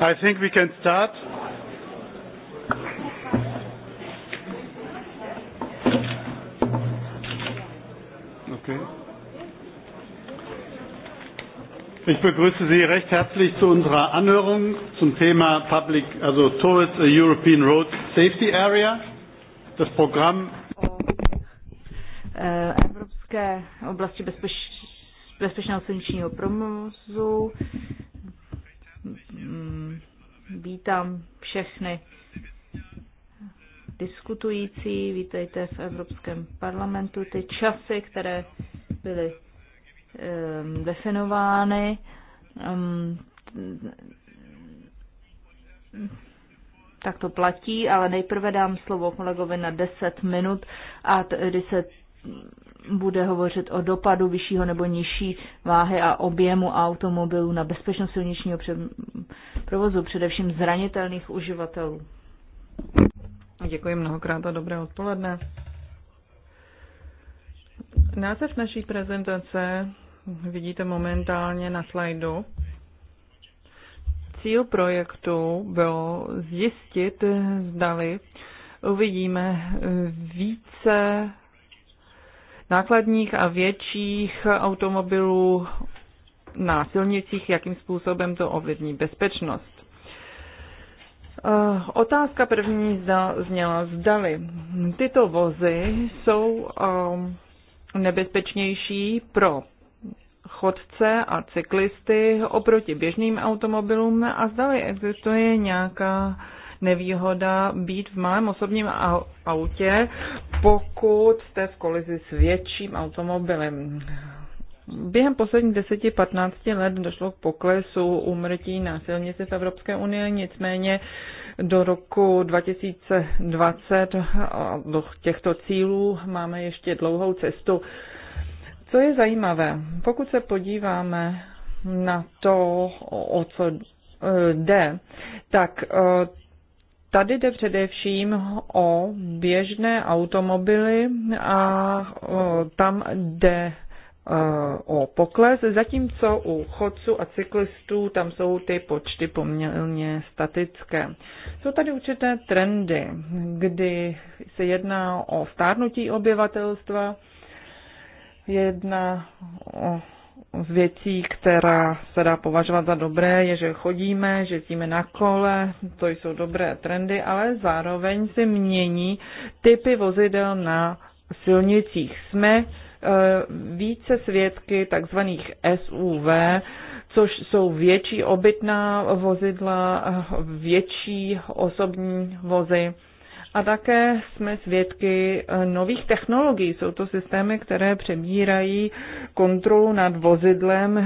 I think we can start. Okay. Ich begrüße Sie recht herzlich zu unserer Anhörung zum Thema Public, also Towards a European Road Safety Area. Das Programm eh, Evropské oblasti bezpeč, bezpečného silničního provozu vítám všechny diskutující, vítejte v Evropském parlamentu. Ty časy, které byly um, definovány, um, tak to platí, ale nejprve dám slovo kolegovi na 10 minut a když se bude hovořit o dopadu vyššího nebo nižší váhy a objemu automobilů na bezpečnost silničního provozu, především zranitelných uživatelů. Děkuji mnohokrát a dobré odpoledne. Název naší prezentace vidíte momentálně na slajdu. Cíl projektu bylo zjistit, zdali uvidíme více nákladních a větších automobilů na silnicích, jakým způsobem to ovlivní bezpečnost. Eh, otázka první zda, zněla, zdali tyto vozy jsou ehm, nebezpečnější pro chodce a cyklisty oproti běžným automobilům a zdali existuje nějaká nevýhoda být v malém osobním autě, pokud jste v kolizi s větším automobilem. Během posledních 10-15 let došlo k poklesu úmrtí na silnici v Evropské unii, nicméně do roku 2020 do těchto cílů máme ještě dlouhou cestu. Co je zajímavé, pokud se podíváme na to, o co e, jde, tak e, Tady jde především o běžné automobily a tam jde e, o pokles, zatímco u chodců a cyklistů tam jsou ty počty poměrně statické. Jsou tady určité trendy, kdy se jedná o stárnutí obyvatelstva, jedna o věcí, která se dá považovat za dobré, je, že chodíme, že jezdíme na kole, to jsou dobré trendy, ale zároveň se mění typy vozidel na silnicích. Jsme e, více svědky takzvaných SUV, což jsou větší obytná vozidla, e, větší osobní vozy a také jsme svědky eh, nových technologií. Jsou to systémy, které přebírají kontrolu nad vozidlem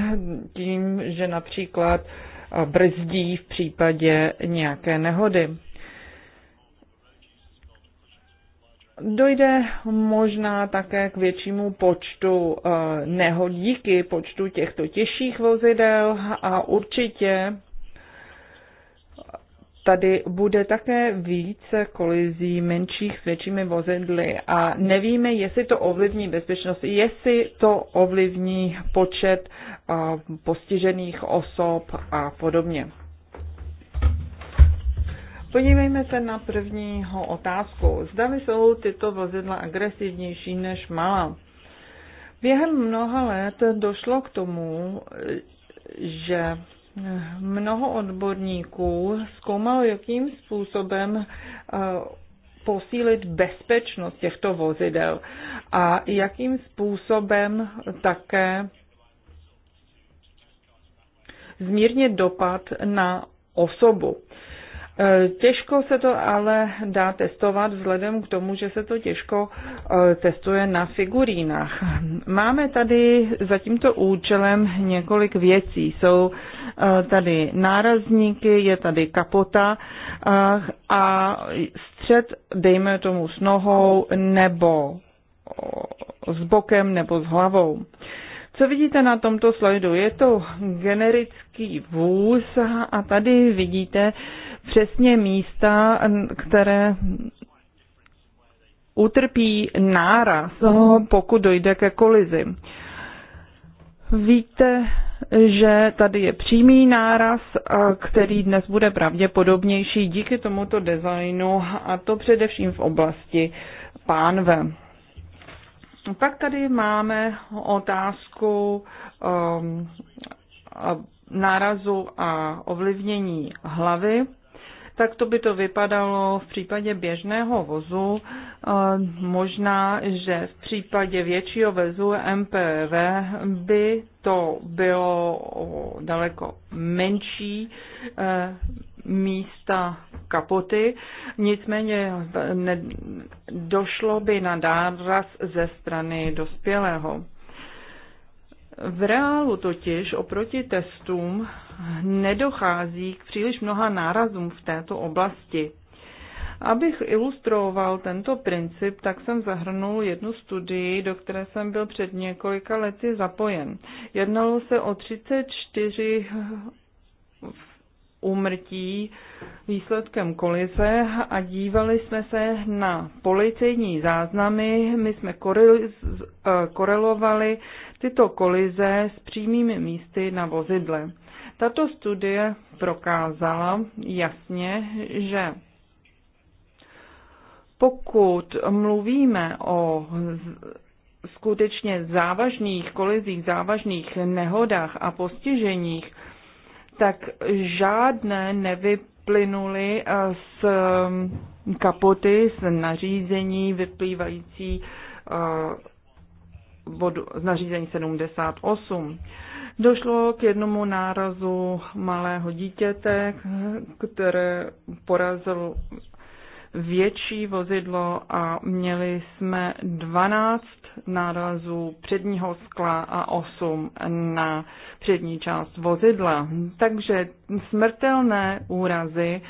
tím, že například eh, brzdí v případě nějaké nehody. Dojde možná také k většímu počtu eh, nehod díky počtu těchto těžších vozidel a určitě tady bude také více kolizí menších s většími vozidly a nevíme, jestli to ovlivní bezpečnost, jestli to ovlivní počet postižených osob a podobně. Podívejme se na prvního otázku. Zda jsou tyto vozidla agresivnější než malá? Během mnoha let došlo k tomu, že Mnoho odborníků zkoumalo, jakým způsobem eh, posílit bezpečnost těchto vozidel a jakým způsobem také zmírnit dopad na osobu. Eh, těžko se to ale dá testovat vzhledem k tomu, že se to těžko eh, testuje na figurínách. Máme tady za tímto účelem několik věcí. Jsou eh, tady nárazníky, je tady kapota a střed, dejme tomu s nohou nebo s bokem nebo s hlavou. Co vidíte na tomto slajdu? Je to generický vůz a tady vidíte, přesně místa, které utrpí náraz, pokud dojde ke kolizi. Víte, že tady je přímý náraz, který dnes bude pravděpodobnější díky tomuto designu, a to především v oblasti pánve. Pak tady máme otázku um, nárazu a ovlivnění hlavy tak to by to vypadalo v případě běžného vozu. Eh, možná, že v případě většího vozu MPV by to bylo daleko menší eh, místa kapoty, nicméně eh, ne, došlo by na dáraz ze strany dospělého. V reálu totiž oproti testům nedochází k příliš mnoha nárazům v této oblasti. Abych ilustroval tento princip, tak jsem zahrnul jednu studii, do které jsem byl před několika lety zapojen. Jednalo se o 34 úmrtí výsledkem kolize a dívali jsme se na policejní záznamy. My jsme eh, korelovali tyto kolize s přímými místy na vozidle. Tato studie prokázala jasně, že pokud mluvíme o skutečně závažných kolizích, závažných nehodách a postiženích, tak žádné nevyplynuly z um, kapoty, z nařízení vyplývající uh, z nařízení 78. Došlo k jednomu nárazu malého dítěte, které porazilo větší vozidlo a měli jsme 12 nárazů předního skla a 8 na přední část vozidla. Takže smrtelné úrazy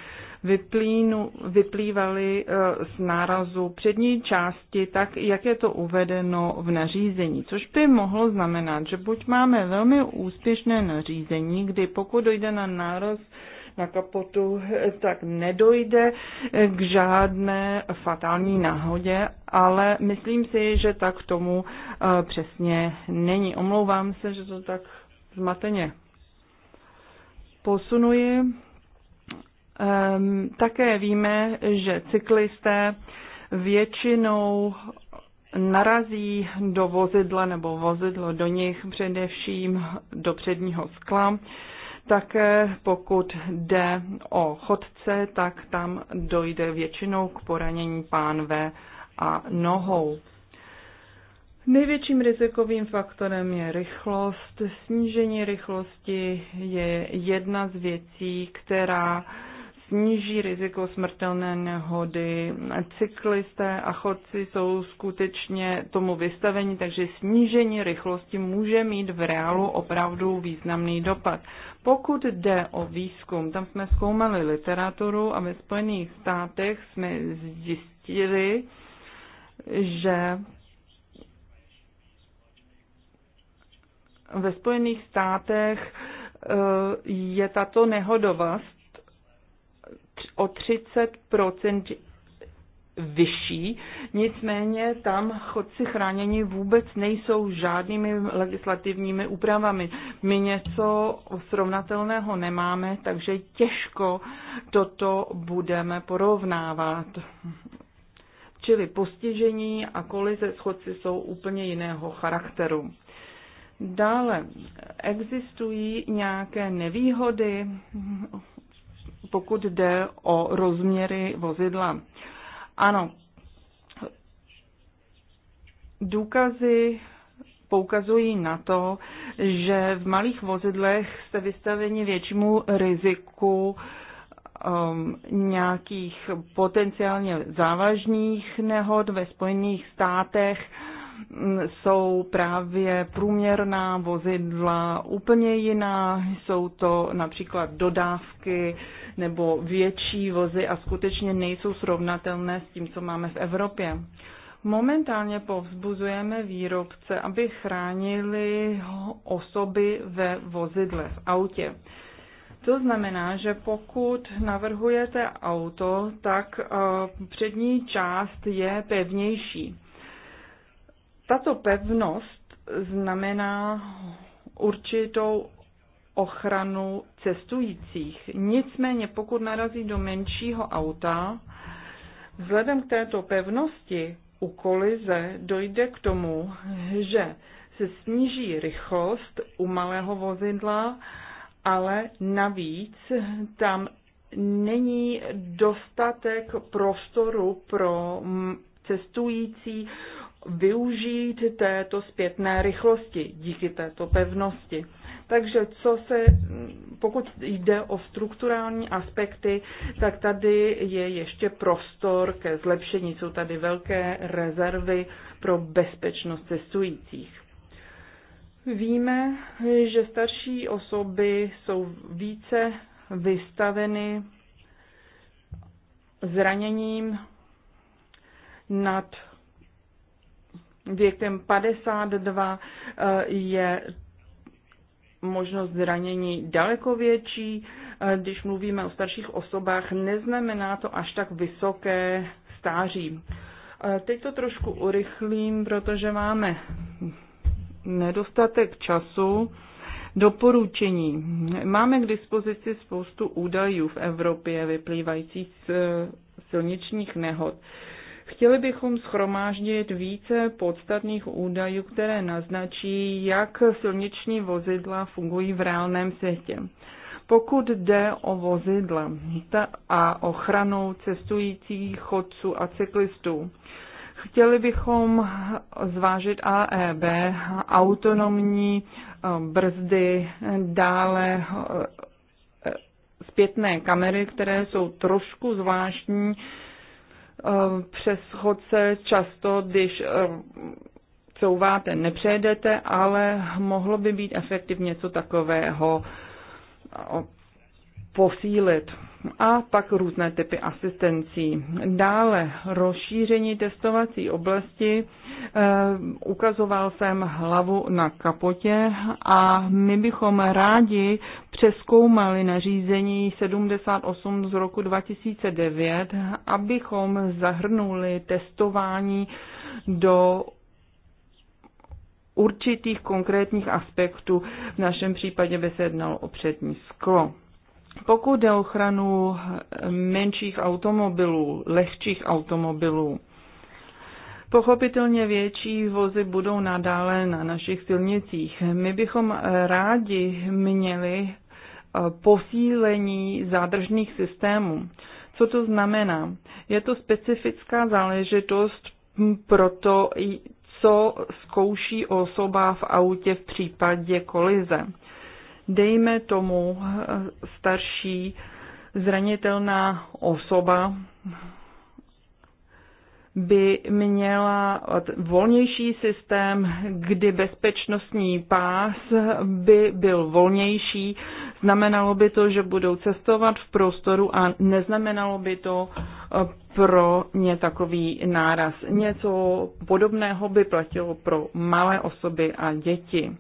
vyplínu, vyplývaly eh, z nárazu přední části, tak jak je to uvedeno v nařízení, což by mohlo znamenat, že buď máme velmi úspěšné nařízení, kdy pokud dojde na náraz na kapotu, eh, tak nedojde eh, k žádné fatální náhodě, ale myslím si, že tak tomu přesně není. Omlouvám se, že to tak zmateně posunuji Ehm, také víme, že cyklisté většinou narazí do vozidla nebo vozidlo do nich především do předního skla. Také pokud jde o chodce, tak tam dojde většinou k poranění pánve a nohou. Největším rizikovým faktorem je rychlost. Snížení rychlosti je jedna z věcí, která sníží riziko smrtelné nehody. Cyklisté a chodci jsou skutečně tomu vystaveni, takže snížení rychlosti může mít v reálu opravdu významný dopad. Pokud jde o výzkum, tam jsme zkoumali literaturu a ve Spojených státech jsme zjistili, že ve Spojených státech eh, je tato nehodovost o 30 vyšší, nicméně tam chodci chráněni vůbec nejsou žádnými legislativními úpravami. My něco srovnatelného nemáme, takže těžko toto budeme porovnávat. Čili postižení a kolize s chodci jsou úplně jiného charakteru. Dále, existují nějaké nevýhody pokud jde o rozměry vozidla. Ano, důkazy poukazují na to, že v malých vozidlech jste vystaveni většímu riziku um, nějakých potenciálně závažných nehod ve Spojených státech Mm, jsou právě průměrná vozidla úplně jiná. Jsou to například dodávky nebo větší vozy a skutečně nejsou srovnatelné s tím, co máme v Evropě. Momentálně povzbuzujeme výrobce, aby chránili osoby ve vozidle, v autě. To znamená, že pokud navrhujete auto, tak eh, přední část je pevnější. Tato pevnost znamená určitou ochranu cestujících. Nicméně pokud narazí do menšího auta, vzhledem k této pevnosti u kolize dojde k tomu, že se sníží rychlost u malého vozidla, ale navíc tam není dostatek prostoru pro cestující využít této zpětné rychlosti díky této pevnosti. Takže co se, pokud jde o strukturální aspekty, tak tady je ještě prostor ke zlepšení. Jsou tady velké rezervy pro bezpečnost cestujících. Víme, že starší osoby jsou více vystaveny zraněním nad věkem 52 eh, je možnost zranění daleko větší. Eh, když mluvíme o starších osobách, neznamená to až tak vysoké stáří. Eh, teď to trošku urychlím, protože máme nedostatek času. Doporučení. Máme k dispozici spoustu údajů v Evropě vyplývajících z silničních nehod. Chtěli bychom schromáždit více podstatných údajů, které naznačí, jak silniční vozidla fungují v reálném světě. Pokud jde o vozidla a ochranu cestujících chodců a cyklistů, chtěli bychom zvážit AEB, autonomní eh, brzdy, dále eh, eh, zpětné kamery, které jsou trošku zvláštní, Um, přes chodce často, když um, couváte, nepřejedete, ale mohlo by být efektivně něco takového um, posílit a pak různé typy asistencí. Dále rozšíření testovací oblasti. Eh, ukazoval jsem hlavu na kapotě a my bychom rádi přeskoumali nařízení 78 z roku 2009, abychom zahrnuli testování do určitých konkrétních aspektů. V našem případě by se jednalo o přední sklo. Pokud jde ochranu eh, menších automobilů, lehčích automobilů, Pochopitelně větší vozy budou nadále na našich silnicích. My bychom eh, rádi měli eh, posílení zádržných systémů. Co to znamená? Je to specifická záležitost pro to, co zkouší osoba v autě v případě kolize dejme tomu eh, starší zranitelná osoba by měla volnější systém, kdy bezpečnostní pás by byl volnější. Znamenalo by to, že budou cestovat v prostoru a neznamenalo by to eh, pro ně takový náraz. Něco podobného by platilo pro malé osoby a děti.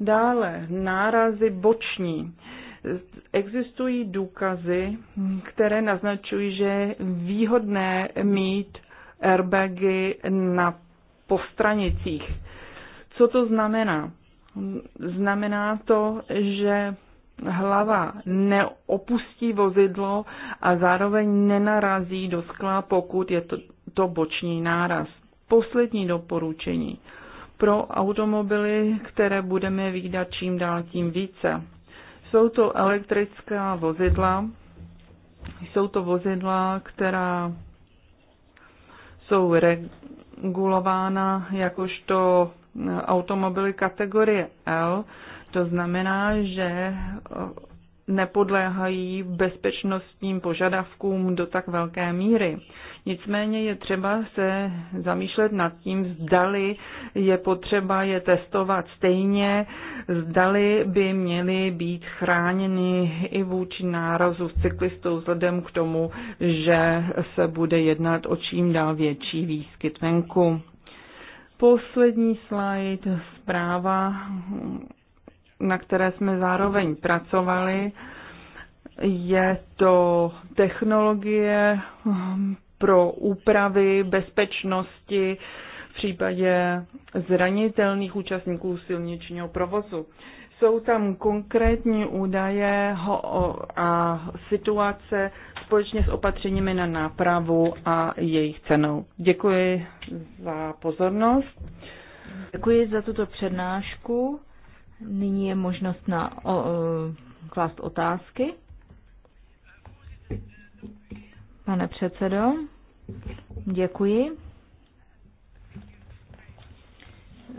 Dále nárazy boční. Existují důkazy, které naznačují, že je výhodné mít airbagy na postranicích. Co to znamená? Znamená to, že hlava neopustí vozidlo a zároveň nenarazí do skla, pokud je to, to boční náraz. Poslední doporučení pro automobily, které budeme výdat čím dál tím více. Jsou to elektrická vozidla, jsou to vozidla, která jsou regulována jakožto automobily kategorie L. To znamená, že nepodléhají bezpečnostním požadavkům do tak velké míry. Nicméně je třeba se zamýšlet nad tím, zdali je potřeba je testovat stejně, zdali by měly být chráněny i vůči nárazu s cyklistou vzhledem k tomu, že se bude jednat o čím dál větší výskyt venku. Poslední slide, zpráva na které jsme zároveň pracovali. Je to technologie hm, pro úpravy bezpečnosti v případě zranitelných účastníků silničního provozu. Jsou tam konkrétní údaje a situace společně s opatřeními na nápravu a jejich cenou. Děkuji za pozornost. Děkuji za tuto přednášku. Nyní je možnost na o, o, klást otázky. Pane předsedo, děkuji.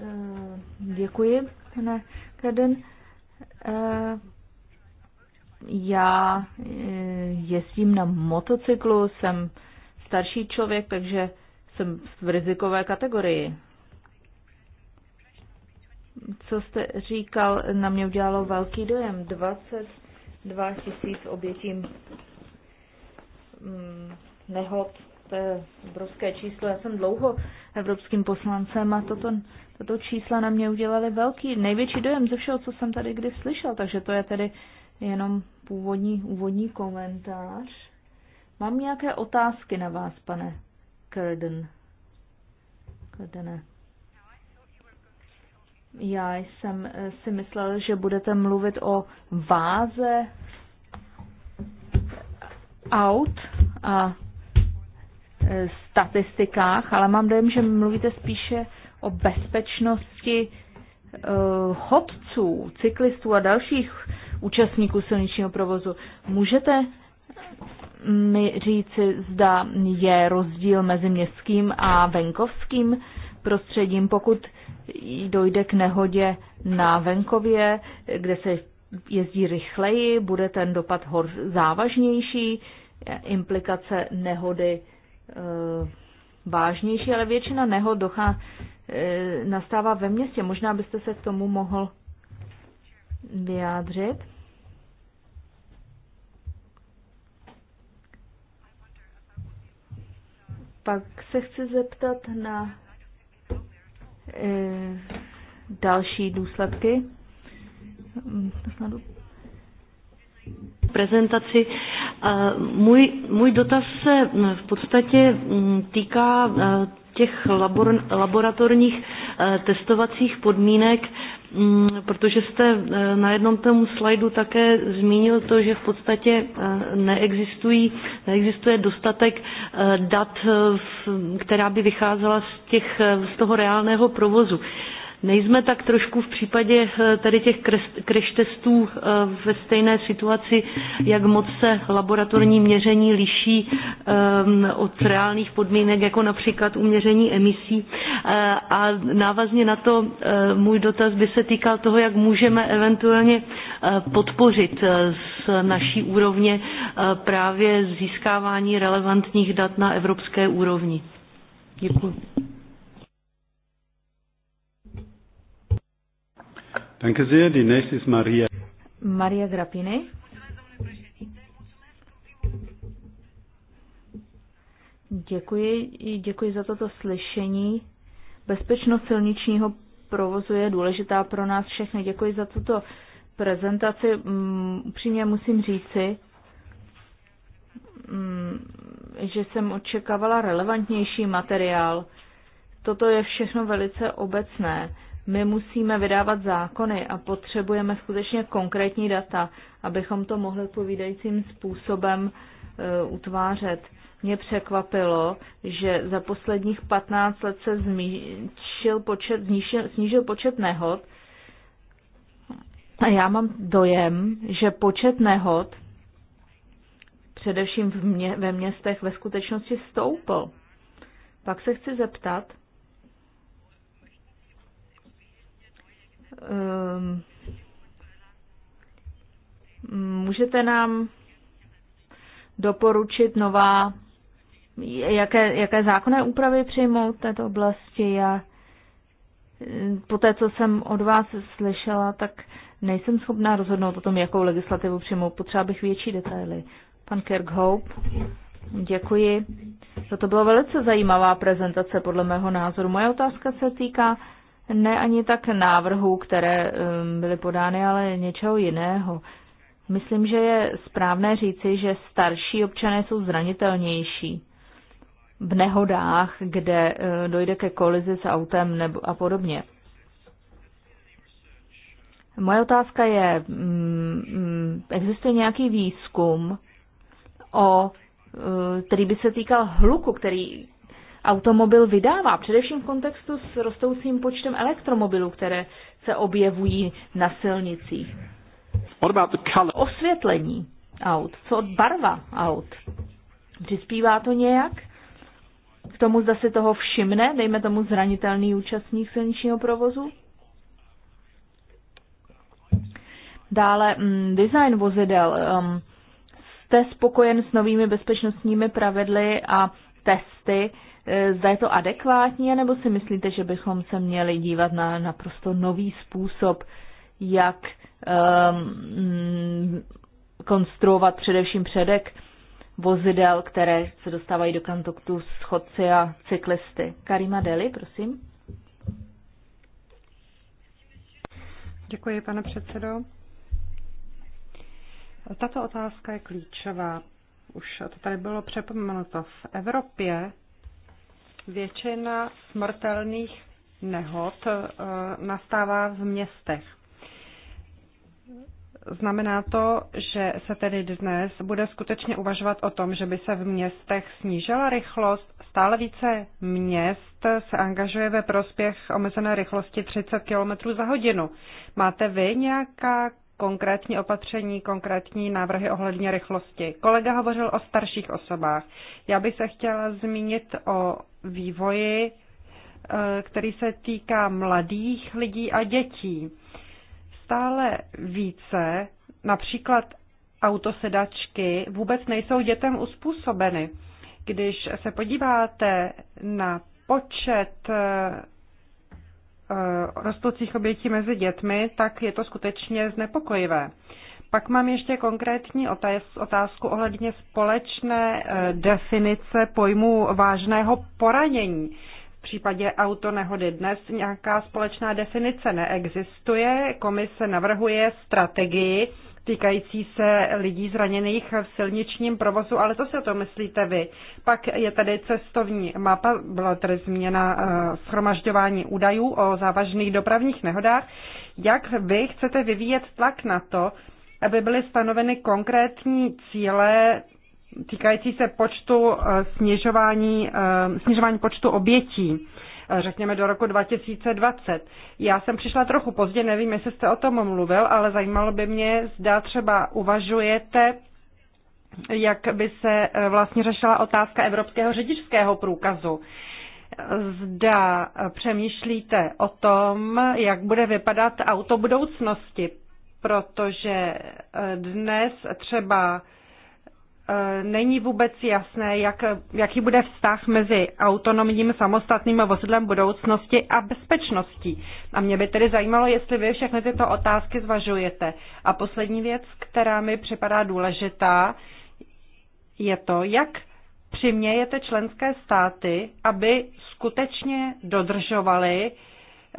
Eh, děkuji, pane Kaden. Eh, já eh, jezdím na motocyklu, jsem starší člověk, takže jsem v rizikové kategorii co jste říkal, na mě udělalo velký dojem. 22 tisíc obětí mm, nehod, to je obrovské číslo. Já jsem dlouho evropským poslancem a toto, toto čísla na mě udělali velký, největší dojem ze všeho, co jsem tady kdy slyšel. Takže to je tedy jenom původní, úvodní komentář. Mám nějaké otázky na vás, pane Curden. Kerdene. Já jsem eh, si myslel, že budete mluvit o váze aut a eh, statistikách, ale mám dojem, že mluvíte spíše o bezpečnosti eh, chodců, cyklistů a dalších účastníků silničního provozu. Můžete mi říci, zda je rozdíl mezi městským a venkovským prostředím, pokud dojde k nehodě na venkově, kde se jezdí rychleji, bude ten dopad hor- závažnější, implikace nehody e, vážnější, ale většina nehod dochá, e, nastává ve městě. Možná byste se k tomu mohl vyjádřit. Pak se chci zeptat na Eh, další důsledky. Prezentaci. Eh, můj, můj dotaz se v podstatě mm, týká eh, těch laboratorních testovacích podmínek Mm, protože jste eh, na jednom tomu slajdu také zmínil to, že v podstatě eh, neexistují, neexistuje dostatek eh, dat, která by vycházela z, těch, z toho reálného provozu. Nejsme tak trošku v případě eh, tady těch crash testů eh, ve stejné situaci, jak moc se laboratorní měření liší ehm, od reálných podmínek, jako například uměření emisí. Eh, a návazně na to můj dotaz by se týkal toho, jak můžeme eventuálně podpořit z naší úrovně právě získávání relevantních dat na evropské úrovni. Děkuji. Danke sehr. Die nächste ist Maria. Maria Grapine. Děkuji, děkuji za toto slyšení. Bezpečnost silničního provozu je důležitá pro nás všechny. Děkuji za tuto prezentaci. Mm, upřímně musím říci, mm, že jsem očekávala relevantnější materiál. Toto je všechno velice obecné. My musíme vydávat zákony a potřebujeme skutečně konkrétní data, abychom to mohli odpovídajícím způsobem eh, utvářet. Mě překvapilo, že za posledních 15 let se zmíšil počet, znížil, snížil počet nehod a já mám dojem, že počet nehod především v mě, ve městech ve skutečnosti stoupl. Pak se chci zeptat, Ehm, můžete nám doporučit nová, jaké, jaké zákonné úpravy přijmout v této oblasti? Já ehm, po té, co jsem od vás slyšela, tak nejsem schopná rozhodnout o tom, jakou legislativu přijmout. Potřeba bych větší detaily. Pan Kirkhope, děkuji. To bylo velice zajímavá prezentace podle mého názoru. Moje otázka se týká ne ani tak návrhů, které um, byly podány, ale něčeho jiného. Myslím, že je správné říci, že starší občané jsou zranitelnější v nehodách, kde uh, dojde ke kolizi s autem nebo a podobně. Moje otázka je, mm, mm, existuje nějaký výzkum, o, uh, který by se týkal hluku, který automobil vydává, především v kontextu s rostoucím počtem elektromobilů, které se objevují na silnicích. Osvětlení aut, co barva aut. Přispívá to nějak? K tomu zda se toho všimne, dejme tomu zranitelný účastník silničního provozu? Dále mm, design vozidel. Um, jste spokojen s novými bezpečnostními pravidly a testy, Eh, zda je to adekvátní, nebo si myslíte, že bychom se měli dívat na naprosto nový způsob, jak um, konstruovat především předek vozidel, které se dostávají do kontaktu s chodci a cyklisty. Karima Deli, prosím. Děkuji, pane předsedo. Tato otázka je klíčová. Už to tady bylo přepomenuto. V Evropě Většina smrtelných nehod eh, nastává v městech. Znamená to, že se tedy dnes bude skutečně uvažovat o tom, že by se v městech snížila rychlost. Stále více měst se angažuje ve prospěch omezené rychlosti 30 km za hodinu. Máte vy nějaká konkrétní opatření, konkrétní návrhy ohledně rychlosti? Kolega hovořil o starších osobách. Já bych se chtěla zmínit o vývoji, eh, který se týká mladých lidí a dětí. Stále více, například autosedačky, vůbec nejsou dětem uspůsobeny. Když se podíváte na počet eh, eh, rostoucích obětí mezi dětmi, tak je to skutečně znepokojivé. Pak mám ještě konkrétní otázku ohledně společné e, definice pojmu vážného poranění. V případě autonehody dnes nějaká společná definice neexistuje. Komise navrhuje strategii týkající se lidí zraněných v silničním provozu, ale co si o to myslíte vy? Pak je tady cestovní mapa, byla tady změna e, schromažďování údajů o závažných dopravních nehodách. Jak vy chcete vyvíjet tlak na to, aby byly stanoveny konkrétní cíle týkající se počtu eh, snižování, eh, snižování počtu obětí, eh, řekněme do roku 2020. Já jsem přišla trochu pozdě, nevím, jestli jste o tom mluvil, ale zajímalo by mě, zda třeba uvažujete, jak by se vlastně řešila otázka evropského řidičského průkazu. Zda přemýšlíte o tom, jak bude vypadat auto budoucnosti, protože eh, dnes třeba eh, není vůbec jasné, jak, jaký bude vztah mezi autonomním samostatným vozidlem budoucnosti a bezpečností. A mě by tedy zajímalo, jestli vy všechny tyto otázky zvažujete. A poslední věc, která mi připadá důležitá, je to, jak přimějete členské státy, aby skutečně dodržovaly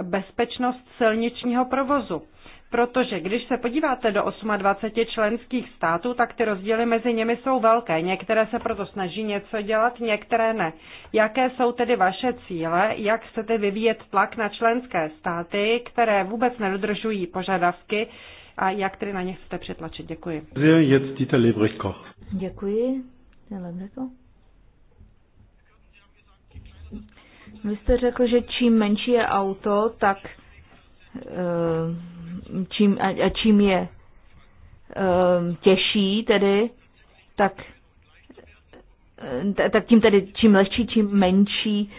bezpečnost silničního provozu protože když se podíváte do 28 členských států, tak ty rozdíly mezi nimi jsou velké. Některé se proto snaží něco dělat, některé ne. Jaké jsou tedy vaše cíle? Jak chcete vyvíjet tlak na členské státy, které vůbec nedodržují požadavky? A jak tedy na ně chcete přetlačit? Děkuji. Děkuji. Vy jste řekl, že čím menší je auto, tak Eh, čím, a, a čím je eh, těžší tedy, tak eh, tak tím tedy čím lehčí, čím menší,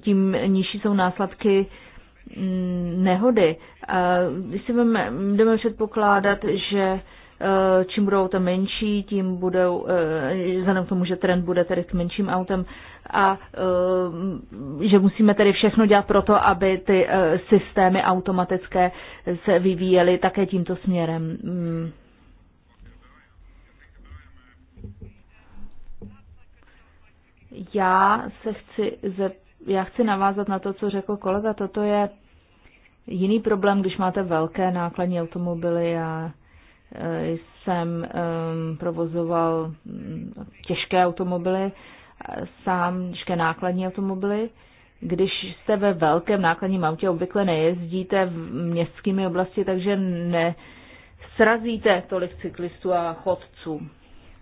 tím nižší jsou následky mm, nehody. Když si jdeme předpokládat, že Eh, čím budou auta menší, tím budou, eh, vzhledem k tomu, že trend bude tedy k menším autem a eh, že musíme tedy všechno dělat pro to, aby ty systémy automatické se vyvíjely také tímto směrem. Hmm. Já se chci, já chci navázat na to, co řekl kolega. Toto je jiný problém, když máte velké nákladní automobily a jsem provozoval mm, těžké automobily, sám těžké nákladní automobily. Když jste ve velkém nákladním autě, obvykle nejezdíte v městskými oblasti, takže ne srazíte tolik cyklistů a chodců.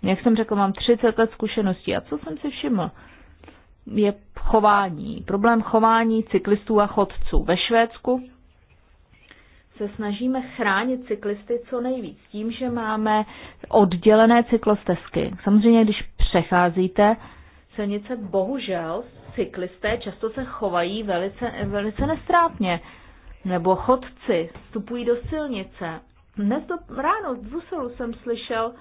Jak jsem řekl, mám 30 let zkušeností. A co jsem si všiml? Je chování. Problém chování cyklistů a chodců. Ve Švédsku se snažíme chránit cyklisty co nejvíc tím, že máme oddělené cyklostezky. Samozřejmě, když přecházíte silnice, bohužel cyklisté často se chovají velice, velice nestrápně. Nebo chodci vstupují do silnice. Dnes do, ráno z Bruselu jsem slyšel,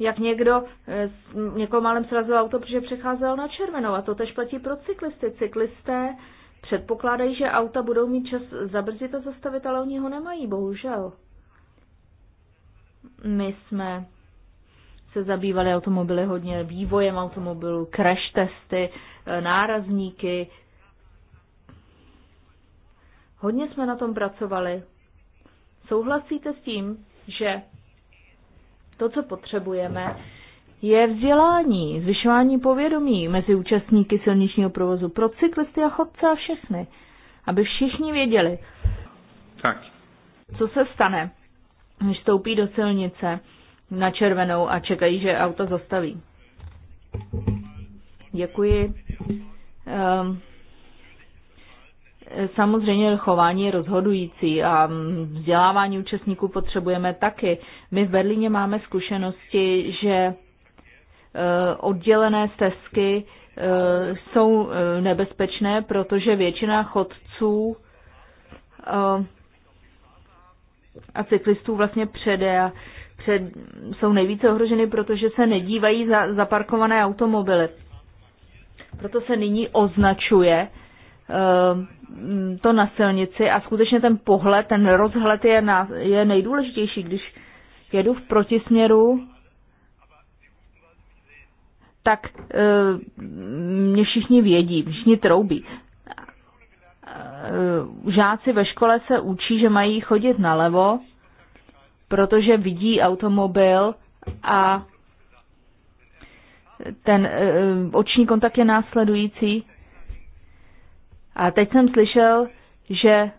jak někdo, eh, někoho málem srazil auto, protože přecházel na červenou. A to tež platí pro cyklisty. Cyklisté Předpokládají, že auta budou mít čas zabrzdit a zastavit, ale oni ho nemají, bohužel. My jsme se zabývali automobily hodně vývojem automobilů, crash testy, eh, nárazníky. Hodně jsme na tom pracovali. Souhlasíte s tím, že to, co potřebujeme, je vzdělání, zvyšování povědomí mezi účastníky silničního provozu pro cyklisty a chodce a všechny, aby všichni věděli, tak. co se stane, když stoupí do silnice na červenou a čekají, že auto zastaví. Děkuji. Um, Samozřejmě chování je rozhodující a vzdělávání účastníků potřebujeme taky. My v Berlíně máme zkušenosti, že Eh, oddělené stezky eh, jsou eh, nebezpečné, protože většina chodců a cyklistů vlastně přede, a před, jsou nejvíce ohroženy, protože se nedívají za zaparkované automobily. Proto se nyní označuje to na silnici a skutečně ten pohled, ten rozhled je, na, je nejdůležitější, když jedu v protisměru, tak e, mě všichni vědí, všichni troubí. E, žáci ve škole se učí, že mají chodit nalevo, protože vidí automobil a ten e, oční kontakt je následující. A teď jsem slyšel, že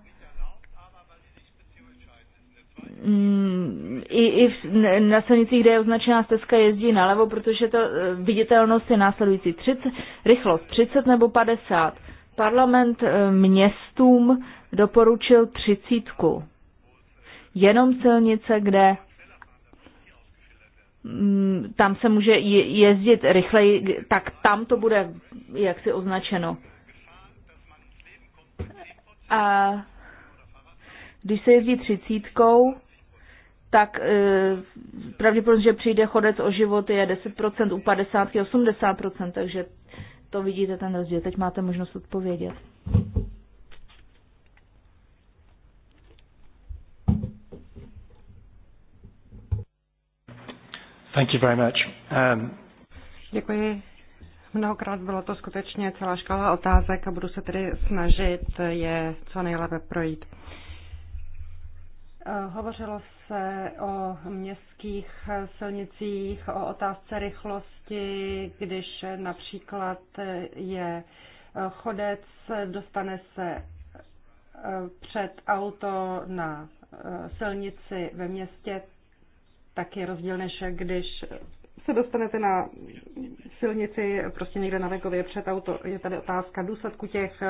Mm, i, i na silnicích, kde je označená stezka, jezdí nalevo, protože to eh, viditelnost je následující 30, rychlost 30 nebo 50. Parlament eh, městům doporučil 30. Jenom silnice, kde mm, tam se může jezdit rychleji, tak tam to bude jaksi označeno. A když se jezdí třicítkou, tak e, pravděpodobně, že přijde chodec o život je 10%, u 50 80%, takže to vidíte ten rozdíl. Teď máte možnost odpovědět. Thank you very much. Um... Děkuji. Mnohokrát bylo to skutečně celá škala otázek a budu se tedy snažit je co nejlépe projít. Eh, hovořilo se o městských silnicích, o otázce rychlosti, když například je eh, chodec, dostane se eh, před auto na silnici ve městě, tak je rozdíl, než když se dostanete na silnici prostě někde na venkově před auto. Je tady otázka důsledku těch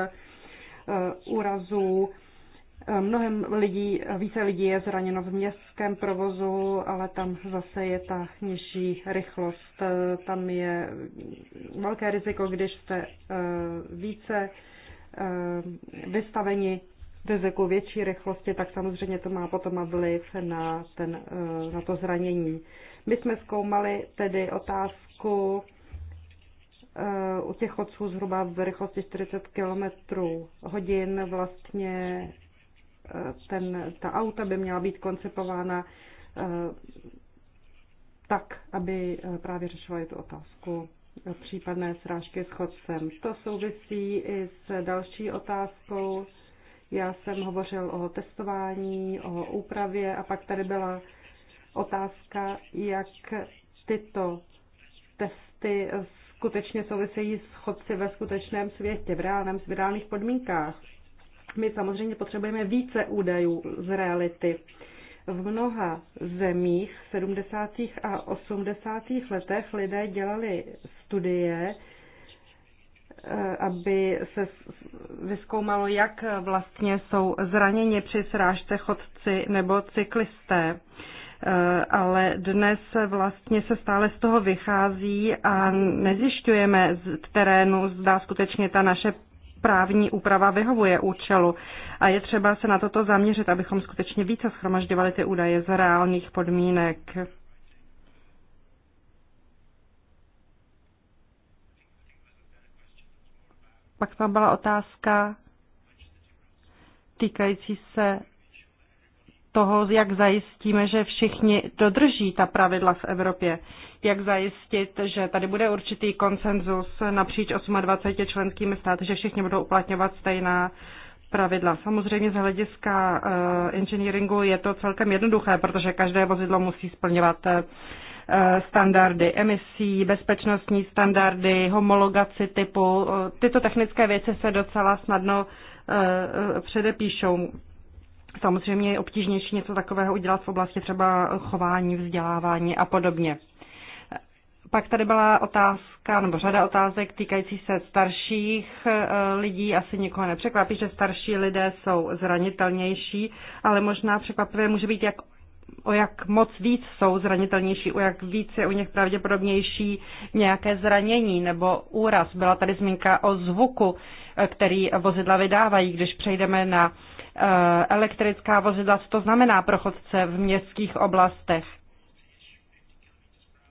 úrazů, Eh, mnohem lidí, více lidí je zraněno v městském provozu, ale tam zase je ta nižší rychlost. Eh, tam je velké riziko, když jste eh, více vystaveni riziku větší rychlosti, tak samozřejmě to má potom vliv na, ten, na to zranění. My jsme zkoumali tedy otázku u těch chodců zhruba v rychlosti 40 km hodin vlastně ten, ta auta by měla být koncipována eh, tak, aby eh, právě řešila i tu otázku případné srážky s chodcem. To souvisí i s další otázkou. Já jsem hovořil o testování, o úpravě a pak tady byla otázka, jak tyto testy skutečně souvisejí s chodci ve skutečném světě, v, reálném, v reálných podmínkách. My samozřejmě potřebujeme více údajů z reality. V mnoha zemích v 70. a 80. letech lidé dělali studie, eh, aby se vyskoumalo, jak vlastně jsou zraněni při srážce chodci nebo cyklisté. Eh, ale dnes vlastně se stále z toho vychází a nezjišťujeme z terénu, zda skutečně ta naše právní úprava vyhovuje účelu a je třeba se na toto zaměřit, abychom skutečně více schromažďovali ty údaje z reálných podmínek. Pak tam byla otázka týkající se toho, jak zajistíme, že všichni dodrží ta pravidla v Evropě jak zajistit, že tady bude určitý konsenzus napříč 28 členskými státy, že všichni budou uplatňovat stejná pravidla. Samozřejmě z hlediska uh, engineeringu je to celkem jednoduché, protože každé vozidlo musí splňovat uh, standardy emisí, bezpečnostní standardy, homologaci typu. Eh, tyto technické věci se docela snadno předepíšou. Samozřejmě je obtížnější něco takového udělat v oblasti třeba chování, vzdělávání a podobně. Pak tady byla otázka, nebo řada otázek týkající se starších e, lidí. Asi nikoho nepřekvapí, že starší lidé jsou zranitelnější, ale možná překvapivé může být, jak o jak moc víc jsou zranitelnější, o jak víc je u nich pravděpodobnější nějaké zranění nebo úraz. Byla tady zmínka o zvuku, e, který vozidla vydávají. Když přejdeme na e, elektrická vozidla, co to znamená pro chodce v městských oblastech?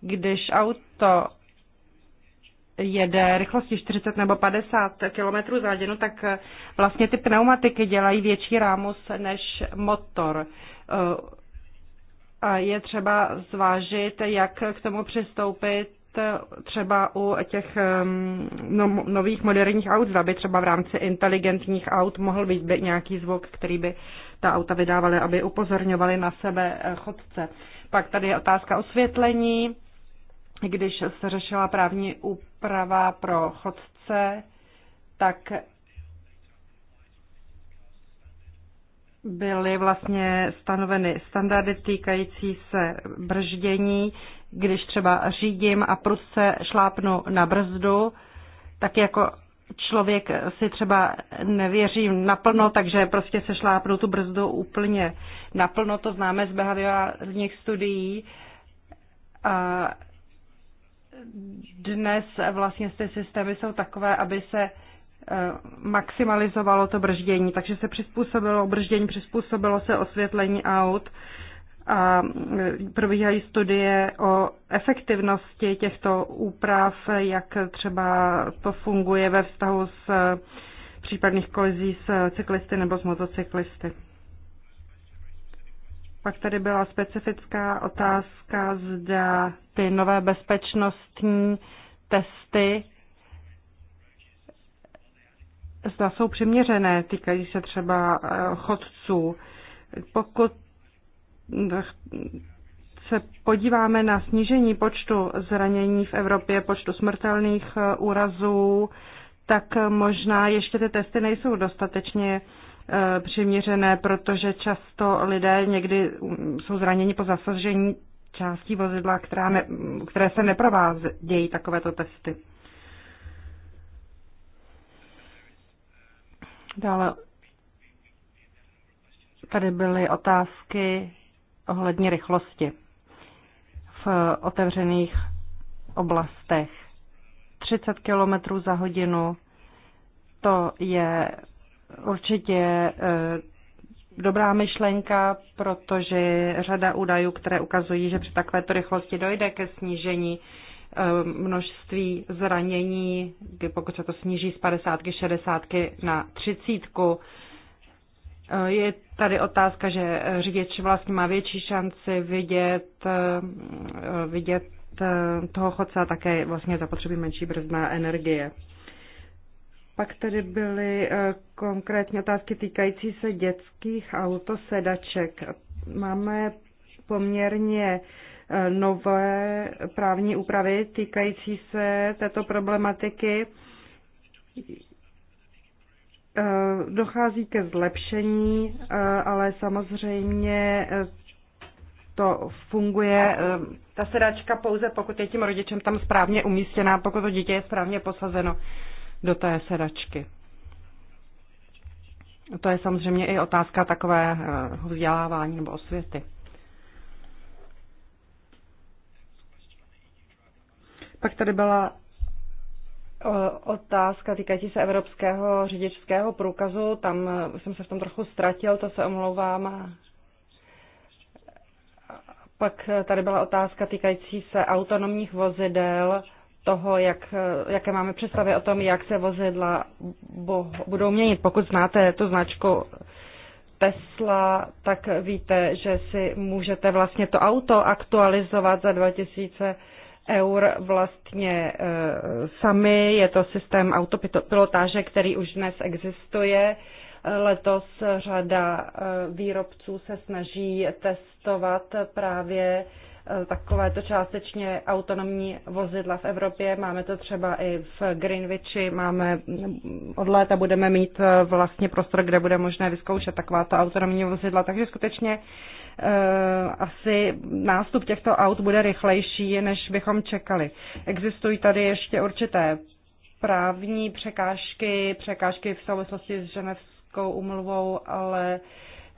Když aut to jede rychlostí 40 nebo 50 km za hodinu, tak eh, vlastně ty pneumatiky dělají větší rámus než motor. Eh, a je třeba zvážit, jak k tomu přistoupit eh, třeba u těch ehm, no, nových moderních aut, aby třeba v rámci inteligentních aut mohl být nějaký zvuk, který by ta auta vydávaly, aby upozorňovaly na sebe chodce. Pak tady je otázka osvětlení když se řešila právní úprava pro chodce, tak byly vlastně stanoveny standardy týkající se brždění. Když třeba řídím a prudce šlápnu na brzdu, tak jako člověk si třeba nevěří naplno, takže prostě se šlápnu tu brzdu úplně naplno, to známe z behaviorálních studií. A dnes vlastně ty systémy jsou takové, aby se eh, maximalizovalo to brždění, takže se přizpůsobilo brždění, přizpůsobilo se osvětlení aut a eh, probíhají studie o efektivnosti těchto úprav, jak třeba to funguje ve vztahu s eh, případných kolizí s cyklisty nebo s motocyklisty. Pak tady byla specifická otázka, zda ty nové bezpečnostní testy, zda jsou přiměřené, týkají se třeba eh, chodců. Pokud se podíváme na snížení počtu zranění v Evropě, počtu smrtelných eh, úrazů, tak možná ještě ty testy nejsou dostatečně eh, přiměřené, protože často lidé někdy mm, jsou zraněni po zasažení částí vozidla, která ne, které se neprovádějí takovéto testy. Dále tady byly otázky ohledně rychlosti v otevřených oblastech. 30 km za hodinu, to je určitě eh, dobrá myšlenka, protože řada údajů, které ukazují, že při takovéto rychlosti dojde ke snížení eh, množství zranění, pokud se to sníží z 50 60 na 30. Eh, je tady otázka, že řidič vlastně má větší šanci vidět, eh, vidět toho chodce a také vlastně zapotřebí menší brzdná energie. Pak tady byly eh, konkrétně otázky týkající se dětských autosedaček. Máme poměrně eh, nové právní úpravy týkající se této problematiky. Eh, dochází ke zlepšení, ale samozřejmě to funguje. Ta sedačka pouze, pokud je tím rodičem tam správně umístěná, pokud to dítě je správně posazeno do té sedačky. To je samozřejmě i otázka takového eh, vzdělávání nebo osvěty. Pak tady byla eh, otázka týkající se evropského řidičského průkazu. Tam eh, jsem se v tom trochu ztratil, to se omlouvám. Pak tady byla otázka týkající se autonomních vozidel toho, jak, jaké máme představy o tom, jak se vozidla budou měnit. Pokud znáte tu značku Tesla, tak víte, že si můžete vlastně to auto aktualizovat za 2000 eur vlastně e, sami. Je to systém autopilotáže, který už dnes existuje. Letos řada e, výrobců se snaží testovat právě Eh, takovéto částečně autonomní vozidla v Evropě. Máme to třeba i v Greenwichi, máme mm, od léta budeme mít eh, vlastně prostor, kde bude možné vyzkoušet takováto autonomní vozidla, takže skutečně eh, asi nástup těchto aut bude rychlejší, než bychom čekali. Existují tady ještě určité právní překážky, překážky v souvislosti s ženevskou umluvou, ale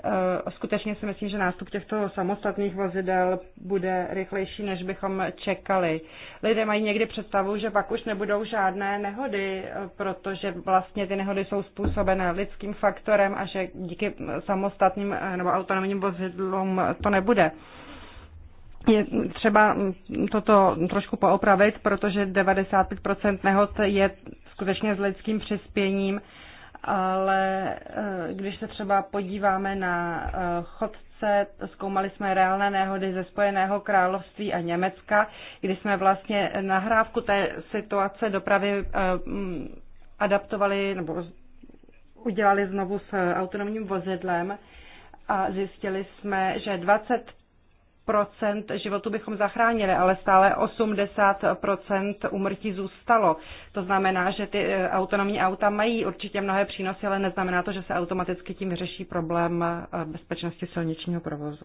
Eh, skutečně si myslím, že nástup těchto samostatných vozidel bude rychlejší, než bychom čekali. Lidé mají někdy představu, že pak už nebudou žádné nehody, eh, protože vlastně ty nehody jsou způsobené lidským faktorem a že díky samostatným eh, nebo autonomním vozidlům to nebude. Je třeba mm, toto trošku poopravit, protože 95% nehod je skutečně s lidským přispěním ale eh, když se třeba podíváme na eh, chodce, zkoumali jsme reálné nehody ze Spojeného království a Německa, kdy jsme vlastně nahrávku té situace dopravy eh, mm, adaptovali nebo udělali znovu s autonomním vozidlem a zjistili jsme, že 20 procent životu bychom zachránili, ale stále 80 úmrtí zůstalo. To znamená, že ty eh, autonomní auta mají určitě mnohé přínosy, ale neznamená to, že se automaticky tím řeší problém eh, bezpečnosti silničního provozu.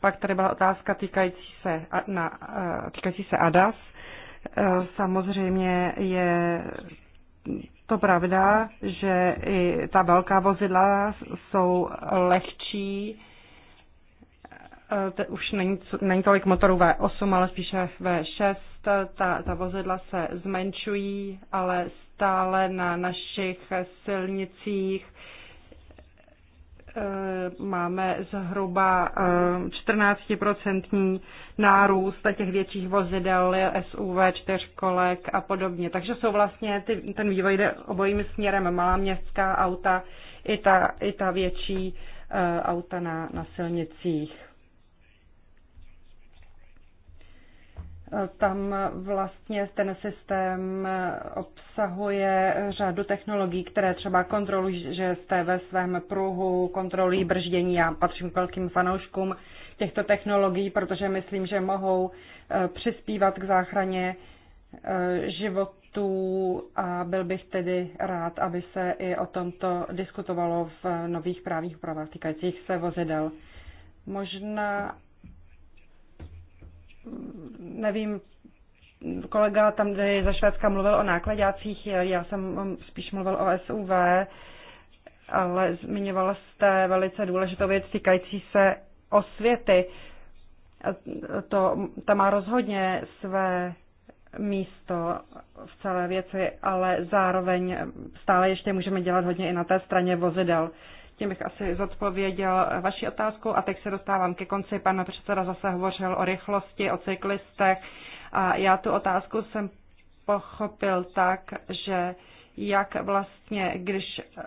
Pak tady byla otázka týkající se, na, eh, týkající se ADAS. Samozřejmě je to pravda, že i ta velká vozidla jsou lehčí, te, už není, není tolik motorů V8, ale spíše V6. Ta, ta vozidla se zmenšují, ale stále na našich silnicích Eh, máme zhruba 14% eh, nárůst těch větších vozidel, SUV, čtyřkolek a podobně. Takže jsou vlastně, ty, ten vývoj jde obojím směrem, malá městská auta i ta, i ta větší eh, auta na, na silnicích. Tam vlastně ten systém obsahuje řadu technologií, které třeba kontrolují, že jste ve svém pruhu, kontrolují brždění. Já patřím k velkým fanouškům těchto technologií, protože myslím, že mohou eh, přispívat k záchraně eh, životů a byl bych tedy rád, aby se i o tomto diskutovalo v nových právních úpravách týkajících se vozidel. Možná nevím, kolega tam, kde je za Švédska, mluvil o nákladácích, já jsem spíš mluvil o SUV, ale zmiňovala jste velice důležitou věc týkající se osvěty. To, ta má rozhodně své místo v celé věci, ale zároveň stále ještě můžeme dělat hodně i na té straně vozidel. Tím bych asi zodpověděl vaši otázku a teď se dostávám ke konci. Pan předseda zase hovořil o rychlosti, o cyklistech a já tu otázku jsem pochopil tak, že jak vlastně, když eh,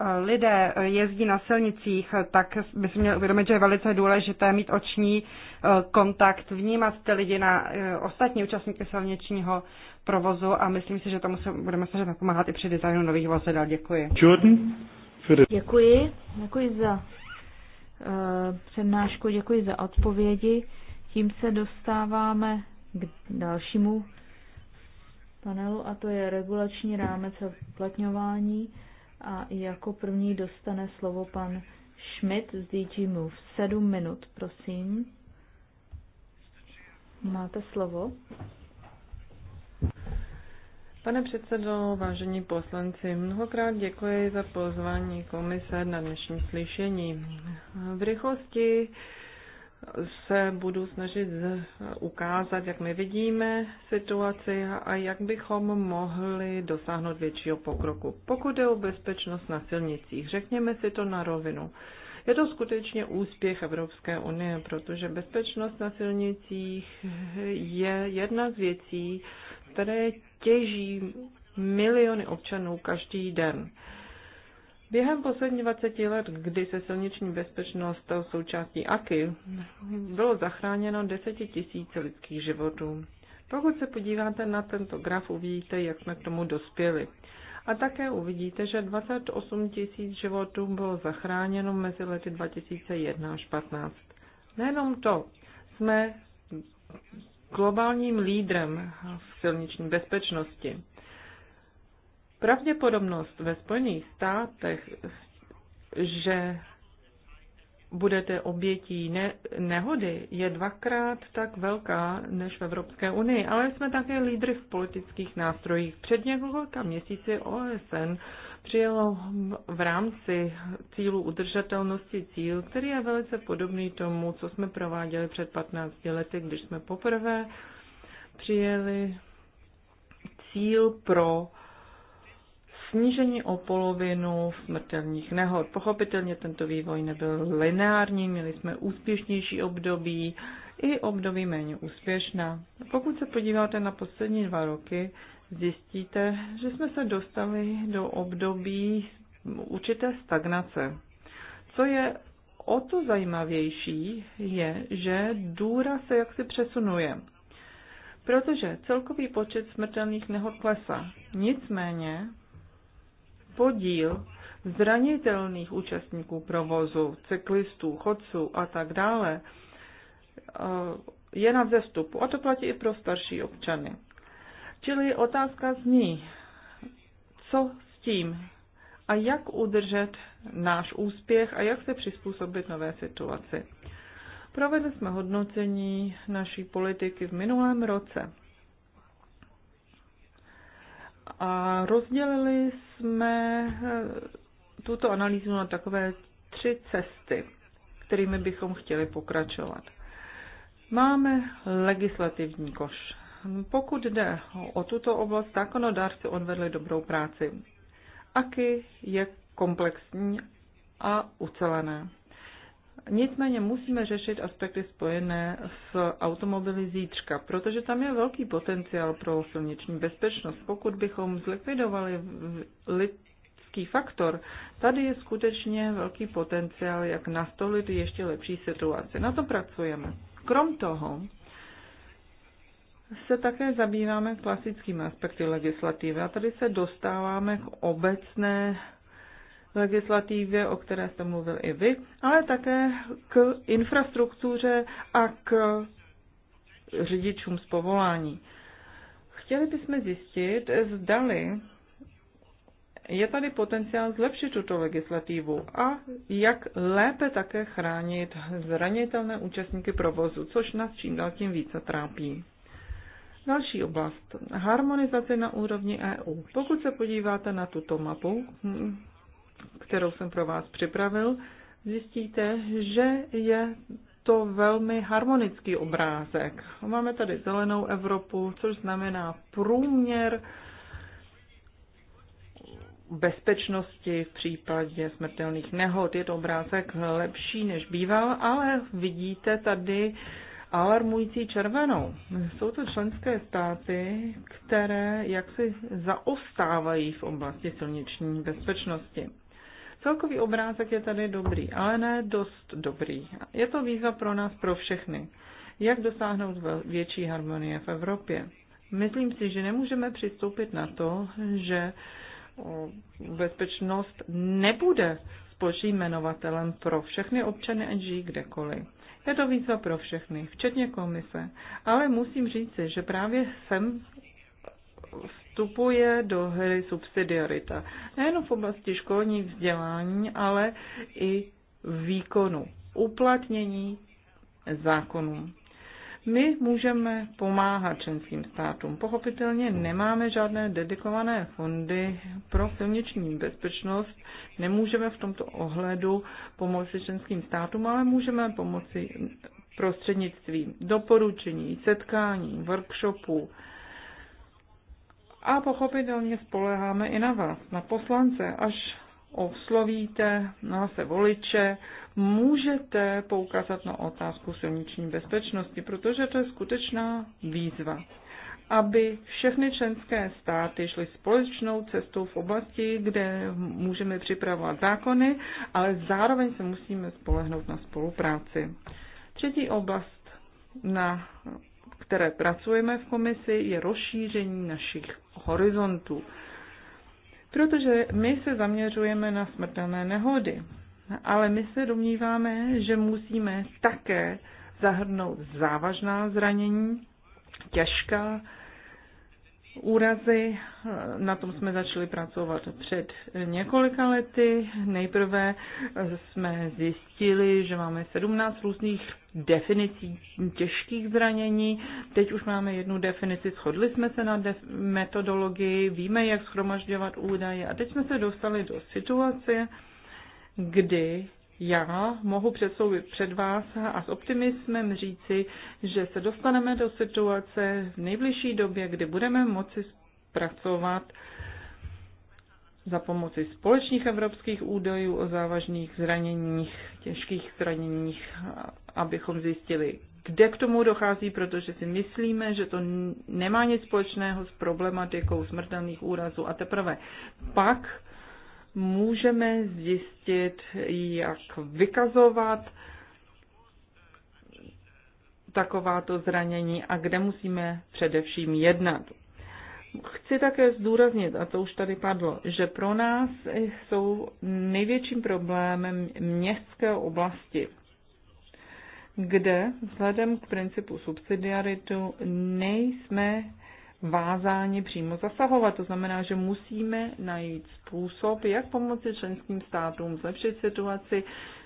eh, lidé jezdí na silnicích, tak by si měl uvědomit, že je velice důležité mít oční eh, kontakt, vnímat ty lidi na ostatní účastníky silničního provozu a myslím si, že tomu se budeme snažit napomáhat i při designu nových vozidel. Děkuji. Jordan? Děkuji, děkuji za uh, přednášku, děkuji za odpovědi. Tím se dostáváme k dalšímu panelu a to je regulační rámec a uplatňování a jako první dostane slovo pan Schmidt z DG Move. Sedm minut, prosím. Máte slovo. Pane předsedo, vážení poslanci, mnohokrát děkuji za pozvání komise na dnešní slyšení. V rychlosti se budu snažit ukázat, jak my vidíme situaci a jak bychom mohli dosáhnout většího pokroku. Pokud je o bezpečnost na silnicích, řekněme si to na rovinu. Je to skutečně úspěch Evropské unie, protože bezpečnost na silnicích je jedna z věcí, které těží miliony občanů každý den. Během posledních 20 let, kdy se silniční bezpečnost stal součástí AKY, bylo zachráněno 10 tisíc lidských životů. Pokud se podíváte na tento graf, uvidíte, jak jsme k tomu dospěli. A také uvidíte, že 28 tisíc životů bylo zachráněno mezi lety 2001 až 15. Nejenom to, jsme globálním lídrem v silniční bezpečnosti. Pravděpodobnost ve Spojených státech, že budete obětí ne- nehody, je dvakrát tak velká než v Evropské unii, ale jsme také lídry v politických nástrojích. Před několika měsíci OSN přijelo v rámci cílu udržatelnosti cíl, který je velice podobný tomu, co jsme prováděli před 15 lety, když jsme poprvé přijeli cíl pro snížení o polovinu smrtelných nehod. Pochopitelně tento vývoj nebyl lineární, měli jsme úspěšnější období i období méně úspěšná. Pokud se podíváte na poslední dva roky, zjistíte, že jsme se dostali do období určité stagnace. Co je o to zajímavější, je, že důra se jaksi přesunuje, protože celkový počet smrtelných nehod klesá. Nicméně podíl zranitelných účastníků provozu, cyklistů, chodců a tak dále, eh, je na vzestupu. A to platí i pro starší občany. Čili otázka zní, co s tím a jak udržet náš úspěch a jak se přizpůsobit nové situaci. Provedli jsme hodnocení naší politiky v minulém roce. A rozdělili jsme eh, tuto analýzu na takové tři cesty, kterými bychom chtěli pokračovat. Máme legislativní koš. Pokud jde o tuto oblast, zákonodárci odvedli dobrou práci. Aky je komplexní a ucelené. Nicméně musíme řešit aspekty spojené s automobily zítřka, protože tam je velký potenciál pro silniční bezpečnost. Pokud bychom zlikvidovali lidský faktor, tady je skutečně velký potenciál, jak nastolit ještě lepší situaci. Na to pracujeme. Krom toho, se také zabýváme klasickými aspekty legislativy a tady se dostáváme k obecné legislativě, o které jste mluvil i vy, ale také k infrastruktuře a k řidičům z povolání. Chtěli bychom zjistit, zdali je tady potenciál zlepšit tuto legislativu a jak lépe také chránit zranitelné účastníky provozu, což nás čím dál tím více trápí. Další oblast. Harmonizace na úrovni EU. Pokud se podíváte na tuto mapu, hm, kterou jsem pro vás připravil, zjistíte, že je to velmi harmonický obrázek. Máme tady zelenou Evropu, což znamená průměr bezpečnosti v případě smrtelných nehod. Je to obrázek lepší, než býval, ale vidíte tady alarmující červenou. Jsou to členské státy, které jaksi zaostávají v oblasti silniční bezpečnosti. Celkový obrázek je tady dobrý, ale ne dost dobrý. Je to výzva pro nás, pro všechny. Jak dosáhnout větší harmonie v Evropě? Myslím si, že nemůžeme přistoupit na to, že bezpečnost nebude společným jmenovatelem pro všechny občany, ať žijí kdekoliv. Je to výzva pro všechny, včetně komise. Ale musím říci, že právě sem vstupuje do hry subsidiarita. Nejen v oblasti školní vzdělání, ale i výkonu, uplatnění zákonů. My můžeme pomáhat členským státům. Pochopitelně nemáme žádné dedikované fondy pro silniční bezpečnost, nemůžeme v tomto ohledu pomoci členským státům, ale můžeme pomoci prostřednictvím doporučení, setkání, workshopů. A pochopitelně spoleháme i na vás, na poslance, až oslovíte se voliče, můžete poukázat na otázku silniční bezpečnosti, protože to je skutečná výzva aby všechny členské státy šly společnou cestou v oblasti, kde můžeme připravovat zákony, ale zároveň se musíme spolehnout na spolupráci. Třetí oblast, na které pracujeme v komisi, je rozšíření našich horizontů. Protože my se zaměřujeme na smrtelné nehody, ale my se domníváme, že musíme také zahrnout závažná zranění, těžká úrazy. Na tom jsme začali pracovat před několika lety. Nejprve jsme zjistili, že máme 17 různých definicí těžkých zranění. Teď už máme jednu definici, shodli jsme se na def- metodologii, víme, jak schromažďovat údaje a teď jsme se dostali do situace, kdy já mohu předsouvit před vás a s optimismem říci, že se dostaneme do situace v nejbližší době, kdy budeme moci pracovat za pomoci společných evropských údajů o závažných zraněních, těžkých zraněních abychom zjistili, kde k tomu dochází, protože si myslíme, že to nemá nic společného s problematikou smrtelných úrazů a teprve pak můžeme zjistit, jak vykazovat takováto zranění a kde musíme především jednat. Chci také zdůraznit, a to už tady padlo, že pro nás jsou největším problémem městské oblasti kde vzhledem k principu subsidiaritu nejsme vázáni přímo zasahovat. To znamená, že musíme najít způsob, jak pomoci členským státům zlepšit situaci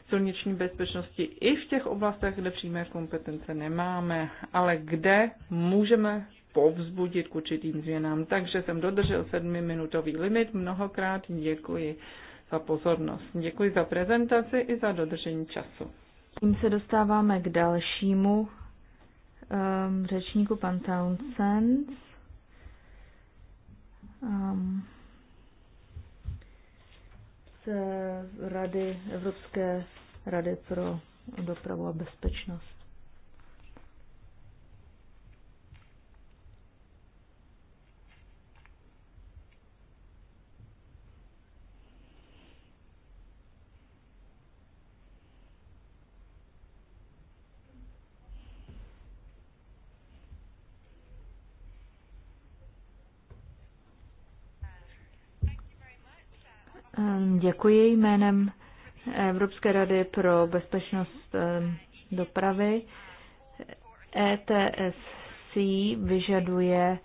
silniční bezpečnosti i v těch oblastech, kde přímé kompetence nemáme, ale kde můžeme povzbudit k určitým změnám. Takže jsem dodržel sedmiminutový limit. Mnohokrát děkuji za pozornost. Děkuji za prezentaci i za dodržení času. Tím se dostáváme k dalšímu um, řečníku, pan Townsend. Um, z Rady Evropské rady pro dopravu a bezpečnost. Děkuji jménem Evropské rady pro bezpečnost ehm, dopravy. ETSC vyžaduje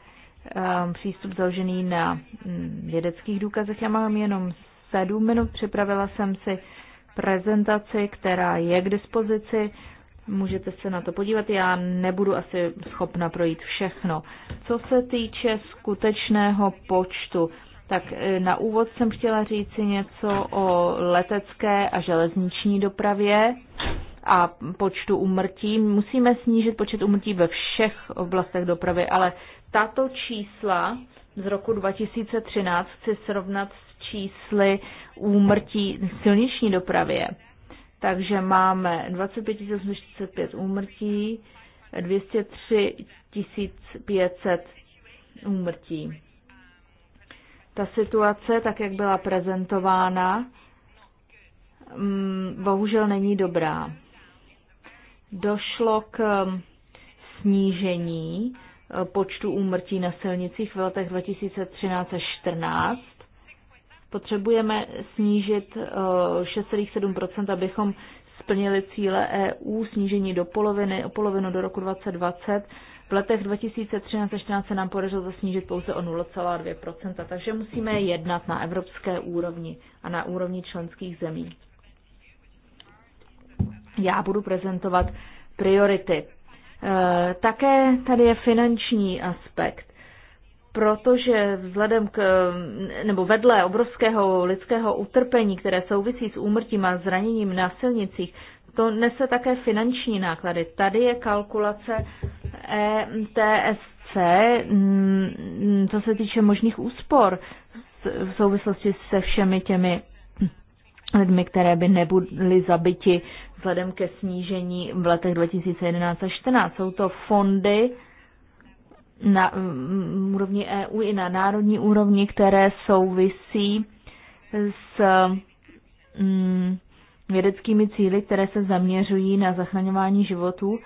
ehm, přístup založený na mm, vědeckých důkazech. Já mám jenom sedm minut, připravila jsem si prezentaci, která je k dispozici. Můžete se na to podívat, já nebudu asi schopna projít všechno. Co se týče skutečného počtu, tak e, na úvod jsem chtěla říci něco o letecké a železniční dopravě a počtu umrtí. Musíme snížit počet umrtí ve všech oblastech dopravy, ale tato čísla z roku 2013 chci srovnat s čísly úmrtí v silniční dopravě. Takže máme 25 845 úmrtí, 203 500 úmrtí. Ta situace, tak jak byla prezentována, mm, bohužel není dobrá. Došlo k mm, snížení eh, počtu úmrtí na silnicích v letech 2013 až 14. Potřebujeme snížit 6,7 eh, abychom splnili cíle EU, snížení do poloviny, o polovinu do roku 2020 v letech 2013 a 2014 se nám podařilo to snížit pouze o 0,2%, takže musíme jednat na evropské úrovni a na úrovni členských zemí. Já budu prezentovat priority. E, také tady je finanční aspekt protože vzhledem k, nebo vedle obrovského lidského utrpení, které souvisí s úmrtím a zraněním na silnicích, to nese také finanční náklady. Tady je kalkulace ETSC, mm, co se týče možných úspor v souvislosti se všemi těmi lidmi, které by nebyly zabiti vzhledem ke snížení v letech 2011 a 2014. Jsou to fondy na mm, úrovni EU i na národní úrovni, které souvisí s mm, vědeckými cíly, které se zaměřují na zachraňování životů.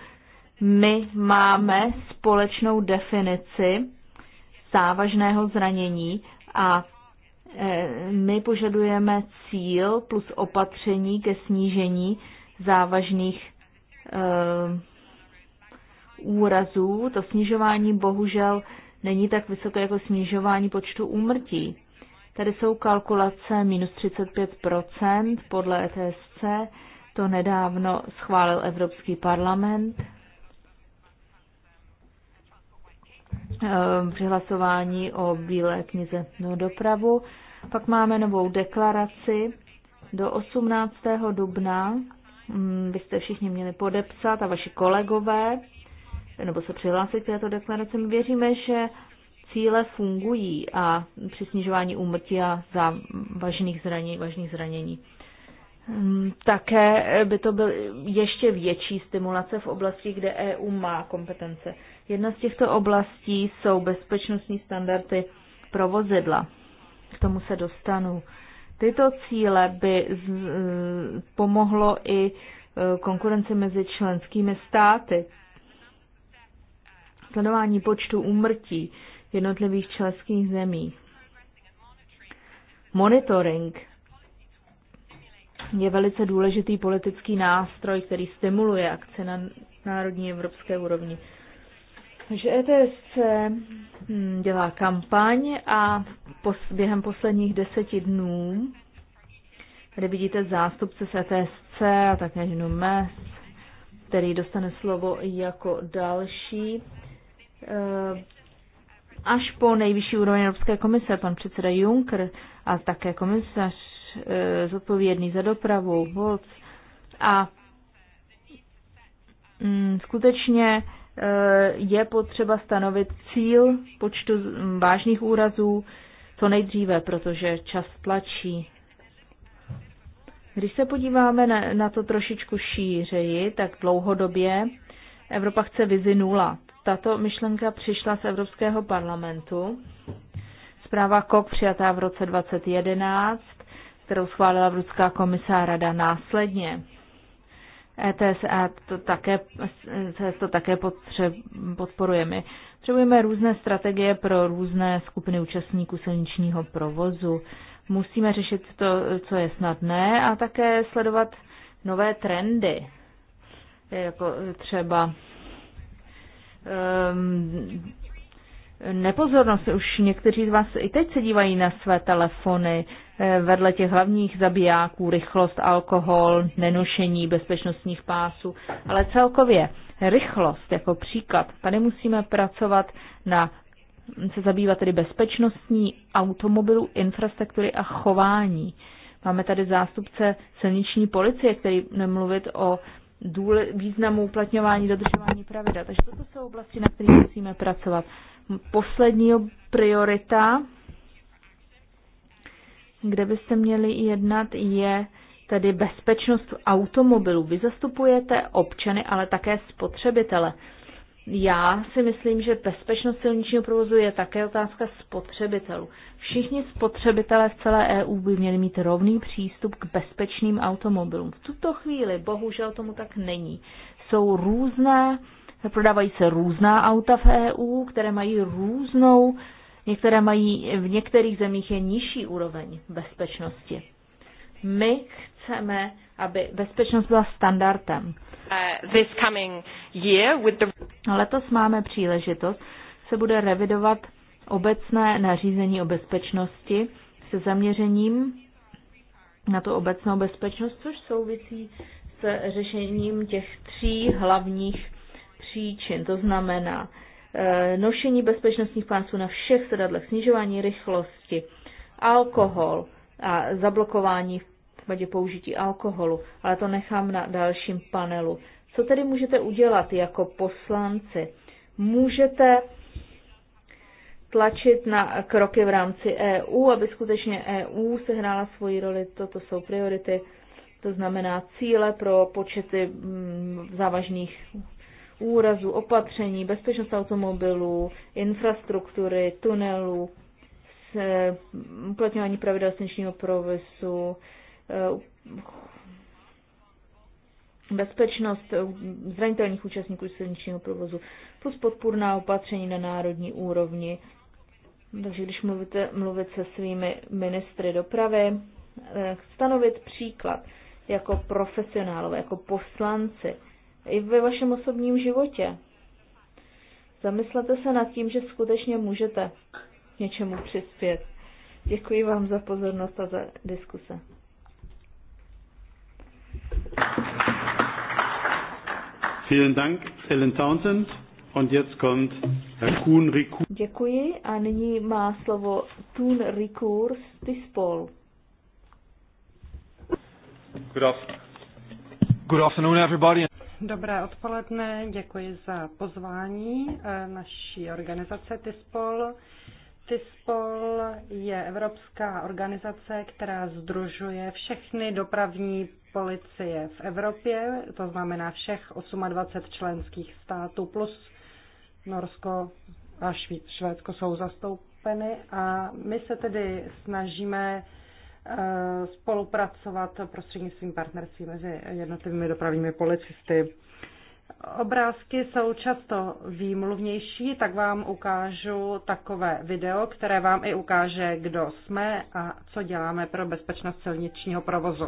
My máme společnou definici závažného zranění a e, my požadujeme cíl plus opatření ke snížení závažných e, úrazů. To snižování bohužel není tak vysoké jako snižování počtu úmrtí. Tady jsou kalkulace minus 35 podle ETSC práce. To nedávno schválil Evropský parlament. Ehm, přihlasování o Bílé knize no dopravu. Pak máme novou deklaraci do 18. dubna. Mm, vy jste všichni měli podepsat a vaši kolegové, nebo se přihlásit k této deklaraci. My věříme, že cíle fungují a při snižování úmrtí a závažných zranění, vážných zranění. Mm, také by to byl ještě větší stimulace v oblasti, kde EU má kompetence. Jedna z těchto oblastí jsou bezpečnostní standardy pro vozidla. K tomu se dostanu. Tyto cíle by pomohlo i e, konkurenci mezi členskými státy. Sledování počtu úmrtí jednotlivých členských zemí, Monitoring je velice důležitý politický nástroj, který stimuluje akce na národní evropské úrovni. Takže ETSC hm, dělá kampaň a pos, během posledních deseti dnů tady vidíte zástupce z ETSC a také jenom MES, který dostane slovo jako další. Eh, až po nejvyšší úroveň Evropské komise, pan předseda Juncker a také komisař Eh, zodpovědný za dopravu, Volc. A mm, skutečně eh, je potřeba stanovit cíl počtu mm, vážných úrazů co nejdříve, protože čas tlačí. Když se podíváme na, na to trošičku šířeji, tak dlouhodobě Evropa chce vizi nula. Tato myšlenka přišla z Evropského parlamentu. Zpráva KOK přijatá v roce 2011 kterou schválila Evropská komisá rada následně. ETS a e to také, ETS e to také potře, podporujeme. Potřebujeme různé strategie pro různé skupiny účastníků silničního provozu. Musíme řešit to, co je snadné a také sledovat nové trendy, jako třeba um, Nepozornost Už někteří z vás i teď se dívají na své telefony eh, vedle těch hlavních zabijáků, rychlost, alkohol, nenošení bezpečnostních pásů, ale celkově rychlost jako příklad. Tady musíme pracovat na se zabývat tedy bezpečnostní automobilů, infrastruktury a chování. Máme tady zástupce silniční policie, který nemluvit o důle, významu uplatňování, dodržování pravidel. Takže toto jsou oblasti, na kterých musíme pracovat poslední priorita, kde byste měli jednat, je tedy bezpečnost automobilů. Vy zastupujete občany, ale také spotřebitele. Já si myslím, že bezpečnost silničního provozu je také otázka spotřebitelů. Všichni spotřebitelé v celé EU by měli mít rovný přístup k bezpečným automobilům. V tuto chvíli bohužel tomu tak není. Jsou různé uh, Prodávají se různá auta v EU, které mají různou, některé mají, v některých zemích je nižší úroveň bezpečnosti. My chceme, aby bezpečnost byla standardem. Uh, Letos máme příležitost, se bude revidovat obecné nařízení o bezpečnosti se zaměřením na tu obecnou bezpečnost, což souvisí s řešením těch tří hlavních příčin, to znamená eh, nošení bezpečnostních pásů na všech sedadlech, snižování rychlosti, alkohol a zablokování v případě použití alkoholu, ale to nechám na dalším panelu. Co tedy můžete udělat jako poslanci? Můžete tlačit na kroky v rámci EU, aby skutečně EU sehrála svoji roli, toto jsou priority, to znamená cíle pro počety mm, závažných úrazů, opatření, bezpečnost automobilů, infrastruktury, tunelů, eh, uplatňování pravidel silničního provisu, eh, bezpečnost zranitelných účastníků silničního provozu, plus podpůrná opatření na národní úrovni. Takže když mluvíte, mluvit se svými ministry dopravy, eh, stanovit příklad jako profesionálové, jako poslanci, i ve vašem osobním životě. Zamyslete se nad tím, že skutečně můžete něčemu přispět. Děkuji vám za pozornost a za diskuse. Vielen Dank, Ellen Townsend. Und jetzt kommt Herr Kuhn Riku. Děkuji a nyní má slovo Tun Rikur z Tispol. Good, afternoon, everybody. Dobré odpoledne, děkuji za pozvání eh, naší organizace TISPOL. TISPOL je evropská organizace, která združuje všechny dopravní policie v Evropě, to znamená všech 28 členských států plus Norsko a Švédsko jsou zastoupeny a my se tedy snažíme Eh, spolupracovat prostřednictvím partnerství mezi jednotlivými dopravními policisty. Obrázky jsou často výmluvnější, tak vám ukážu takové video, které vám i ukáže, kdo jsme a co děláme pro bezpečnost silničního provozu.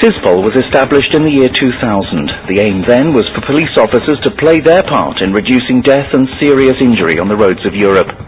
TISPOL was established in the year 2000. The aim then was for police officers to play their part in reducing death and serious injury on the roads of Europe.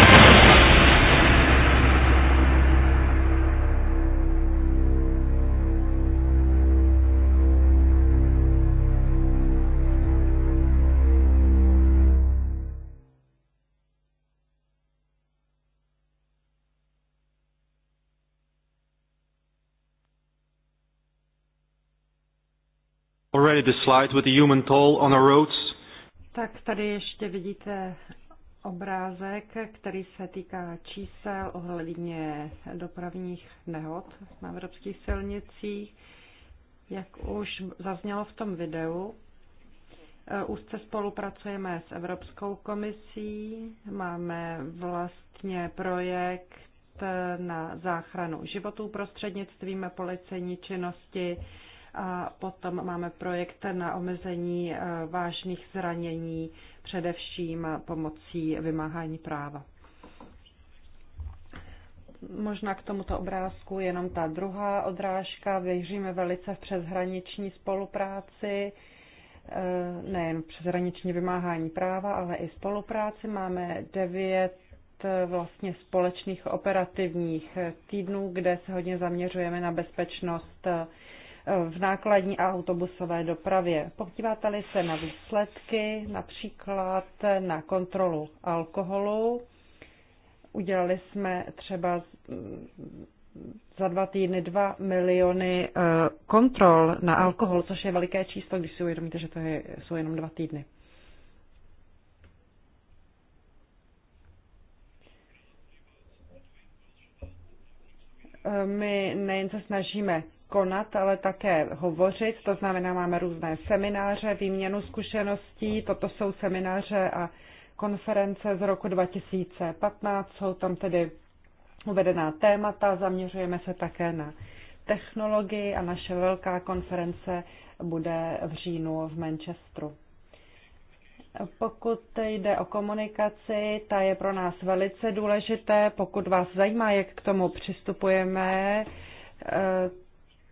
already the slide with the human toll on our roads. Tak tady ještě vidíte obrázek, který se týká čísel ohledně dopravních nehod na evropských silnicích. Jak už zaznělo v tom videu, eh, úzce spolupracujeme s Evropskou komisí, máme vlastně projekt eh, na záchranu životů prostřednictvím policejní činnosti, a potom máme projekt na omezení e, vážných zranění, především pomocí vymáhání práva. Možná k tomuto obrázku jenom ta druhá odrážka. Věříme velice v přeshraniční spolupráci e, nejen přeshraniční vymáhání práva, ale i spolupráci. Máme devět e, vlastně společných operativních týdnů, kde se hodně zaměřujeme na bezpečnost v nákladní a autobusové dopravě. Podíváte-li se na výsledky, například na kontrolu alkoholu, udělali jsme třeba za dva týdny 2 miliony eh, kontrol na alkohol, což je veliké číslo, když si uvědomíte, že to je, jsou jenom dva týdny. Eh, my nejen se snažíme konat, ale také hovořit. To znamená, máme různé semináře, výměnu zkušeností. Toto jsou semináře a konference z roku 2015. Jsou tam tedy uvedená témata. Zaměřujeme se také na technologii a naše velká konference bude v říjnu v Manchesteru. Pokud jde o komunikaci, ta je pro nás velice důležité. Pokud vás zajímá, jak k tomu přistupujeme,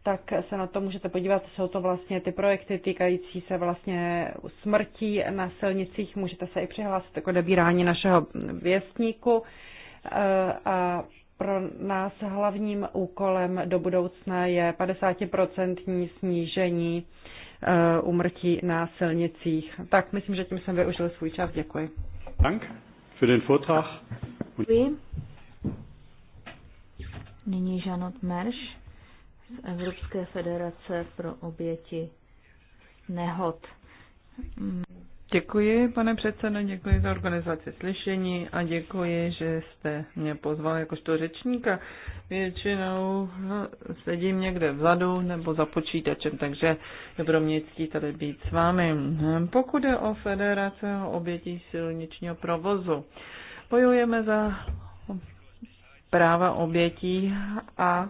tak se na to můžete podívat. Jsou to vlastně ty projekty týkající se vlastně smrtí na silnicích. Můžete se i přihlásit k odebírání našeho věstníku. Eh, a pro nás hlavním úkolem do budoucna je 50% snížení umrtí eh, na silnicích. Tak, myslím, že tím jsem využil svůj čas. Děkuji. Dank für den Vortrag. Děkuji. Nyní Žanot Merš z Evropské federace pro oběti nehod. Děkuji, pane předsedo, děkuji za organizaci slyšení a děkuji, že jste mě pozval jakožto řečníka. Většinou sedím někde vzadu nebo za počítačem, takže je pro mě ctí tady být s vámi. Pokud je o Federace o obětí silničního provozu, bojujeme za práva obětí a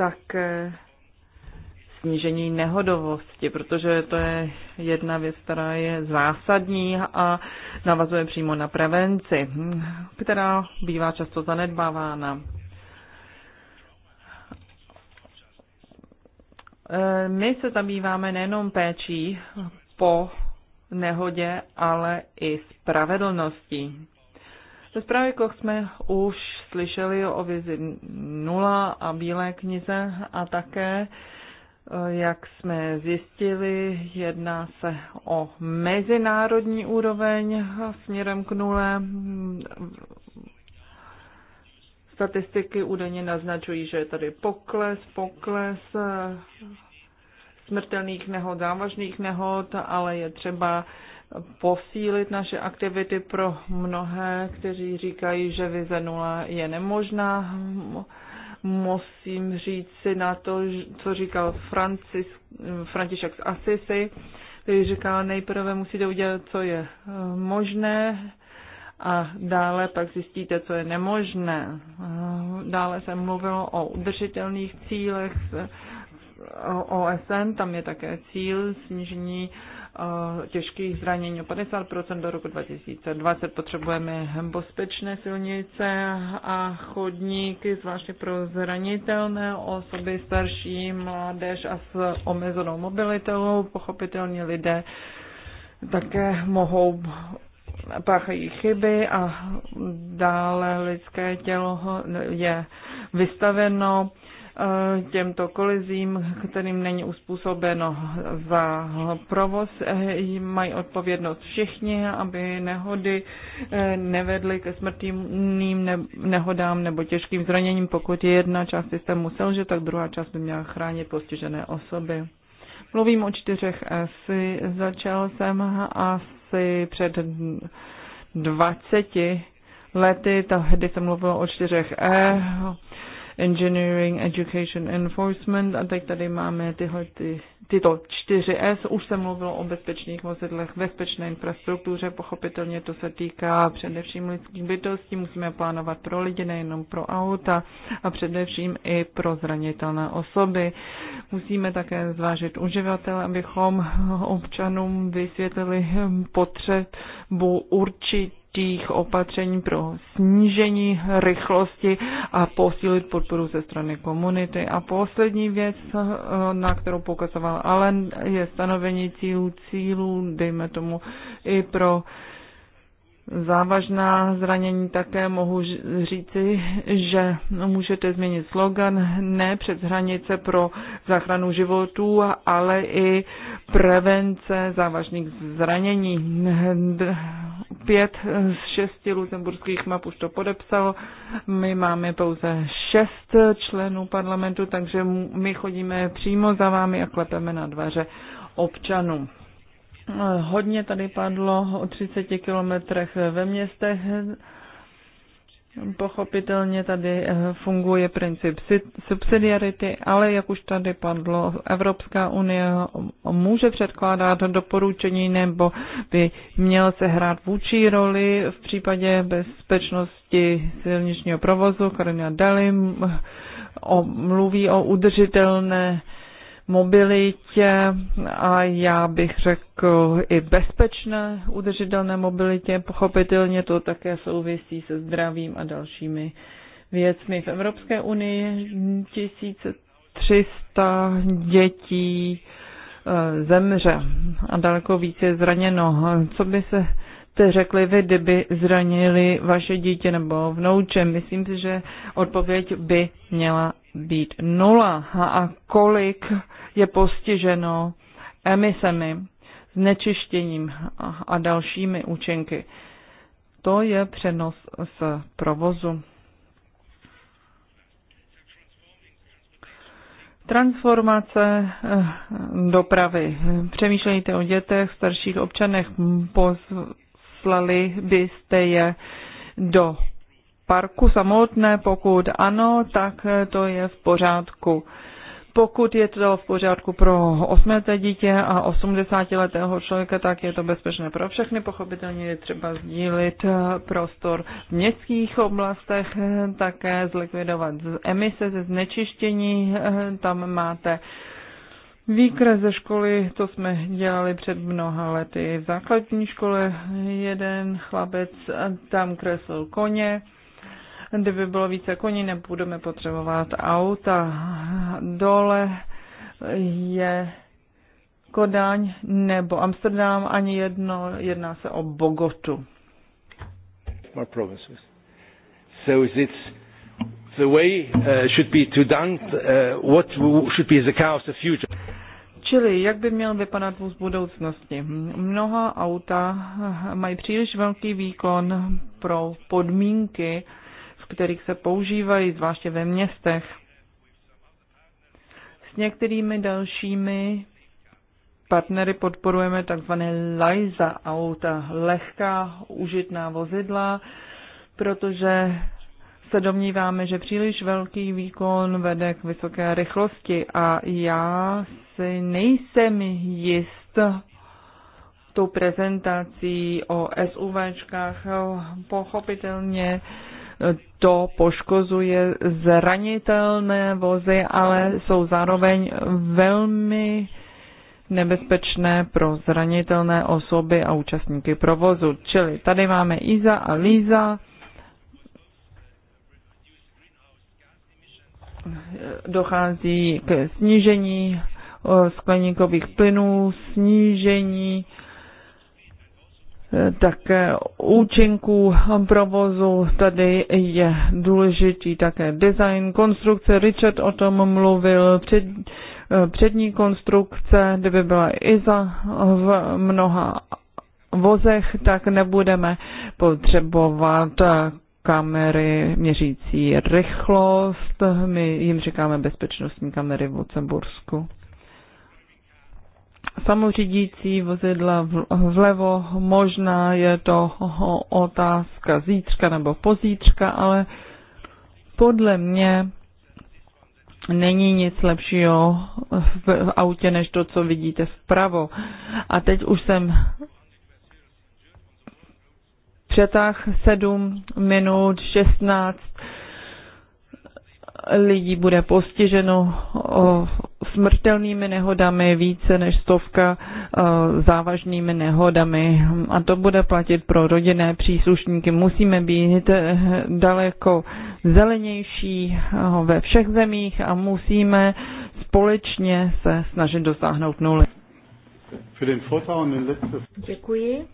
tak eh, snížení nehodovosti, protože to je jedna věc, která je zásadní a navazuje přímo na prevenci, která bývá často zanedbávána. Eh, my se zabýváme nejenom péčí po nehodě, ale i spravedlností. Ze zprávy Koch jsme už slyšeli o vizi nula a bílé knize a také, eh, jak jsme zjistili, jedná se o mezinárodní úroveň směrem k nule. Statistiky údajně naznačují, že je tady pokles, pokles eh, smrtelných nehod, závažných nehod, ale je třeba posílit naše aktivity pro mnohé, kteří říkají, že vize nula je nemožná. Musím říct si na to, co říkal Francis, František z Assisi, který říkal, nejprve musíte udělat, co je eh, možné, a dále pak zjistíte, co je nemožné. Eh, dále se mluvilo o udržitelných cílech OSN, tam je také cíl snížení těžkých zranění o 50% do roku 2020. Potřebujeme bezpečné silnice a chodníky, zvláště pro zranitelné osoby, starší, mládež a s omezenou mobilitou. Pochopitelně lidé také mohou páchají chyby a dále lidské tělo je vystaveno těmto kolizím, kterým není uspůsobeno za provoz. Eh, mají odpovědnost všichni, aby nehody eh, nevedly ke smrtným nehodám nebo těžkým zraněním. Pokud je jedna část systému selže, tak druhá část by měla chránit postižené osoby. Mluvím o čtyřech S. Začal jsem asi před 20 lety, tehdy jsem mluvil o čtyřech E, engineering, education, enforcement a teď tady máme tyhle, ty, tyto 4S. Už se mluvilo o bezpečných vozidlech, bezpečné infrastruktuře, pochopitelně to se týká především lidských bytostí, musíme plánovat pro lidi, nejenom pro auta a především i pro zranitelné osoby. Musíme také zvážit uživatele, abychom občanům vysvětlili potřebu určit určitých opatření pro snížení rychlosti a posílit podporu ze strany komunity. A poslední věc, na kterou pokazoval Allen, je stanovení cílů, cílů, dejme tomu, i pro uh, závažná zranění také mohu říci, že můžete změnit slogan ne přes hranice pro záchranu životů, ale i prevence závažných zranění. Pět z šesti lucemburských map už to podepsalo. My máme pouze šest členů parlamentu, takže my chodíme přímo za vámi a klepeme na dveře občanům. Hodně tady padlo o 30 kilometrech ve městech. Pochopitelně tady funguje princip subsidiarity, ale jak už tady padlo, Evropská unie může předkládat doporučení nebo by měl se hrát vůči roli v případě bezpečnosti silničního provozu. Karina Dalim mluví o udržitelné mobilitě a já bych řekl i bezpečné udržitelné mobilitě. Pochopitelně to také souvisí se zdravím a dalšími věcmi. V Evropské unii 1300 dětí eh, zemře a daleko více je zraněno. Co by se byste řekli vy, kdyby zranili vaše dítě nebo vnouče? Myslím si, že odpověď by měla být nula. A kolik je postiženo emisemi, znečištěním a dalšími účinky? To je přenos z provozu. Transformace eh, dopravy. Přemýšlejte o dětech, starších občanech poslali byste je do parku samotné? Pokud ano, tak to je v pořádku. Pokud je to v pořádku pro 8. dítě a 80-letého člověka, tak je to bezpečné pro všechny. Pochopitelně je třeba sdílit eh, prostor v městských oblastech, eh, také zlikvidovat emise ze znečištění. Eh, tam máte Výkres ze školy, to jsme dělali před mnoha lety. V základní škole jeden chlapec tam kreslil koně. Kdyby bylo více koní, nebudeme potřebovat auta. Dole je Kodaň nebo Amsterdam, ani jedno, jedná se o Bogotu. My provinces. So it's the way uh, should be to done uh, what should be the car of the future. Čili jak by měl vypadat vůz budoucnosti? Mnoha auta mají příliš velký výkon pro podmínky, v kterých se používají, zvláště ve městech. S některými dalšími partnery podporujeme tzv. Liza auta, lehká užitná vozidla, protože se domníváme, že příliš velký výkon vede k vysoké rychlosti a já si nejsem jist tou prezentací o SUVčkách. Pochopitelně to poškozuje zranitelné vozy, ale jsou zároveň velmi nebezpečné pro zranitelné osoby a účastníky provozu. Čili tady máme Iza a Líza dochází k snížení skleníkových plynů, snížení e, také účinků provozu. Tady je důležitý také design konstrukce. Richard o tom mluvil. Před, e, přední konstrukce, kdyby byla IZA v mnoha vozech, tak nebudeme potřebovat kamery měřící rychlost, my jim říkáme bezpečnostní kamery v Lucembursku. Samořídící vozidla vlevo, možná je to otázka zítřka nebo pozítřka, ale podle mě není nic lepšího v autě, než to, co vidíte vpravo. A teď už jsem přetah 7 minut, 16 lidí bude postiženo smrtelnými nehodami, více než stovka závažnými nehodami. A to bude platit pro rodinné příslušníky. Musíme být daleko zelenější ve všech zemích a musíme společně se snažit dosáhnout nuly. Děkuji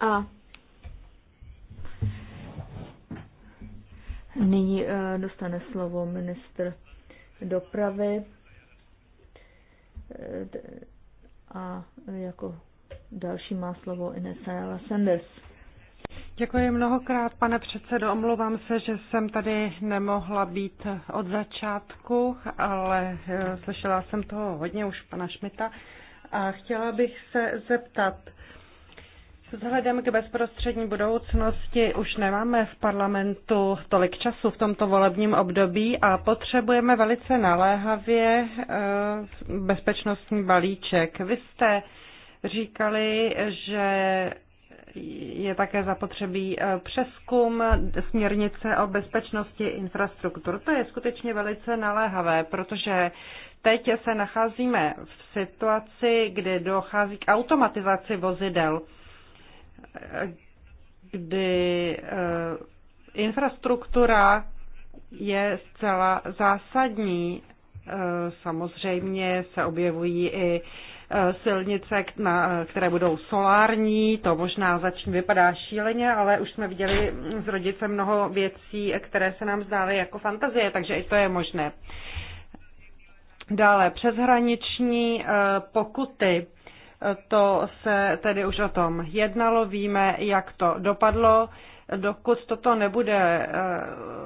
a nyní eh, dostane slovo ministr dopravy eh, a jako další má slovo Inés Sanders. Děkuji mnohokrát, pane předsedo. Omlouvám se, že jsem tady nemohla být od začátku, ale eh, slyšela jsem toho hodně už pana Šmita. A chtěla bych se zeptat, Vzhledem k bezprostřední budoucnosti už nemáme v parlamentu tolik času v tomto volebním období a potřebujeme velice naléhavě eh, bezpečnostní balíček. Vy jste říkali, že je také zapotřebí eh, přeskum směrnice o bezpečnosti infrastruktur. To je skutečně velice naléhavé, protože teď se nacházíme v situaci, kdy dochází k automatizaci vozidel kdy eh, infrastruktura je zcela zásadní. Eh, samozřejmě se objevují i eh, silnice, které budou solární, to možná začne vypadá šíleně, ale už jsme viděli mm, z rodice mnoho věcí, které se nám zdály jako fantazie, takže i to je možné. Dále přeshraniční pokuty to se tedy už o tom jednalo, víme, jak to dopadlo. Dokud toto nebude eh,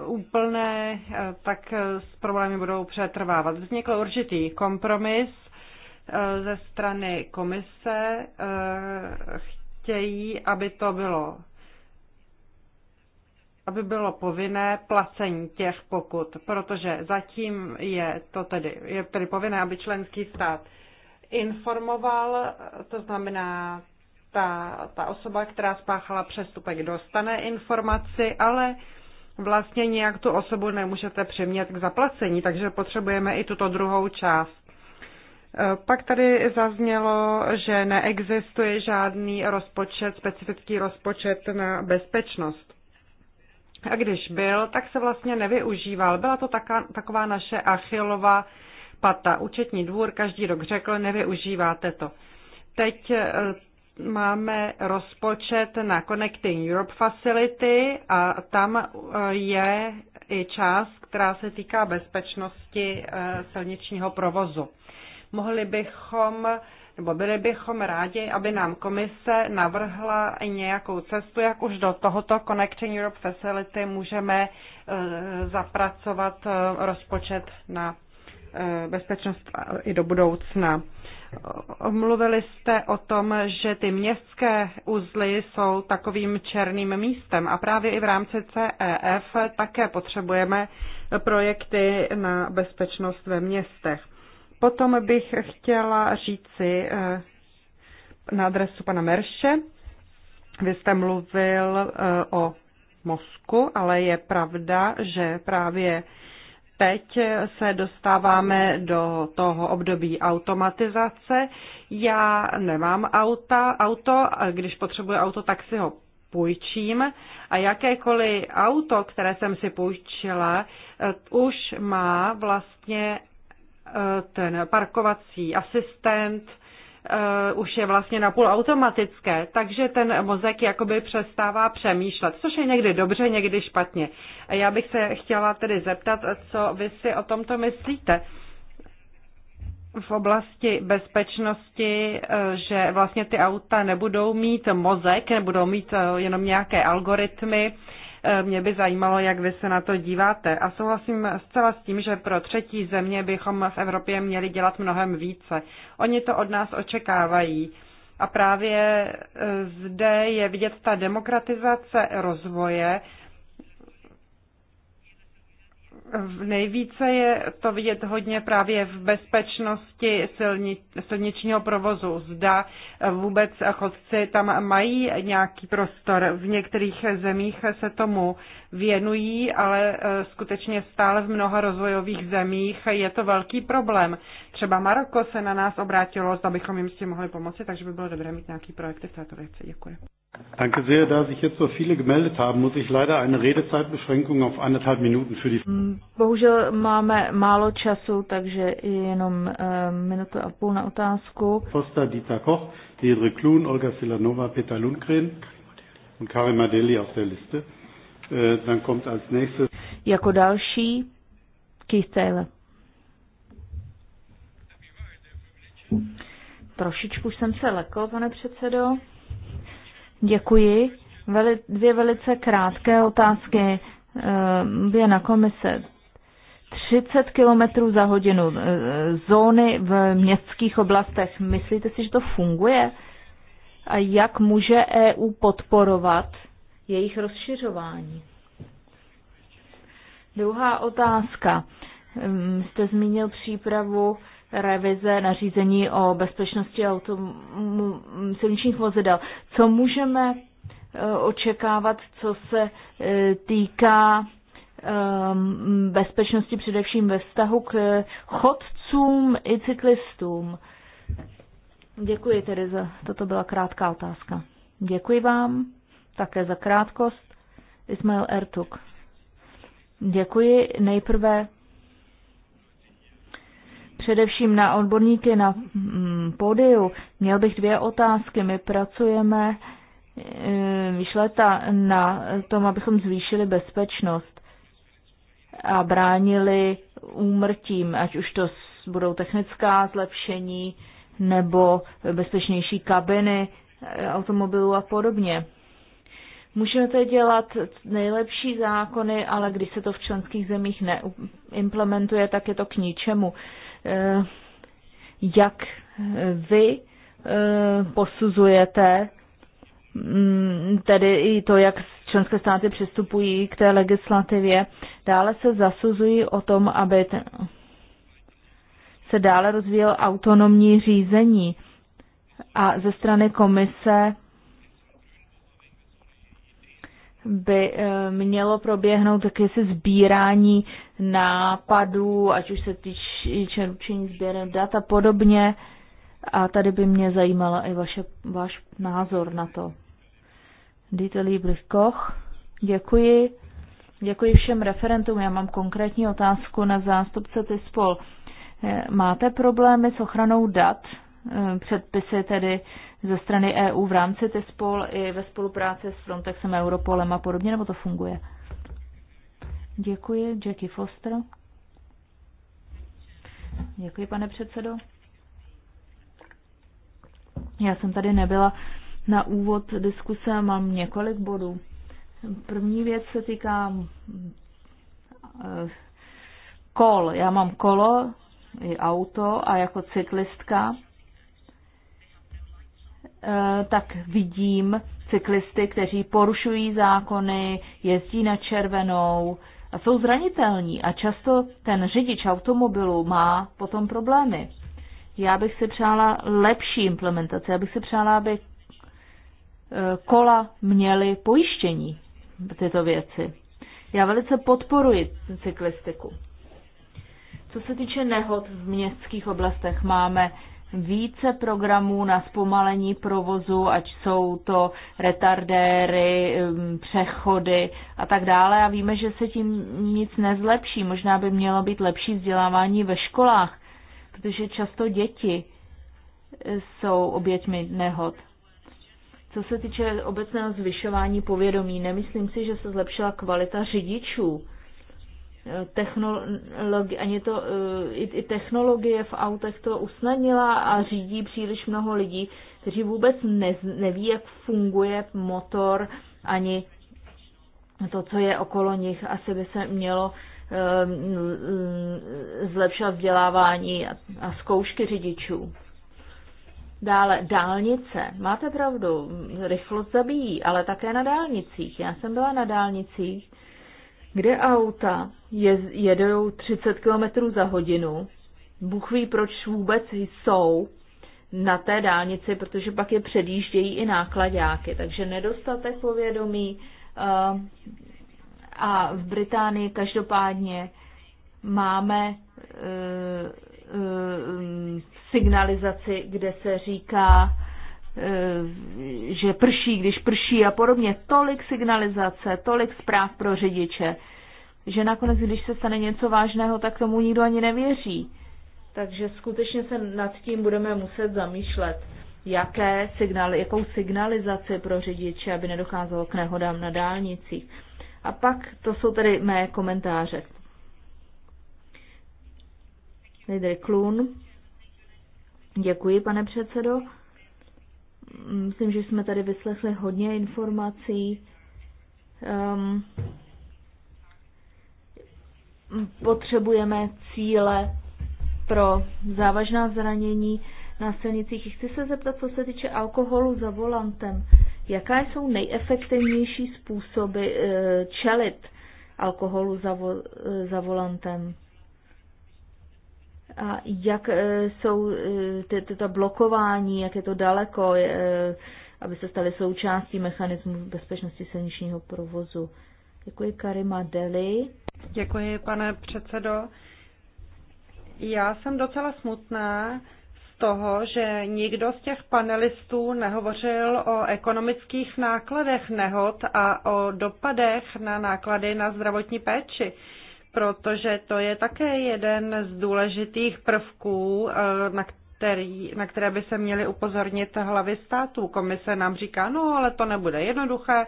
úplné, eh, tak s eh, problémy budou přetrvávat. Vznikl určitý kompromis ze strany komise. Chtějí, aby to bylo aby bylo povinné placení těch pokut, protože zatím je to tedy, je tedy povinné, aby členský stát informoval, to znamená, ta, ta osoba, která spáchala přestupek, dostane informaci, ale vlastně nějak tu osobu nemůžete přimět k zaplacení, takže potřebujeme i tuto druhou část. E, pak tady zaznělo, že neexistuje žádný rozpočet, specifický rozpočet na bezpečnost. A když byl, tak se vlastně nevyužíval. Byla to taková naše achilová pata. Účetní dvůr každý rok řekl, nevyužíváte to. Teď eh, máme rozpočet na Connecting Europe Facility a tam eh, je i část, která se týká bezpečnosti eh, silničního provozu. Mohli bychom, nebo byli bychom rádi, aby nám komise navrhla nějakou cestu, jak už do tohoto Connecting Europe Facility můžeme zapracovat rozpočet na Eh, bezpečnost i do budoucna. Mluvili jste o tom, že ty městské uzly jsou takovým černým místem a právě i v rámci CEF také potřebujeme projekty na bezpečnost ve městech. Potom bych chtěla říci eh, na adresu pana Merše, vy jste mluvil eh, o mozku, ale je pravda, že právě teď se dostáváme do toho období automatizace. Já nemám auta, auto, když potřebuji auto, tak si ho půjčím a jakékoliv auto, které jsem si půjčila, eh, už má vlastně eh, ten parkovací asistent, uh, už je vlastně napůl automatické, takže ten mozek jakoby přestává přemýšlet, což je někdy dobře, někdy špatně. A já bych se chtěla tedy zeptat, co vy si o tomto myslíte v oblasti bezpečnosti, eh, že vlastně ty auta nebudou mít mozek, nebudou mít eh, jenom nějaké algoritmy, Eh, mě by zajímalo, jak vy se na to díváte. A souhlasím zcela s tím, že pro třetí země bychom v Evropě měli dělat mnohem více. Oni to od nás očekávají. A právě eh, zde je vidět ta demokratizace rozvoje, Nejvíce je to vidět hodně právě v bezpečnosti silni, silničního provozu. Zda eh, vůbec chodci tam mají nějaký prostor. V některých zemích se tomu věnují, ale eh, skutečně stále v mnoha rozvojových zemích je to velký problém. Třeba Maroko se na nás obrátilo, zda bychom jim s tím mohli pomoci, takže by bylo dobré mít nějaký projekty v této věci. Děkuji. Danke sehr. Da sich jetzt so viele gemeldet haben, muss ich leider eine Redezeitbeschränkung auf anderthalb Minuten für die. Mm, bohužel máme málo času, takže jenom uh, minutu a půl na otázku. Foster, Dieter Koch, Deirdre Klun, Olga Silanova, Peter Lundgren und Karim Madeli auf der Liste. Uh, dann kommt als nächstes. Jako další Keith Taylor. Trošičku jsem se lekl, pane předsedo. Děkuji. Veli, dvě velice krátké otázky eh, dvě na komise. 30 km za hodinu eh, zóny v městských oblastech. Myslíte si, že to funguje? A jak může EU podporovat jejich rozšiřování? Druhá otázka. Ehm, jste zmínil přípravu revize nařízení o bezpečnosti autom- silničních vozidel. Co můžeme eh, očekávat, co se eh, týká ehm, bezpečnosti především ve vztahu k chodcům i cyklistům? Děkuji tedy za, toto byla krátká otázka. Děkuji vám také za krátkost. Ismail Ertuk. Děkuji. Nejprve především na odborníky na mm, pódiu. Měl bych dvě otázky. My pracujeme již eh, leta na tom, abychom zvýšili bezpečnost a bránili úmrtím, ať už to budou technická zlepšení nebo bezpečnější kabiny eh, automobilů a podobně. to dělat nejlepší zákony, ale když se to v členských zemích neimplementuje, tak je to k ničemu. Eh, jak eh, vy eh, posuzujete mm, tedy i to, jak členské státy přistupují k té legislativě. Dále se zasuzují o tom, aby se dále rozvíjel autonomní řízení. A ze strany komise by eh, mělo proběhnout taky se sbírání nápadů, ať už se týče ručení sběrem dat a podobně. A tady by mě zajímala i vaše, váš názor na to. Dieter Lieblich Koch, děkuji. Děkuji všem referentům. Já mám konkrétní otázku na zástupce TISPOL. Eh, máte problémy s ochranou dat? Eh, předpisy tedy ze strany EU v rámci TESPOL i ve spolupráci s Frontexem, Europolem a podobně, nebo to funguje? Děkuji, Jackie Foster. Děkuji, pane předsedo. Já jsem tady nebyla na úvod diskuse, mám několik bodů. První věc se týká eh, kol. Já mám kolo i auto a jako cyklistka Eh, tak vidím cyklisty, kteří porušují zákony, jezdí na červenou a jsou zranitelní a často ten řidič automobilu má potom problémy. Já bych si přála lepší implementaci, já bych si přála, aby eh, kola měly pojištění tyto věci. Já velice podporuji cyklistiku. Co se týče nehod v městských oblastech, máme více programů na zpomalení provozu, ať jsou to retardéry, um, přechody a tak dále. A víme, že se tím nic nezlepší. Možná by mělo být lepší vzdělávání ve školách, protože často děti eh, jsou oběťmi nehod. Co se týče obecného zvyšování povědomí, nemyslím si, že se zlepšila kvalita řidičů technologi- ani to, eh, i, i technologie v autech to usnadnila a řídí příliš mnoho lidí, kteří vůbec ne, neví, jak funguje motor ani to, co je okolo nich. Asi by se mělo eh, mm, zlepšat vzdělávání a zkoušky řidičů. Dále dálnice. Máte pravdu, rychlost zabíjí, ale také na dálnicích. Já jsem byla na dálnicích, kde auta je, jedou 30 km za hodinu. Bůh ví, proč vůbec jsou na té dálnici, protože pak je předjíždějí i nákladáky. Takže nedostatek povědomí eh, a v Británii každopádně máme eh, eh, signalizaci, kde se říká, že prší, když prší a podobně. Tolik signalizace, tolik zpráv pro řidiče že nakonec, když se stane něco vážného, tak tomu nikdo ani nevěří. Takže skutečně se nad tím budeme muset zamýšlet, jaké signály, jakou signalizaci pro řidiče, aby nedocházelo k nehodám na dálnicích. A pak to jsou tedy mé komentáře. Lidry Klun. Děkuji, pane předsedo. Myslím, že jsme tady vyslechli hodně informací. Um, potřebujeme cíle pro závažná zranění na silnicích. Chci se zeptat, co se týče alkoholu za volantem. Jaká jsou nejefektivnější způsoby eh, čelit alkoholu za, vo, eh, za volantem? A jak eh, jsou tyto blokování, jak je to daleko, aby se staly součástí mechanismu bezpečnosti silničního provozu? Děkuji Karima Deli. Děkuji, pane předsedo. Já jsem docela smutná z toho, že nikdo z těch panelistů nehovořil o ekonomických nákladech nehod a o dopadech na náklady na zdravotní péči protože to je také jeden z důležitých prvků, eh, na, který, na které by se měly upozornit hlavy států. Komise nám říká, no ale to nebude jednoduché,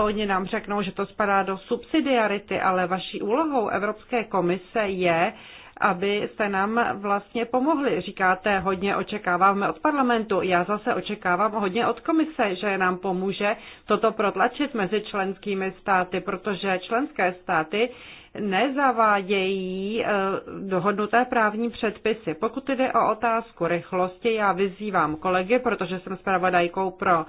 Oni nám řeknou, že to spadá do subsidiarity, ale vaší úlohou Evropské komise je, aby se nám vlastně pomohli. Říkáte, hodně očekáváme od parlamentu. Já zase očekávám hodně od komise, že nám pomůže toto protlačit mezi členskými státy, protože členské státy nezavádějí eh, dohodnuté právní předpisy. Pokud jde o otázku rychlosti, já vyzývám kolegy, protože jsem zpravodajkou pro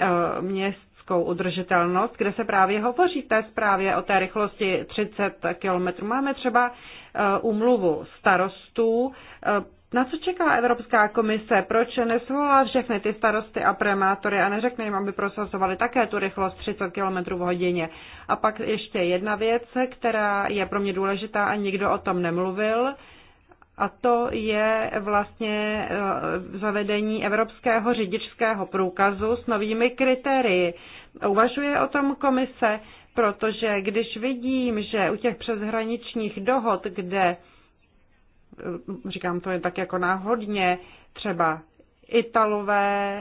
eh, měst energetickou udržitelnost, kde se právě hovoří té zprávě o té rychlosti 30 km. Máme třeba eh, úmluvu starostů. Eh, na co čeká Evropská komise? Proč nesvolá všechny ty starosty a primátory a neřekne jim, aby prosazovali také tu rychlost 30 km v hodině? A pak ještě jedna věc, která je pro mě důležitá a nikdo o tom nemluvil a to je vlastně eh, zavedení evropského řidičského průkazu s novými kritérii. Uvažuje o tom komise, protože když vidím, že u těch přeshraničních dohod, kde, eh, říkám to jen tak jako náhodně, třeba Italové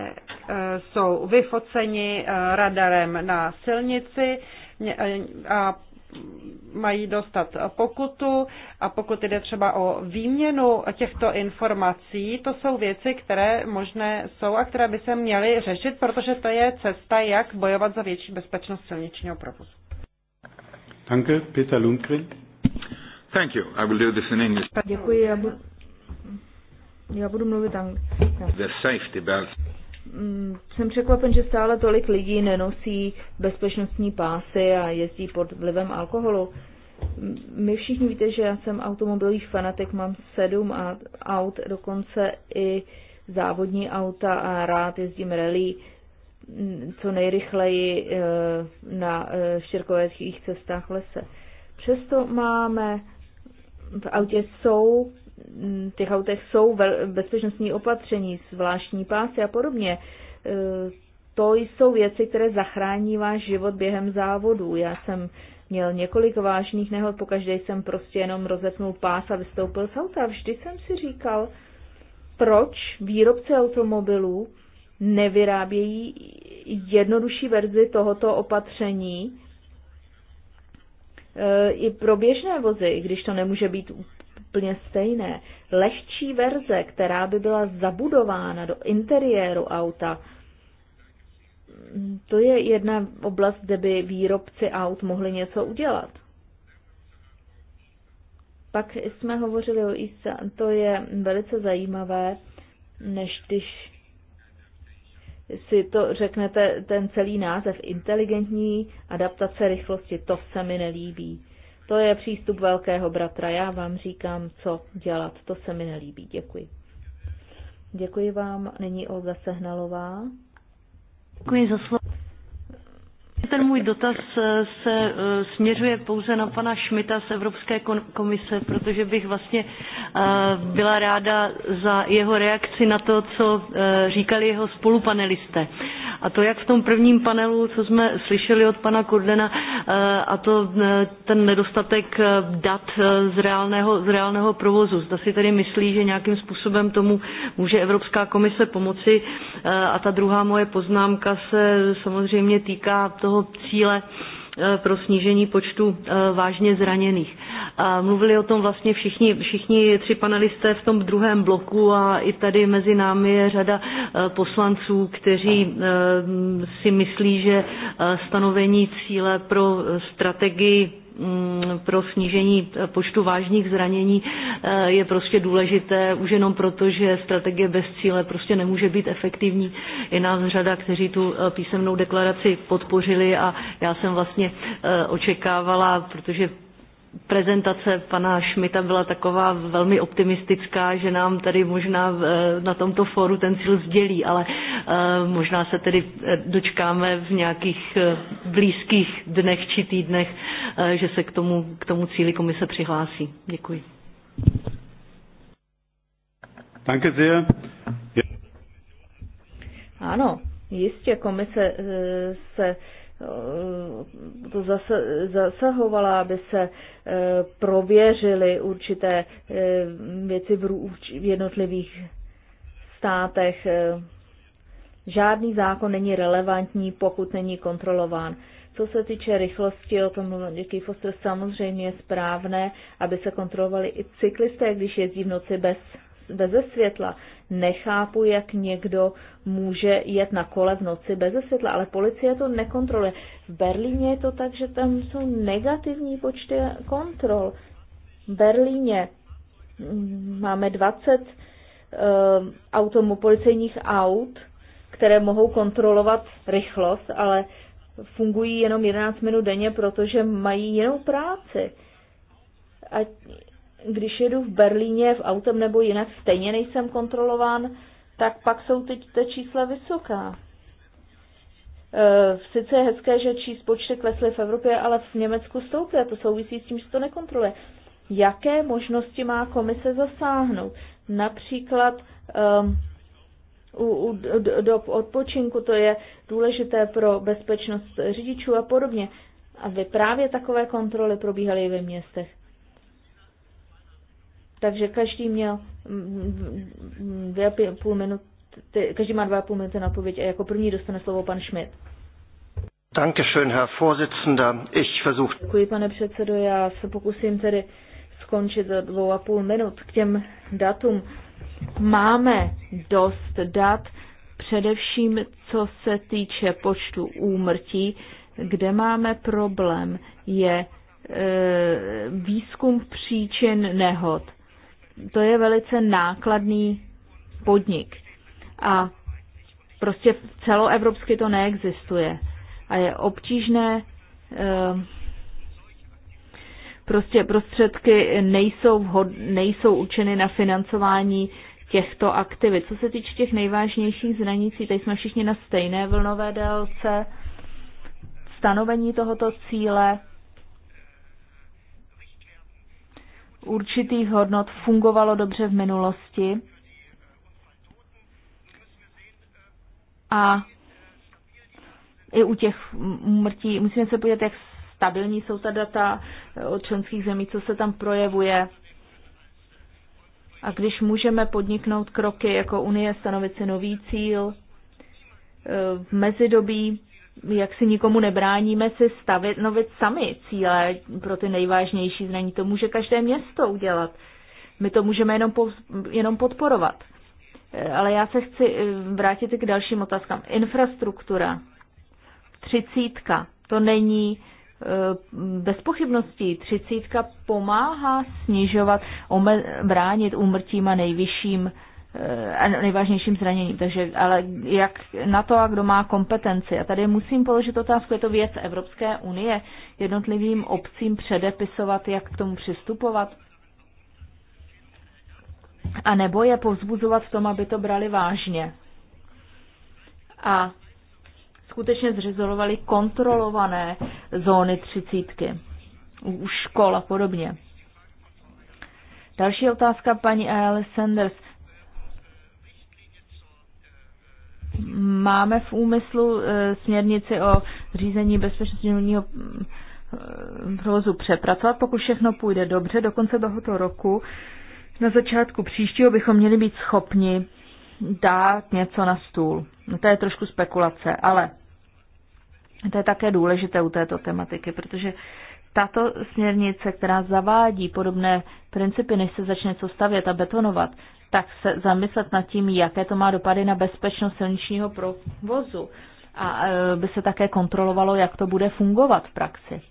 eh, jsou vyfoceni radarem na silnici a mají dostat pokutu a pokud jde třeba o výměnu těchto informací, to jsou věci, které možné jsou a které by se měly řešit, protože to je cesta, jak bojovat za větší bezpečnost silničního provozu. Danke, Peter Lundgren. Thank you. I will do this in English. Děkuji, já budu, já budu mluvit anglicky. The safety belt. Mm, jsem překvapen, že stále tolik lidí nenosí bezpečnostní pásy a jezdí pod vlivem alkoholu. My mm, všichni víte, že já jsem automobilový fanatik, mám sedm aut, dokonce i závodní auta a rád jezdím rally mm, co nejrychleji eh, na eh, štěrkoveckých cestách v lese. Přesto máme, v autě jsou Mm, těch autech jsou bezpečnostní opatření, zvláštní pásy a podobně. E, to jsou věci, které zachrání váš život během závodu. Já jsem měl několik vážných nehod, pokaždé jsem prostě jenom rozetnul pás a vystoupil z auta. Vždy jsem si říkal, proč výrobce automobilů nevyrábějí jednodušší verzi tohoto opatření, e, i pro běžné vozy, i když to nemůže být úplně stejné. Lehčí verze, která by byla zabudována do interiéru auta, to je jedna oblast, kde by výrobci aut mohli něco udělat. Pak jsme hovořili o ISA, to je velice zajímavé, než když si to řeknete, ten celý název inteligentní adaptace rychlosti, to se mi nelíbí. To je přístup velkého bratra. Já vám říkám, co dělat. To se mi nelíbí. Děkuji. Děkuji vám. Není Olga Sehnalová. Děkuji za slovo. Ten můj dotaz eh, se eh, směřuje pouze na pana Šmita z Evropské komise, protože bych vlastně eh, byla ráda za jeho reakci na to, co říkali jeho spolupanelisté. A to jak v tom prvním panelu, co jsme slyšeli od pana Kordena, a to ten nedostatek dat z reálného, z reálného provozu. Zda si tedy myslí, že nějakým způsobem tomu může Evropská komise pomoci. A ta druhá moje poznámka se samozřejmě týká toho toho cíle eh, pro snížení počtu eh, vážně zraněných. A mluvili o tom vlastně všichni, všichni tři panelisté v tom druhém bloku a i tady mezi námi je řada eh, poslanců, kteří si myslí, že stanovení cíle pro strategii Mm, pro snížení počtu vážných zranění eh, je prostě důležité už jenom proto, že strategie bez cíle prostě nemůže být efektivní. Je nás řada, kteří tu eh, písemnou deklaraci podpořili a já jsem vlastně eh, očekávala, protože prezentace pana Šmita byla taková velmi optimistická, že nám tady možná eh, na tomto fóru ten cíl sdělí, ale eh, možná se tedy eh, dočkáme v nějakých blízkých dnech či týdnech, že se k tomu, k tomu cíli komise přihlásí. Děkuji. Danke sehr. Ano, jistě komise se Eh, to zasahovala, aby se eh, prověřily určité eh, věci v jednotlivých státech. Žádný zákon není relevantní, pokud není kontrolován. Co se týče rychlosti, o tom mluvil Dicky Foster, samozřejmě je správné, aby se kontrolovali i cyklisté, když jezdí v noci bez beze světla. Nechápu, jak někdo může jet na kole v noci beze světla, ale policie to nekontroluje. V Berlíně je to tak, že tam jsou negativní počty kontrol. V Berlíně mm, máme 20 ehm, uh, policejních aut, které mohou kontrolovat rychlost, ale fungují jenom 11 minut denně, protože mají jinou práci. A když jedu v Berlíně v autem nebo jinak, stejně nejsem kontrolován, tak pak jsou teď ta čísla vysoká. E, sice je hezké, že čís počty klesly v Evropě, ale v Německu stouply a to souvisí s tím, že to nekontroluje. Jaké možnosti má komise zasáhnout? Například um, u, u, do, odpočinku, to je důležité pro bezpečnost řidičů a podobně. A vy právě takové kontroly probíhaly i ve městech. Takže každý měl mm, mm, dvě půl minuty, každý má a půl minuty na odpověď a jako první dostane slovo pan Schmidt. Dankeschön, Herr Vorsitzender. Ich versuch... Děkuji, pane předsedo. Já se pokusím tedy skončit za dvou a půl minut k těm datům. Máme dost dat, především co se týče počtu úmrtí. Kde máme problém je e, výzkum příčin nehod. E, to je velice nákladný podnik. A prostě celoevropsky to neexistuje. A je obtížné, ehm, prostě prostředky nejsou, vhod, nejsou učeny na financování těchto aktivit. Co se týče těch nejvážnějších zranicí, tady jsme všichni na stejné vlnové délce. Stanovení tohoto cíle určitých hodnot fungovalo dobře v minulosti. A i u těch mrtí, musíme se podívat, jak stabilní jsou ta data od členských zemí, co se tam projevuje. A když můžeme podniknout kroky jako Unie, stanovit si nový cíl, eh, v mezidobí jak si nikomu nebráníme si stavit, novit sami cíle pro ty nejvážnější zraní. To může každé město udělat. My to můžeme jenom, po, jenom podporovat. Eh, ale já se chci eh, vrátit k dalším otázkám. Infrastruktura. Třicítka. To není eh, bez pochybností. Třicítka pomáhá snižovat, bránit úmrtím a nejvyšším Eh, a nejvážnějším zraněním. Takže, ale jak na to a kdo má kompetenci? A tady musím položit otázku, je to věc Evropské unie, jednotlivým obcím předepisovat, jak k tomu přistupovat? A nebo je povzbuzovat v tom, aby to brali vážně? A skutečně zřizovali kontrolované zóny třicítky u škol a podobně. Další otázka paní A.L. Sanders Máme v úmyslu eh, směrnici o řízení bezpečnostního eh, provozu přepracovat, pokud všechno půjde dobře, do konce tohoto roku. Na začátku příštího bychom měli být schopni dát něco na stůl. No to je trošku spekulace, ale to je také důležité u této tematiky, protože tato směrnice, která zavádí podobné principy, než se začne co stavět a betonovat, tak se zamyslet nad tím, jaké to má dopady na bezpečnost silničního provozu a e, by se také kontrolovalo, jak to bude fungovat v praxi.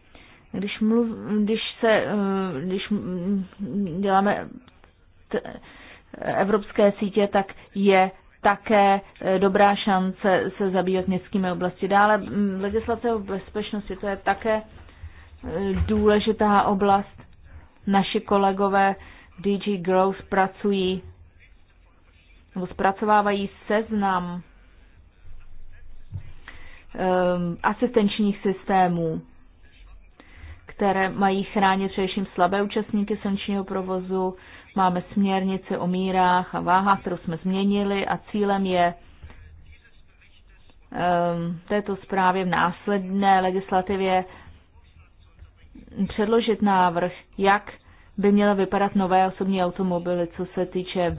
Když, mluv, když se, e, když děláme t, evropské sítě, tak je také e, dobrá šance se zabývat městskými oblasti. Dále legislace o bezpečnosti, to je také důležitá oblast. Naši kolegové DG Growth pracují nebo zpracovávají seznam um, asistenčních systémů, které mají chránit především slabé účastníky silničního provozu. Máme směrnice o mírách a váhách, kterou jsme změnili a cílem je um, této zprávě v následné legislativě předložit návrh, jak by měla vypadat nové osobní automobily, co se týče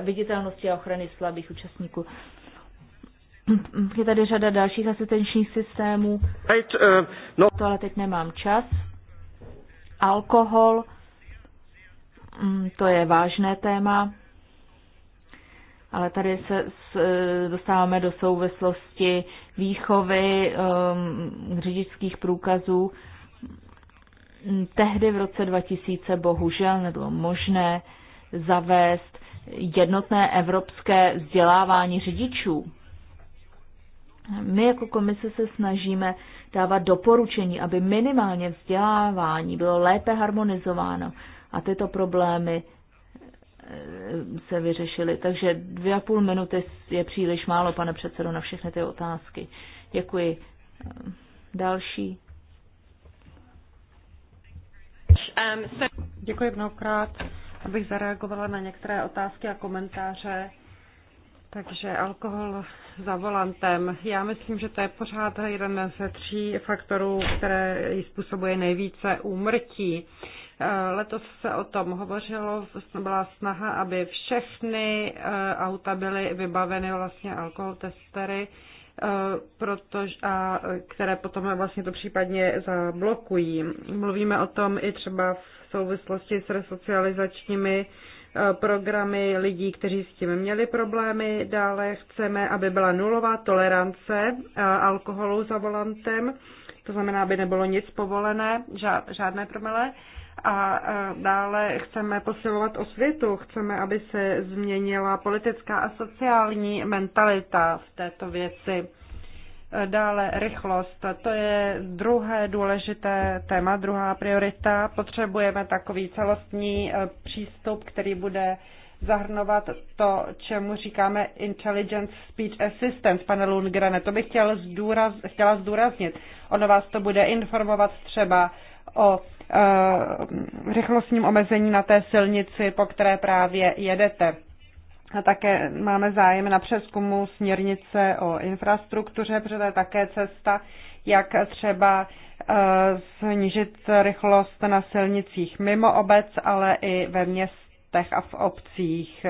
viditelnosti a ochrany slabých účastníků. Je tady řada dalších asistenčních systémů. Right, uh, no. To ale teď nemám čas. Alkohol, mm, to je vážné téma, ale tady se eh, dostáváme do souvislosti výchovy um, řidičských průkazů. Uh, Mm, tehdy v roce 2000 bohužel nebylo možné zavést jednotné evropské vzdělávání řidičů. My jako komise se snažíme dávat doporučení, aby minimálně vzdělávání bylo lépe harmonizováno a tyto problémy eh, se vyřešily. Takže dvě a půl minuty je příliš málo, pane předsedo, na všechny ty otázky. Děkuji. Další Um, Děkuji mnohokrát, abych zareagovala na některé otázky a komentáře. Takže alkohol za volantem. Já myslím, že to je pořád jeden ze tří faktorů, které způsobuje nejvíce úmrtí. Eh, letos se o tom hovořilo, byla snaha, aby všechny eh, auta byly vybaveny vlastně alkoholtestery. testery Eh, protože, a eh, které potom vlastně to případně zablokují. Mluvíme o tom i třeba v souvislosti s resocializačními eh, programy lidí, kteří s tím měli problémy. Dále chceme, aby byla nulová tolerance alkoholu za volantem, to znamená, aby nebylo nic povolené, žádné promile. A dále chceme posilovat osvětu, chceme, aby se změnila politická a sociální mentalita v této věci. Dále rychlost. To je druhé důležité téma, druhá priorita. Potřebujeme takový celostní e, přístup, který bude zahrnovat to, čemu říkáme Intelligence Speech Assistance, pane Lundgrene. To bych chtěla zdůraznit. Ono vás to bude informovat třeba o Eh, rychlostním omezení na té silnici, po které právě jedete. A také máme zájem na přeskumu směrnice o infrastruktuře, protože to je také cesta, jak třeba eh, snížit rychlost na silnicích mimo obec, ale i ve městech a v obcích,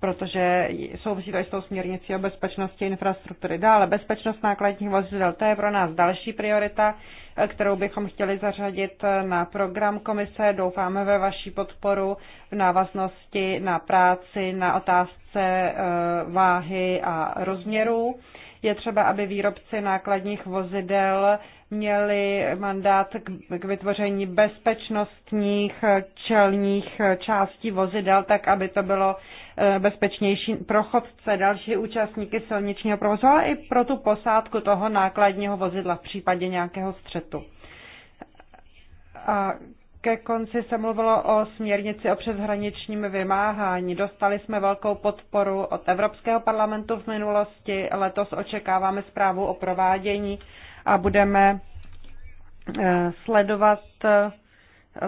protože souvisí to i s tou směrnicí o bezpečnosti infrastruktury. Dále bezpečnost nákladních vozidel, to je pro nás další priorita kterou bychom chtěli zařadit na program komise. Doufáme ve vaší podporu v návaznosti na práci, na otázce eh, váhy a rozměrů. Je třeba, aby výrobci nákladních vozidel měli mandát k vytvoření bezpečnostních eh, čelních eh, částí vozidel, tak aby to bylo Eh, bezpečnější pro chodce, další účastníky silničního provozu, ale i pro tu posádku toho nákladního vozidla v případě nějakého střetu. A ke konci se mluvilo o směrnici o přeshraničním vymáhání. Dostali jsme velkou podporu od Evropského parlamentu v minulosti. Letos očekáváme zprávu o provádění a budeme eh, sledovat eh,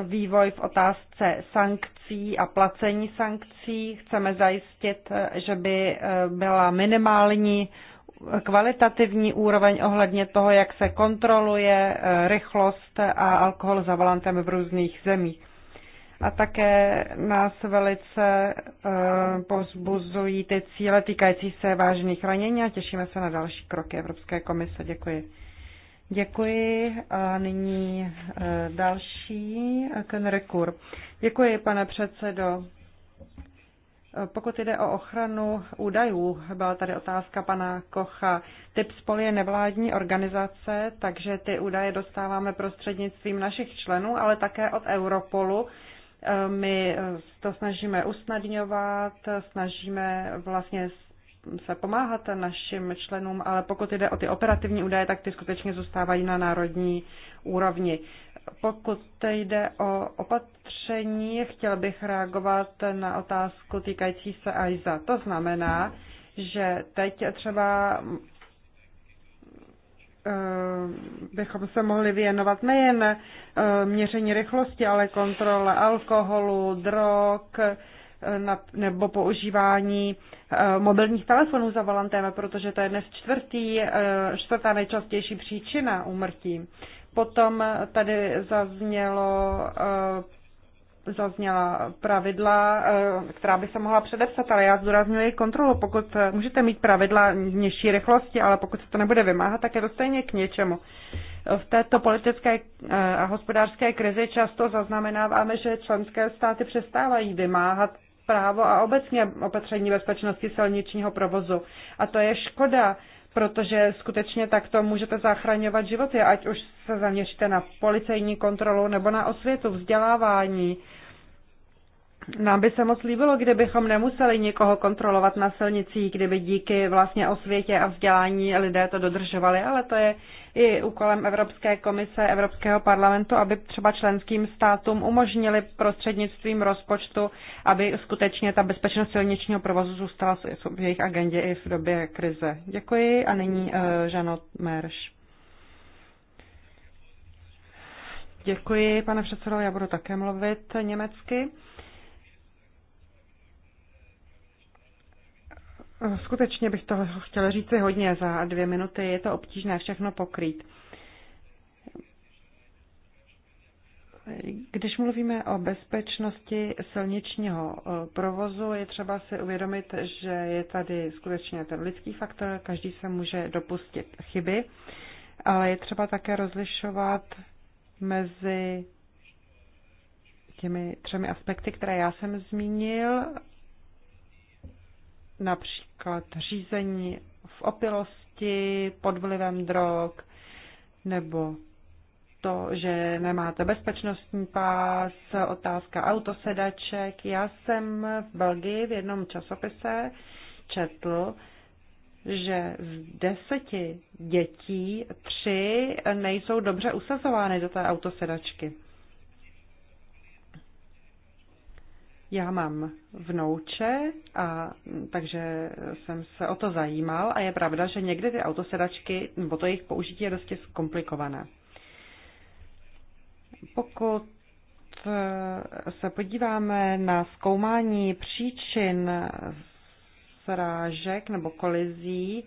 vývoj v otázce sankcí sankcí a placení sankcí. Chceme zajistit, eh, že by eh, byla minimální kvalitativní úroveň ohledně toho, jak se kontroluje eh, rychlost a alkohol za volantem v různých zemích. A také nás velice pozbuzují ty cíle týkající se vážných ranění a těšíme se na další kroky Evropské komise. Děkuji. Děkuji a nyní e, další, ten e, rekur. Děkuji, pane předsedo. E, pokud jde o ochranu údajů, byla tady otázka pana Kocha. Typ spol je nevládní organizace, takže ty údaje dostáváme prostřednictvím našich členů, ale také od Europolu. My to snažíme usnadňovat, snažíme vlastně se pomáhat našim členům, ale pokud jde o ty operativní údaje, tak ty skutečně zůstávají na národní úrovni. Pokud jde o opatření, chtěl bych reagovat na otázku týkající se AISA. To znamená, že teď třeba eh, bychom se mohli věnovat nejen eh, měření rychlosti, ale kontrole alkoholu, drog, nebo používání eh, mobilních telefonů za volantem, protože to je dnes čtvrtý, eh, čtvrtá nejčastější příčina úmrtí. Potom tady zaznělo eh, zazněla pravidla, která by se mohla předepsat, ale já zdůraznuju kontrolu. Pokud můžete mít pravidla nižší rychlosti, ale pokud se to nebude vymáhat, tak je to stejně k něčemu. V této politické a hospodářské krizi často zaznamenáváme, že členské státy přestávají vymáhat právo a obecně opatření bezpečnosti silničního provozu. A to je škoda, protože skutečně takto můžete zachraňovat životy, ať už se zaměříte na policejní kontrolu nebo na osvětu, vzdělávání. Nám by se moc líbilo, kdybychom nemuseli někoho kontrolovat na silnicích, kdyby díky vlastně osvětě a vzdělání lidé to dodržovali, ale to je i úkolem Evropské komise, Evropského parlamentu, aby třeba členským státům umožnili prostřednictvím rozpočtu, aby skutečně ta bezpečnost silničního provozu zůstala v jejich agendě i v době krize. Děkuji a nyní uh, Žanot Merš. Děkuji, pane předsedo, já budu také mluvit německy. Uh, Skutečně bych toho chtěla říct si hodně za dvě minuty. Je to obtížné všechno pokrýt. Když mluvíme o bezpečnosti silničního eh, provozu, je třeba si uvědomit, že je tady skutečně ten lidský faktor, každý se může dopustit chyby, ale je třeba také rozlišovat mezi těmi třemi aspekty, které já jsem zmínil, například řízení v opilosti, pod vlivem drog, nebo to, že nemáte bezpečnostní pás, otázka autosedaček. Já jsem v Belgii v jednom časopise četl, že z deseti dětí tři nejsou dobře usazovány do té autosedačky. Já mám vnouče, a, takže jsem se o to zajímal a je pravda, že někdy ty autosedačky, nebo to jejich použití je dosti zkomplikované. Pokud eh, se podíváme na zkoumání příčin srážek nebo kolizí,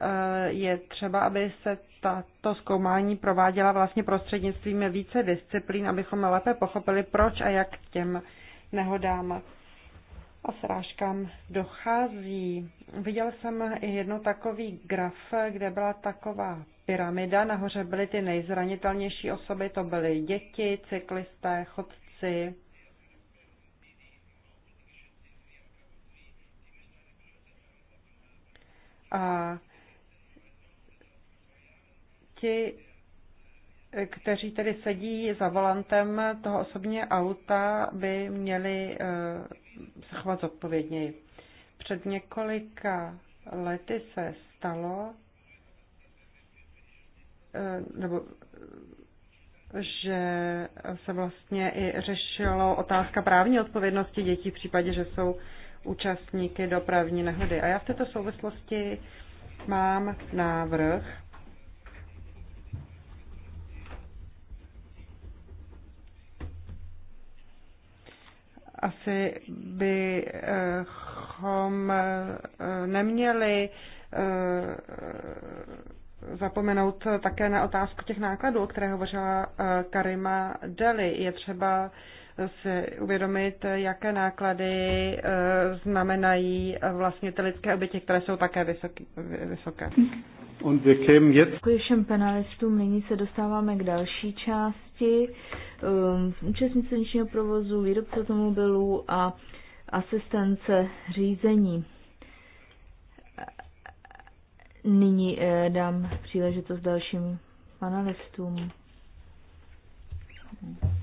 eh, je třeba, aby se tato zkoumání prováděla vlastně prostřednictvím více disciplín, abychom lépe pochopili, proč a jak těm nehodám a srážkám dochází. Viděl jsem i jedno takový graf, kde byla taková pyramida, nahoře byly ty nejzranitelnější osoby, to byly děti, cyklisté, chodci. A ti kteří tedy sedí za volantem toho osobně auta, by měli eh, se chovat zodpovědněji. Před několika lety se stalo, eh, nebo že se vlastně i řešilo otázka právní odpovědnosti dětí v případě, že jsou účastníky dopravní nehody. A já v této souvislosti mám návrh, asi bychom eh, neměli eh, zapomenout také na otázku těch nákladů, o které hovořila eh, Karima Deli. Je třeba si uvědomit, jaké náklady znamenají vlastně ty lidské oběti, které jsou také vysoké. Hmm. Und wir kämen jetzt Děkuji všem panelistům. Nyní se dostáváme k další části. Um, účastníci silničního provozu, výrobce automobilů a asistence řízení. Nyní eh, dám příležitost dalším panelistům. Thank you.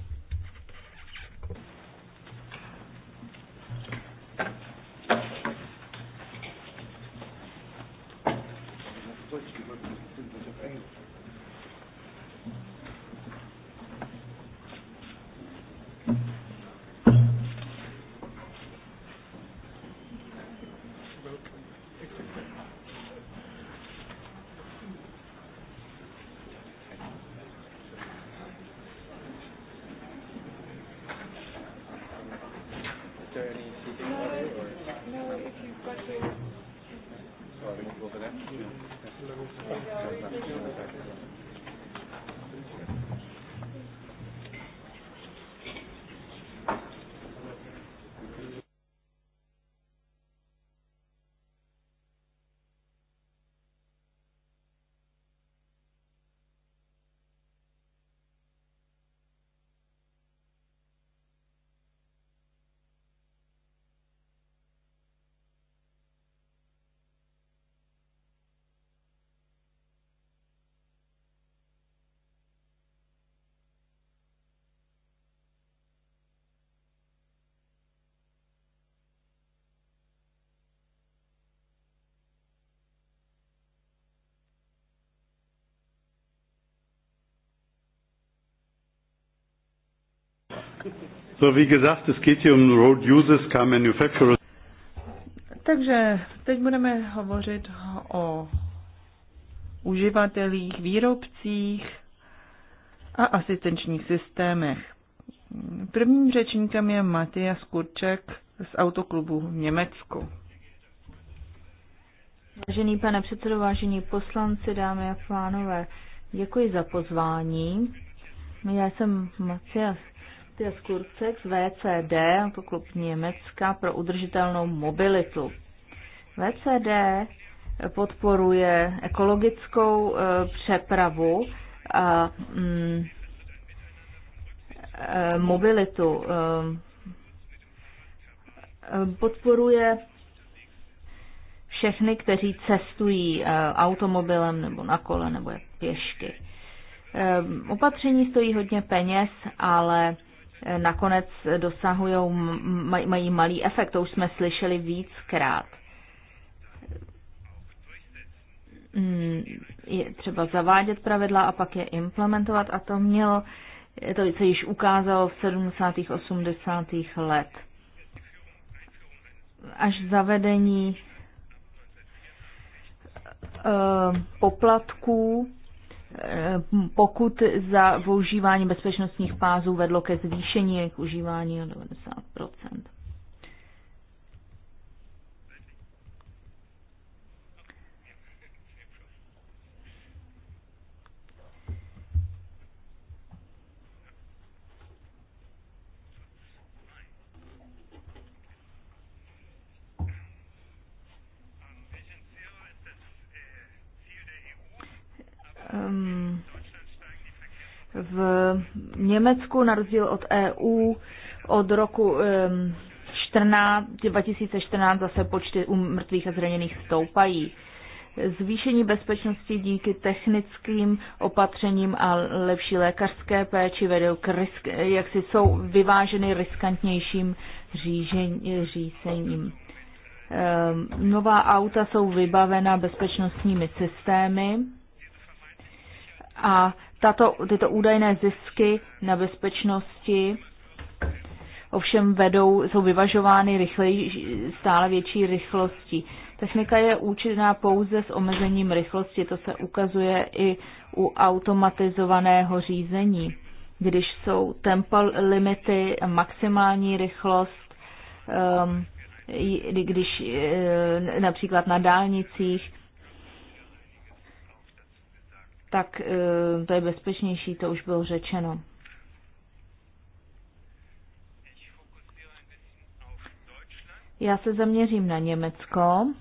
questions, but in terms of English. So, wie gesagt, es geht hier um road users, car manufacturers. Takže teď budeme hovořit o uživatelích, výrobcích a asistenčních systémech. Prvním řečníkem je Matias Kurček z Autoklubu v Německu. Vážený pane předsedo, vážení poslanci, dámy a pánové, děkuji za pozvání. Já jsem Matias Mattias Kurcek z VCD, to klub Německa pro udržitelnou mobilitu. VCD podporuje ekologickou e, přepravu a mm, e, mobilitu. E, podporuje všechny, kteří cestují automobilem nebo na kole nebo pěšky. Opatření stojí hodně peněz, ale nakonec dosahují, mají malý efekt, to už jsme slyšeli víckrát. Hmm, je třeba zavádět pravidla a pak je implementovat a to mělo, to se již ukázalo v 70. 80. let. Až zavedení eh, poplatků Eh, pokud za používání bezpečnostních pázů vedlo ke zvýšení jejich užívání o 90 um, v Německu, na rozdíl od EU, od roku um, 14, 2014 zase počty mrtvých a zraněných stoupají. Zvýšení bezpečnosti díky technickým opatřením a lepší lékařské péči vedou k risk, jak si jsou vyváženy riskantnějším řízením. Ehm, nová auta jsou vybavena bezpečnostními systémy, a tato, tyto údajné zisky na bezpečnosti ovšem vedou, jsou vyvažovány rychlej, stále větší rychlostí. Technika je účinná pouze s omezením rychlosti, to se ukazuje i u automatizovaného řízení. Když jsou tempo limity, maximální rychlost, ehm, když e, například na dálnicích, tak eh, to je bezpečnější, to už bylo řečeno. Já se zaměřím na Německo.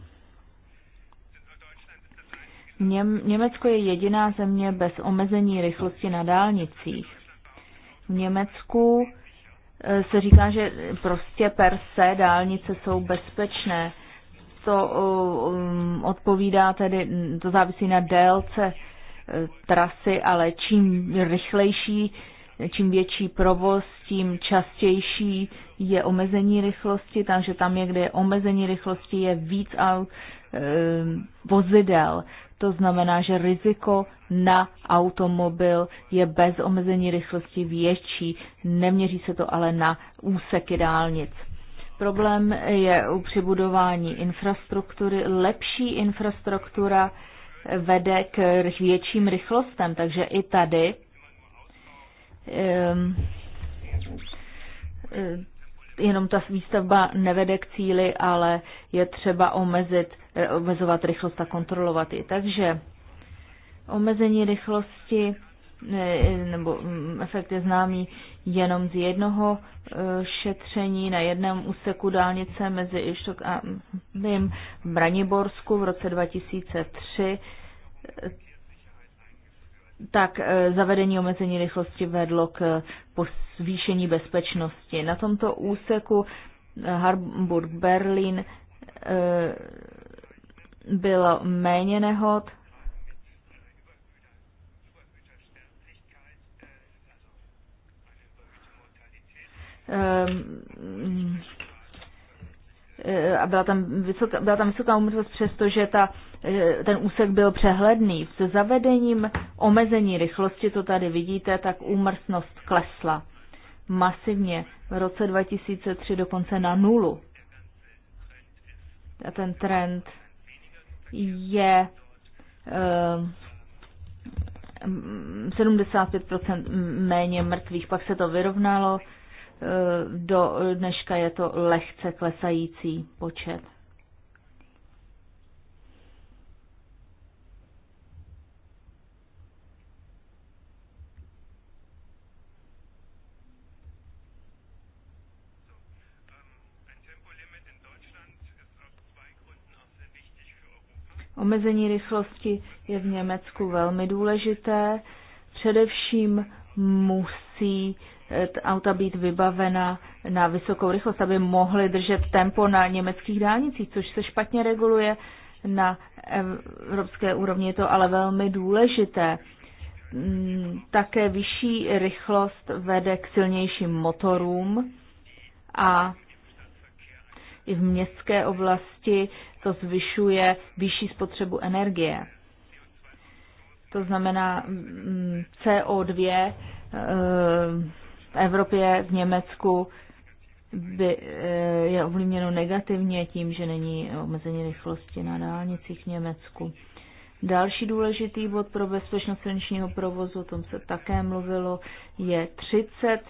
Něm, Německo je jediná země bez omezení rychlosti na dálnicích. V Německu eh, se říká, že prostě per se dálnice jsou bezpečné. To eh, um, odpovídá tedy, to závisí na délce Eh, trasy, ale čím rychlejší, čím větší provoz, tím častější je omezení rychlosti, takže tam je, kde je omezení rychlosti, je víc aut, eh, vozidel. To znamená, že riziko na automobil je bez omezení rychlosti větší, neměří se to ale na úseky dálnic. Problém je u přibudování infrastruktury. Lepší infrastruktura vede k větším rychlostem, takže i tady um, jenom ta výstavba nevede k cíli, ale je třeba omezit, eh, omezovat rychlost a kontrolovat ji. Takže omezení rychlosti E, nebo mm, efekt je známý jenom z jednoho e, šetření na jednom úseku dálnice mezi Ištok a Bim v Braniborsku v roce 2003, tak e, zavedení omezení rychlosti vedlo k zvýšení bezpečnosti. Na tomto úseku Harburg-Berlin bylo méně nehod, Ehm, ehm, a byla tam vysoká, byla tam vysoká úmrtnost, přestože ta, eh, ten úsek byl přehledný. Se zavedením omezení rychlosti, to tady vidíte, tak úmrtnost klesla masivně v roce 2003 dokonce na nulu. A ten trend je uh, ehm, 75% méně mrtvých, pak se to vyrovnalo Eh, do dneška je to lehce klesající počet. Omezení rychlosti je v Německu velmi důležité. Především musí auta být vybavena na vysokou rychlost, aby mohly držet tempo na německých dálnicích, což se špatně reguluje na evropské úrovni, je to ale velmi důležité. Mm, také vyšší rychlost vede k silnějším motorům a i v městské oblasti to zvyšuje vyšší spotřebu energie. To znamená mm, mm, CO2 v Evropě, v Německu by, eh, je ovlivněno negativně tím, že není omezení rychlosti na dálnicích v Německu. Další důležitý bod pro bezpečnost silničního provozu, o tom se také mluvilo, je 30,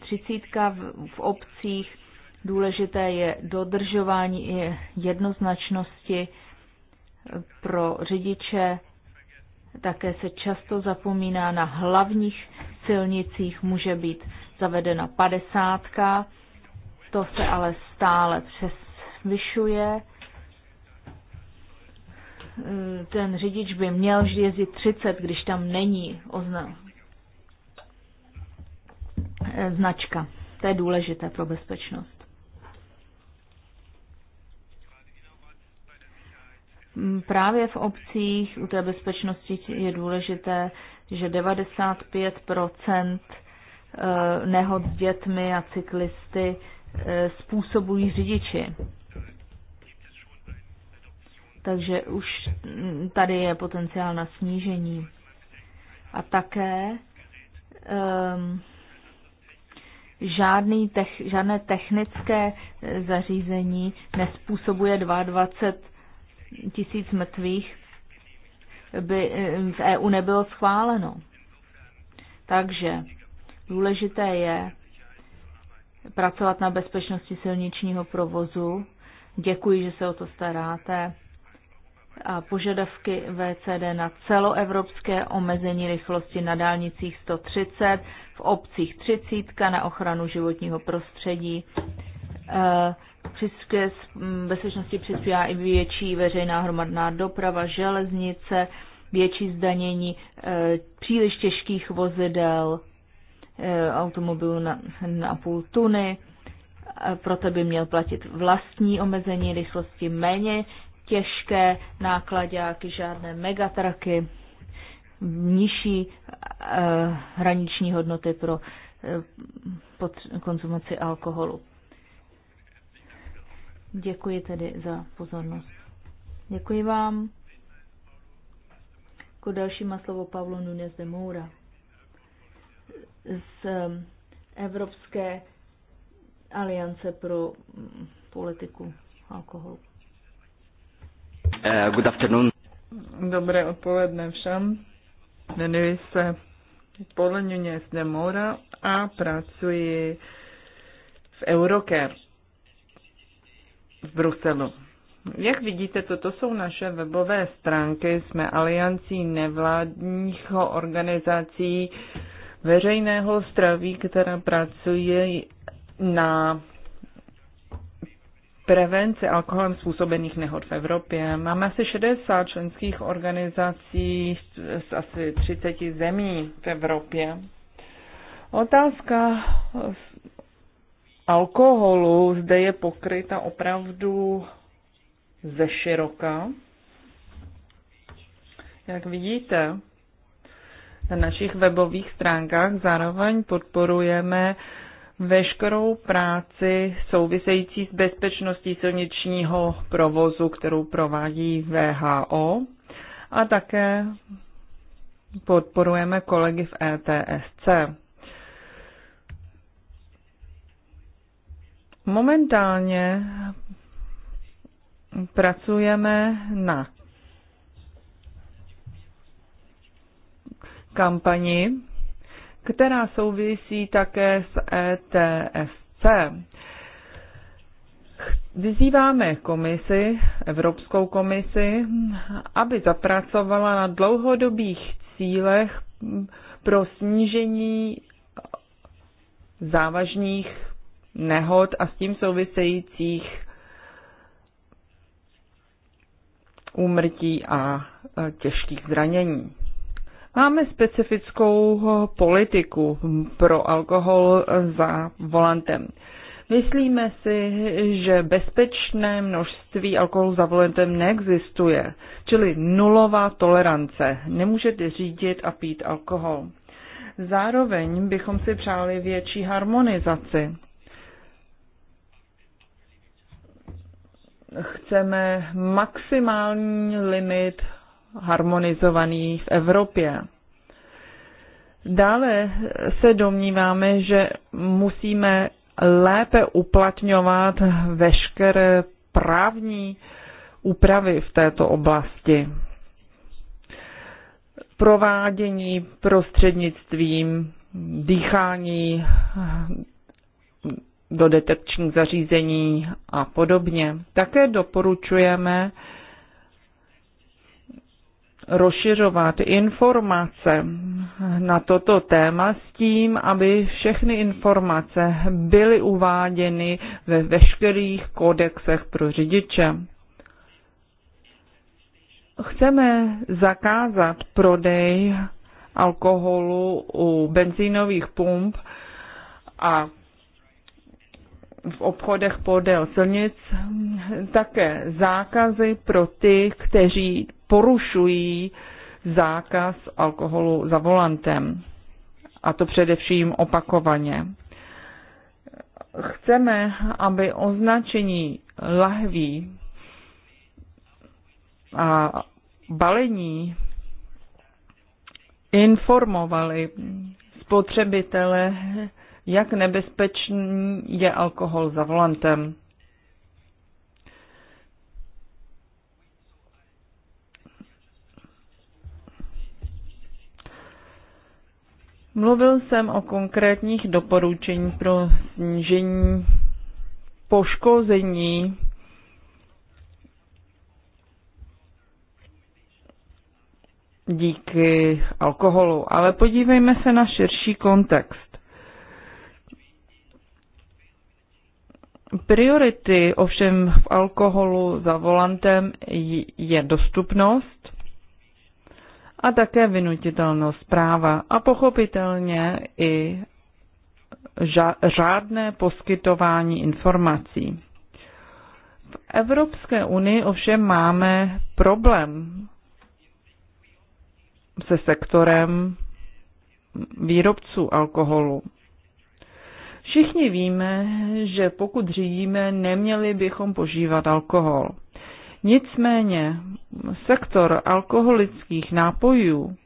30 v, v obcích. Důležité je dodržování i jednoznačnosti pro řidiče. Také se často zapomíná na hlavních silnicích, může být zavedena padesátka, to se ale stále přesvyšuje. Ten řidič by měl vždy jezdit 30, když tam není ozna... značka. To je důležité pro bezpečnost. Právě v obcích u té bezpečnosti je důležité, že 95 Eh, nehod s dětmi a cyklisty eh, způsobují řidiči. Takže už tady je potenciál na snížení. A také um, žádný tech, žádné technické eh, zařízení nespůsobuje 22 tisíc mrtvých, by v EU nebylo schváleno. Takže Důležité je pracovat na bezpečnosti silničního provozu. Děkuji, že se o to staráte. A požadavky VCD na celoevropské omezení rychlosti na dálnicích 130, v obcích 30 na ochranu životního prostředí. E, Přispěje bezpečnosti přispívá i větší veřejná hromadná doprava, železnice, větší zdanění e, příliš těžkých vozidel, Eh, automobilů na, na půl tuny, eh, proto by měl platit vlastní omezení rychlosti, méně těžké nákladáky, žádné megatraky, nižší eh, hraniční hodnoty pro eh, konzumaci alkoholu. Děkuji tedy za pozornost. Děkuji vám. Ku další má slovo Pavlo Nunes de Moura z um, Evropské aliance pro mm, politiku alkoholu. Eh, good afternoon. Dobré odpoledne všem. Jmenuji se Polenju z Nemora a pracuji v Eurocare v Bruselu. Jak vidíte, toto jsou naše webové stránky. Jsme aliancí nevládních organizací veřejného zdraví, která pracuje na prevenci alkoholem způsobených nehod v Evropě. Máme asi 60 členských organizací z asi 30 zemí v Evropě. Otázka alkoholu zde je pokryta opravdu ze široka. Jak vidíte, na našich webových stránkách. Zároveň podporujeme veškerou práci související s bezpečností silničního provozu, kterou provádí VHO a také podporujeme kolegy v ETSC. Momentálně pracujeme na kampani, která souvisí také s ETSC. Vyzýváme komisi, Evropskou komisi, aby zapracovala na dlouhodobých cílech pro snížení závažných nehod a s tím souvisejících úmrtí a e, těžkých zranění. Máme specifickou eh, politiku pro alkohol eh, za volantem. Myslíme si, že bezpečné množství alkoholu za volantem neexistuje, čili nulová tolerance. Nemůžete řídit a pít alkohol. Zároveň bychom si přáli větší harmonizaci. Chceme maximální limit harmonizovaný v Evropě. Dále se domníváme, že musíme lépe uplatňovat veškeré právní úpravy v této oblasti. Provádění prostřednictvím dýchání do detekčních zařízení a podobně. Také doporučujeme rozšiřovat informace na toto téma s tím, aby všechny informace byly uváděny ve veškerých kodexech pro řidiče. Chceme zakázat prodej alkoholu u benzínových pump a v obchodech podél silnic, také zákazy pro ty, kteří porušují zákaz alkoholu za volantem, a to především opakovaně. Chceme, aby označení lahví a balení informovali spotřebitele jak nebezpečný je alkohol za volantem. Mluvil jsem o konkrétních doporučení pro snížení poškození díky alkoholu, ale podívejme se na širší kontext. Priority ovšem v alkoholu za volantem je dostupnost a také vynutitelnost práva a pochopitelně i řádné poskytování informací. V Evropské unii ovšem máme problém se sektorem výrobců alkoholu. Všichni víme, že pokud řídíme, neměli bychom požívat alkohol. Nicméně sektor alkoholických nápojů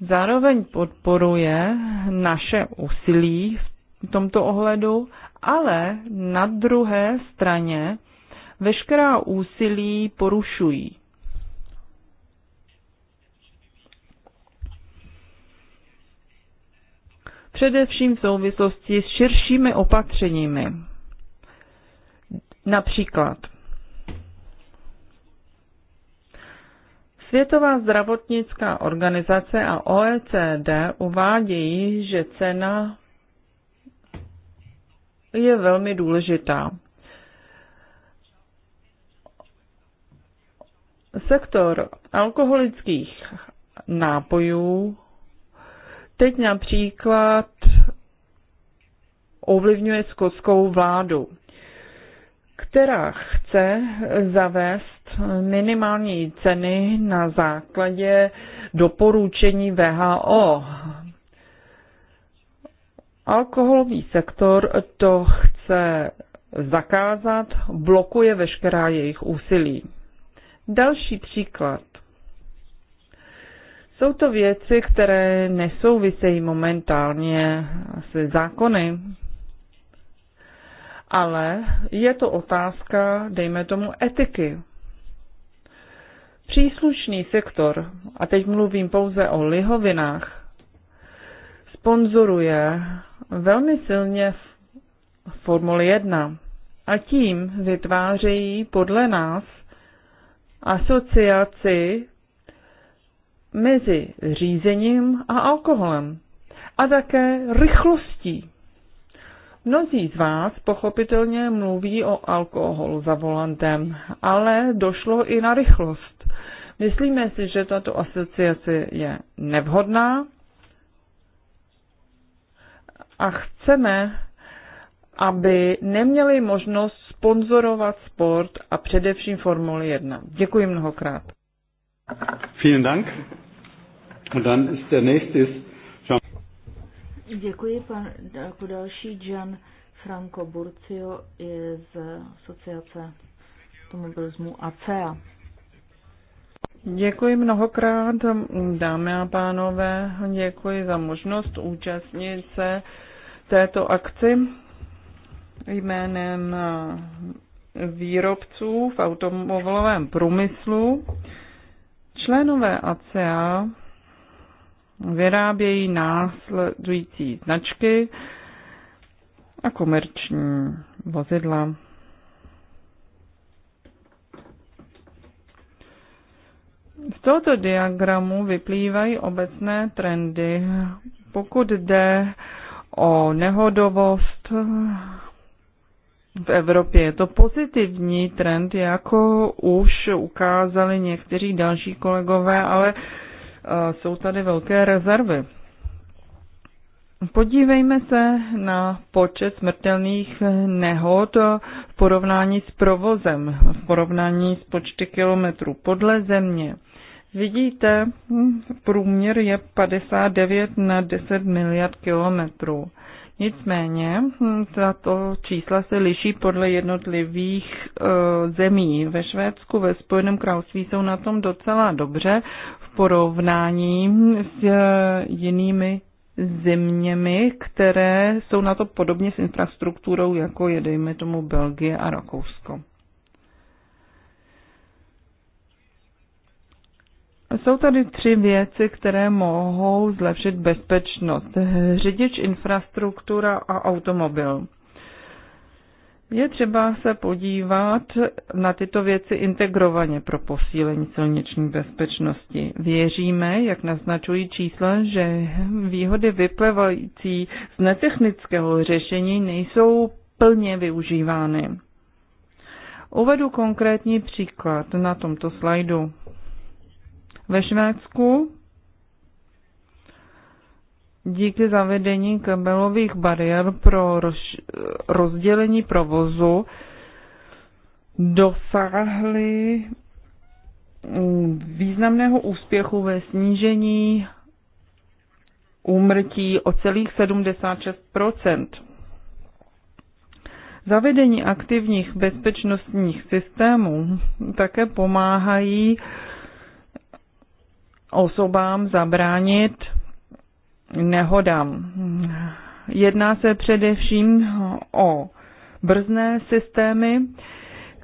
zároveň podporuje naše úsilí v tomto ohledu, ale na druhé straně veškerá úsilí porušují. především v souvislosti s širšími opatřeními. Například Světová zdravotnická organizace a OECD uvádějí, že cena je velmi důležitá. Sektor alkoholických nápojů teď například ovlivňuje skotskou vládu, která chce zavést minimální ceny na základě doporučení VHO. Alkoholový sektor to chce zakázat, blokuje veškerá jejich úsilí. Další příklad. Jsou to věci, které nesouvisejí momentálně se zákony, ale je to otázka, dejme tomu, etiky. Příslušný sektor, a teď mluvím pouze o lihovinách, sponzoruje velmi silně Formuli 1 a tím vytvářejí podle nás asociaci mezi řízením a alkoholem a také rychlostí. Mnozí z vás pochopitelně mluví o alkoholu za volantem, ale došlo i na rychlost. Myslíme si, že tato asociace je nevhodná a chceme, aby neměli možnost sponzorovat sport a především Formuli 1. Děkuji mnohokrát. Vielen Dank. Und dann ist der nächste ist Jean. Děkuji, pan, jako další Jean Franco Burcio je z asociace automobilismu ACEA. Děkuji mnohokrát, dámy a pánové, děkuji za možnost účastnit se této akci jménem výrobců v automobilovém průmyslu. Členové ACEA vyrábějí následující značky a komerční vozidla. Z tohoto diagramu vyplývají obecné trendy, pokud jde o nehodovost, v Evropě. Je to pozitivní trend, jako už ukázali někteří další kolegové, ale eh, jsou tady velké rezervy. Podívejme se na počet smrtelných nehod v porovnání s provozem, v porovnání s počty kilometrů podle země. Vidíte, hm, průměr je 59 na 10 miliard kilometrů. Nicméně hm, tato čísla se liší podle jednotlivých eh, zemí. Ve Švédsku, ve Spojeném království jsou na tom docela dobře v porovnání hm, s eh, jinými zeměmi, které jsou na to podobně s infrastrukturou, jako je, dejme tomu, Belgie a Rakousko. Jsou tady tři věci, které mohou zlepšit bezpečnost. Řidič, infrastruktura a automobil. Je třeba se podívat na tyto věci integrovaně pro posílení silniční bezpečnosti. Věříme, jak naznačují čísla, že výhody vyplývající z netechnického řešení nejsou plně využívány. Uvedu konkrétní příklad na tomto slajdu ve Švédsku díky zavedení kabelových bariér pro rozdělení provozu dosáhly mm, významného úspěchu ve snížení úmrtí o celých 76 Zavedení aktivních bezpečnostních systémů také pomáhají osobám zabránit nehodám. Jedná se především o brzné systémy,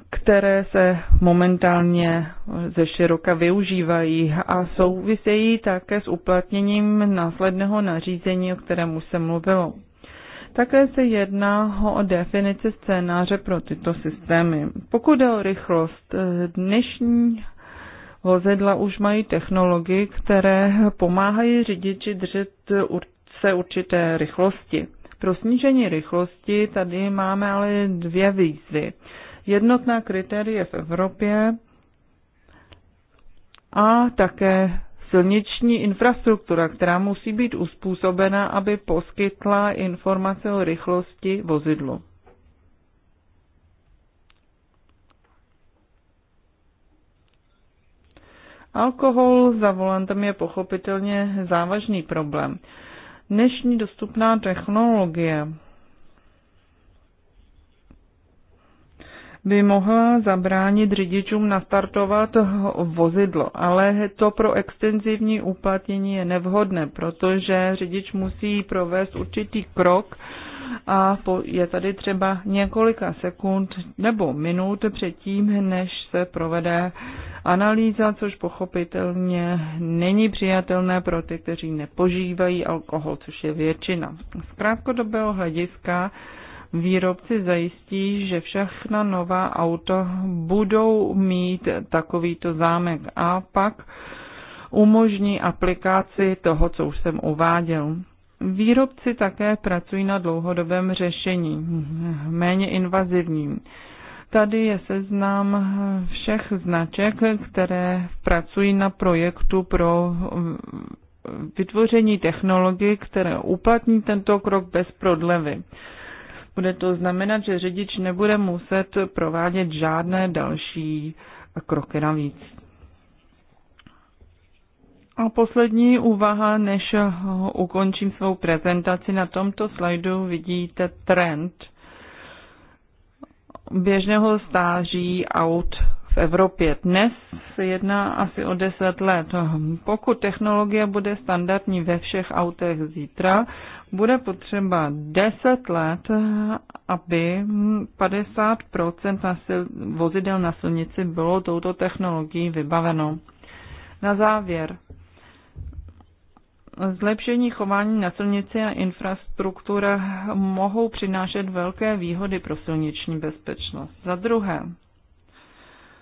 které se momentálně ze široka využívají a souvisejí také s uplatněním následného nařízení, o kterém už se mluvilo. Také se jedná o definici scénáře pro tyto systémy. Pokud je o rychlost, dnešní vozidla už mají technologii, které pomáhají řidiči držet se určité rychlosti. Pro snížení rychlosti tady máme ale dvě výzvy. Jednotná kritérie v Evropě a také silniční infrastruktura, která musí být uspůsobena, aby poskytla informace o rychlosti vozidlu. Alkohol za volantem je pochopitelně závažný problém. Dnešní dostupná technologie by mohla zabránit řidičům nastartovat vozidlo, ale to pro extenzivní uplatnění je nevhodné, protože řidič musí provést určitý krok, a je tady třeba několika sekund nebo minut předtím, než se provede analýza, což pochopitelně není přijatelné pro ty, kteří nepožívají alkohol, což je většina. Z krátkodobého hlediska výrobci zajistí, že všechna nová auta budou mít takovýto zámek a pak umožní aplikaci toho, co už jsem uváděl. Výrobci také pracují na dlouhodobém řešení, méně invazivním. Tady je seznam všech značek, které pracují na projektu pro mm, vytvoření technologie, které uplatní tento krok bez prodlevy. Bude to znamenat, že řidič nebude muset provádět žádné další kroky navíc. A poslední úvaha, než ukončím svou prezentaci. Na tomto slajdu vidíte trend běžného stáží aut v Evropě. Dnes se jedná asi o 10 let. Pokud technologie bude standardní ve všech autech zítra, bude potřeba 10 let, aby 50 na vozidel na silnici bylo touto technologií vybaveno. Na závěr, Zlepšení chování na silnici a infrastruktura mohou přinášet velké výhody pro silniční bezpečnost. Za druhé,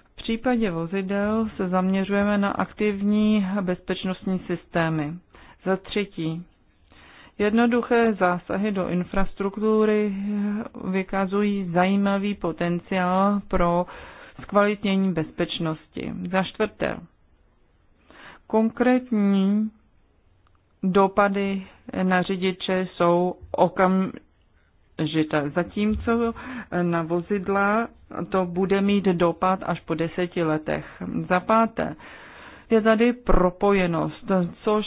v případě vozidel se zaměřujeme na aktivní bezpečnostní systémy. Za třetí, jednoduché zásahy do infrastruktury vykazují zajímavý potenciál pro zkvalitnění bezpečnosti. Za čtvrté, konkrétní dopady na řidiče jsou okamžité. Zatímco na vozidla to bude mít dopad až po deseti letech. Za páté, je tady propojenost, což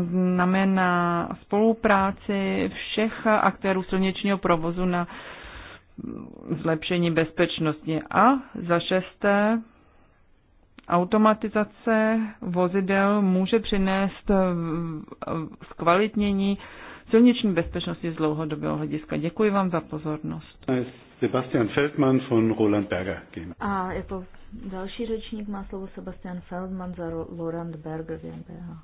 znamená spolupráci všech aktérů silničního provozu na zlepšení bezpečnosti. A za šesté, Automatizace vozidel může přinést zkvalitnění silniční bezpečnosti z dlouhodobého hlediska. Děkuji vám za pozornost. Sebastian Feldman von Roland Berger. A jako další řečník má slovo Sebastian Feldman za Roland Berger GmbH.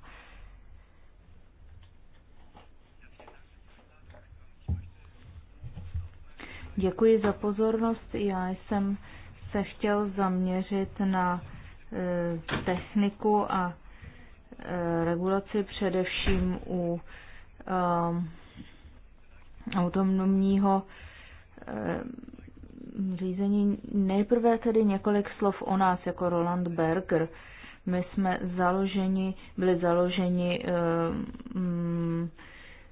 Děkuji za pozornost. Já jsem se chtěl zaměřit na Eh, techniku a eh, regulaci především u eh, autonomního řízení. Nejprve tedy několik slov o nás jako Roland Berger. My jsme založeni, byli založeni um,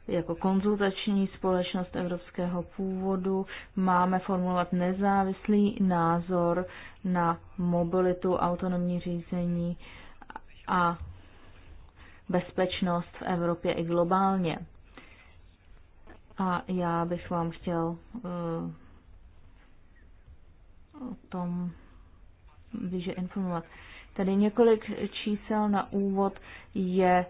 jako konzultační společnost evropského původu máme formulovat nezávislý názor na mobilitu, autonomní řízení a bezpečnost v Evropě i globálně. A já bych vám chtěl uh, o tom blíže informovat. Tady několik čísel na úvod je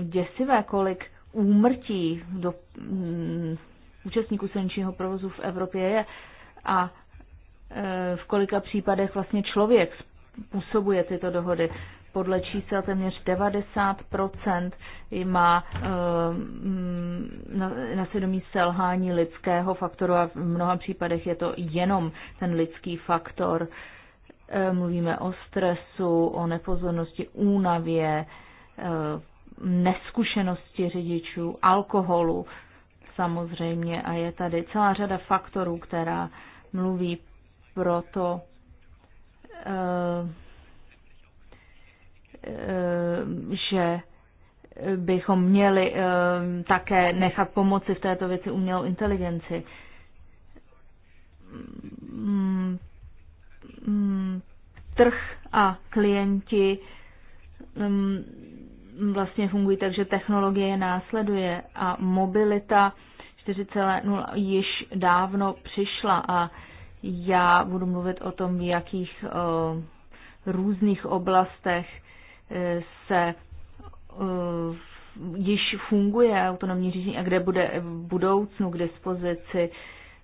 uh, děsivé, kolik úmrtí do um, účastníků silničního provozu v Evropě je a e, v kolika případech vlastně člověk způsobuje tyto dohody. Podle čísel téměř 90% má e, mm, na, na svědomí selhání lidského faktoru a v mnoha případech je to jenom ten lidský faktor. E, mluvíme o stresu, o nepozornosti, únavě, e, neskušenosti řidičů, alkoholu samozřejmě a je tady celá řada faktorů, která mluví pro to, eh, eh, že bychom měli eh, také nechat pomoci v této věci umělou inteligenci. Mm, mm, trh a klienti mm, vlastně fungují tak, že technologie je následuje a mobilita 4.0 již dávno přišla a já budu mluvit o tom, v jakých eh, různých oblastech eh, se eh, již funguje autonomní řízení a kde bude v budoucnu k dispozici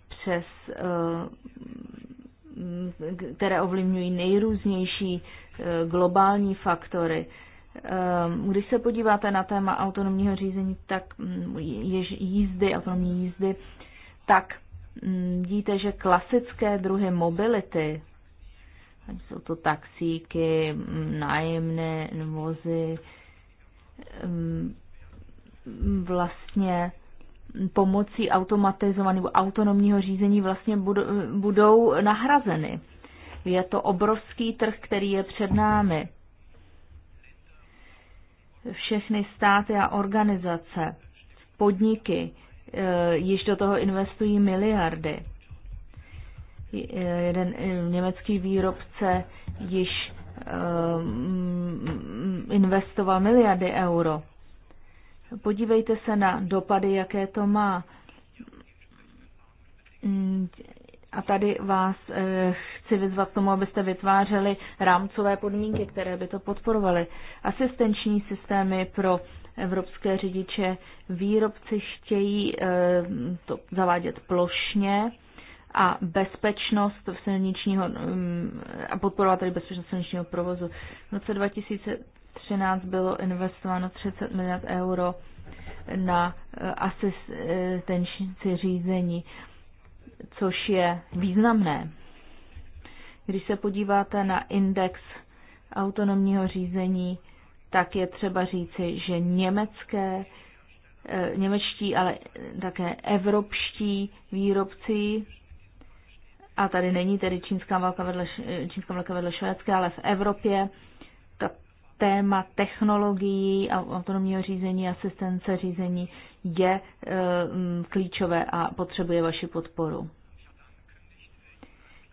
přes které ovlivňují nejrůznější globální faktory. Ehm, když se podíváte na téma autonomního řízení, tak mm, jež jízdy, autonomní jízdy, tak mm, vidíte, že klasické druhy mobility, jsou to taxíky, mm, nájemné vozy, ehm, vlastně pomocí automatizovaného autonomního řízení vlastně budou nahrazeny. Je to obrovský trh, který je před námi všechny státy a organizace, podniky, eh, již do toho investují miliardy. Eh, jeden eh, německý výrobce již investoval miliardy euro. Podívejte se na dopady, jaké to má. Mm, a tady vás chci vyzvat k tomu, abyste vytvářeli rámcové podmínky, které by to podporovaly. Asistenční systémy pro evropské řidiče, výrobci chtějí eh, to zavádět plošně a bezpečnost silničního, mm, a podporovat tady bezpečnost silničního provozu. V roce 2013 bylo investováno 30 miliard euro na eh, asistenční řízení, což je významné. Když se podíváte na index autonomního řízení, tak je třeba říci, že německé, eh, němečtí, ale také evropští výrobci, a tady není tedy čínská válka vedle, eh, čínská válka vedle švédské, ale v Evropě to téma technologií a autonomního řízení, asistence řízení je eh, klíčové a potřebuje vaši podporu.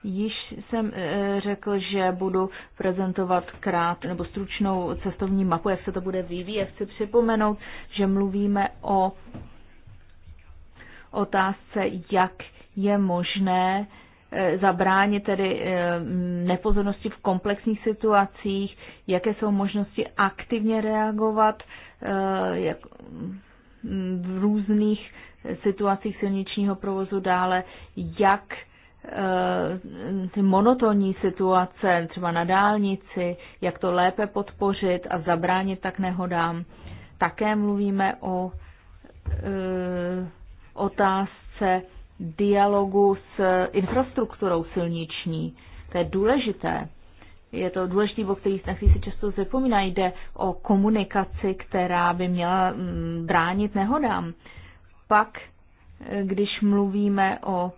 Již jsem e, řekl, že budu prezentovat krát nebo stručnou cestovní mapu, jak se to bude vyvíjet. Chci připomenout, že mluvíme o otázce, jak je možné e, zabránit tedy e, nepozornosti v komplexních situacích, jaké jsou možnosti aktivně reagovat jak v různých situacích silničního provozu dále, jak Eh, ty monotonní situace, třeba na dálnici, jak to lépe podpořit a zabránit tak nehodám. Také mluvíme o e, otázce dialogu s infrastrukturou silniční. To je důležité. Je to důležité, o kterých na který se často zapomíná. Jde o komunikaci, která by měla mm, bránit nehodám. Pak, eh, když mluvíme o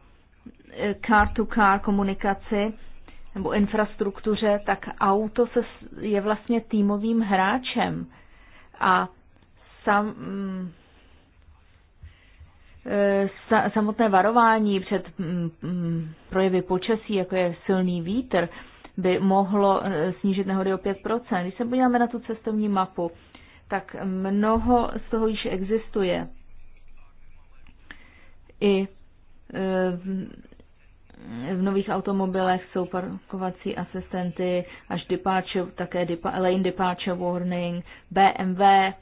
car-to-car -car komunikaci nebo infrastruktuře, tak auto se, je vlastně týmovým hráčem. A sam, mm, e, samotné varování před mm, mm, projevy počasí, jako je silný vítr, by mohlo e, snížit nehody o 5%. Když se podíváme na tu cestovní mapu, tak mnoho z toho již existuje. I e, v nových automobilech jsou parkovací asistenty, až departure, také depa, lane departure warning, BMW e,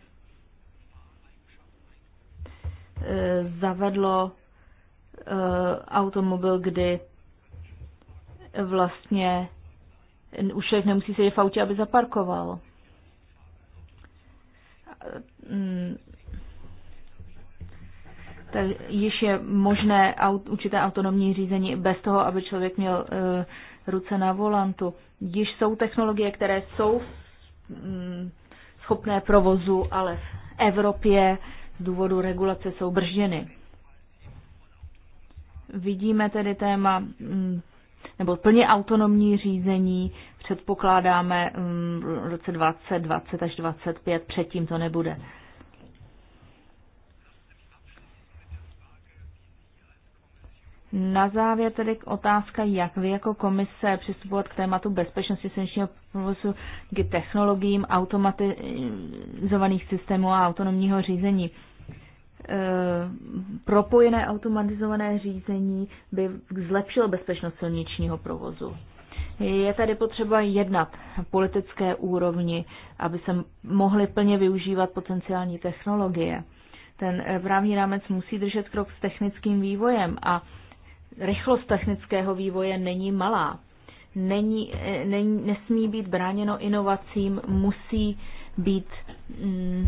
zavedlo e, automobil, kdy vlastně už člověk nemusí sedět v autě, aby zaparkoval. E, tak již je možné aut, určité autonomní řízení bez toho, aby člověk měl uh, ruce na volantu. Již jsou technologie, které jsou um, schopné provozu, ale v Evropě z důvodu regulace jsou bržděny. Vidíme tedy téma mm, nebo plně autonomní řízení předpokládáme mm, v roce 2020 až 2025, předtím to nebude. Na závěr tedy otázka, jak vy jako komise přistupovat k tématu bezpečnosti silničního provozu k technologiím automatizovaných systémů a autonomního řízení. E, propojené automatizované řízení by zlepšilo bezpečnost silničního provozu. Je tady potřeba jednat na politické úrovni, aby se mohly plně využívat potenciální technologie. Ten e, právní rámec musí držet krok s technickým vývojem a rychlost technického vývoje není malá. Není, eh, není, nesmí být bráněno inovacím, musí být mm,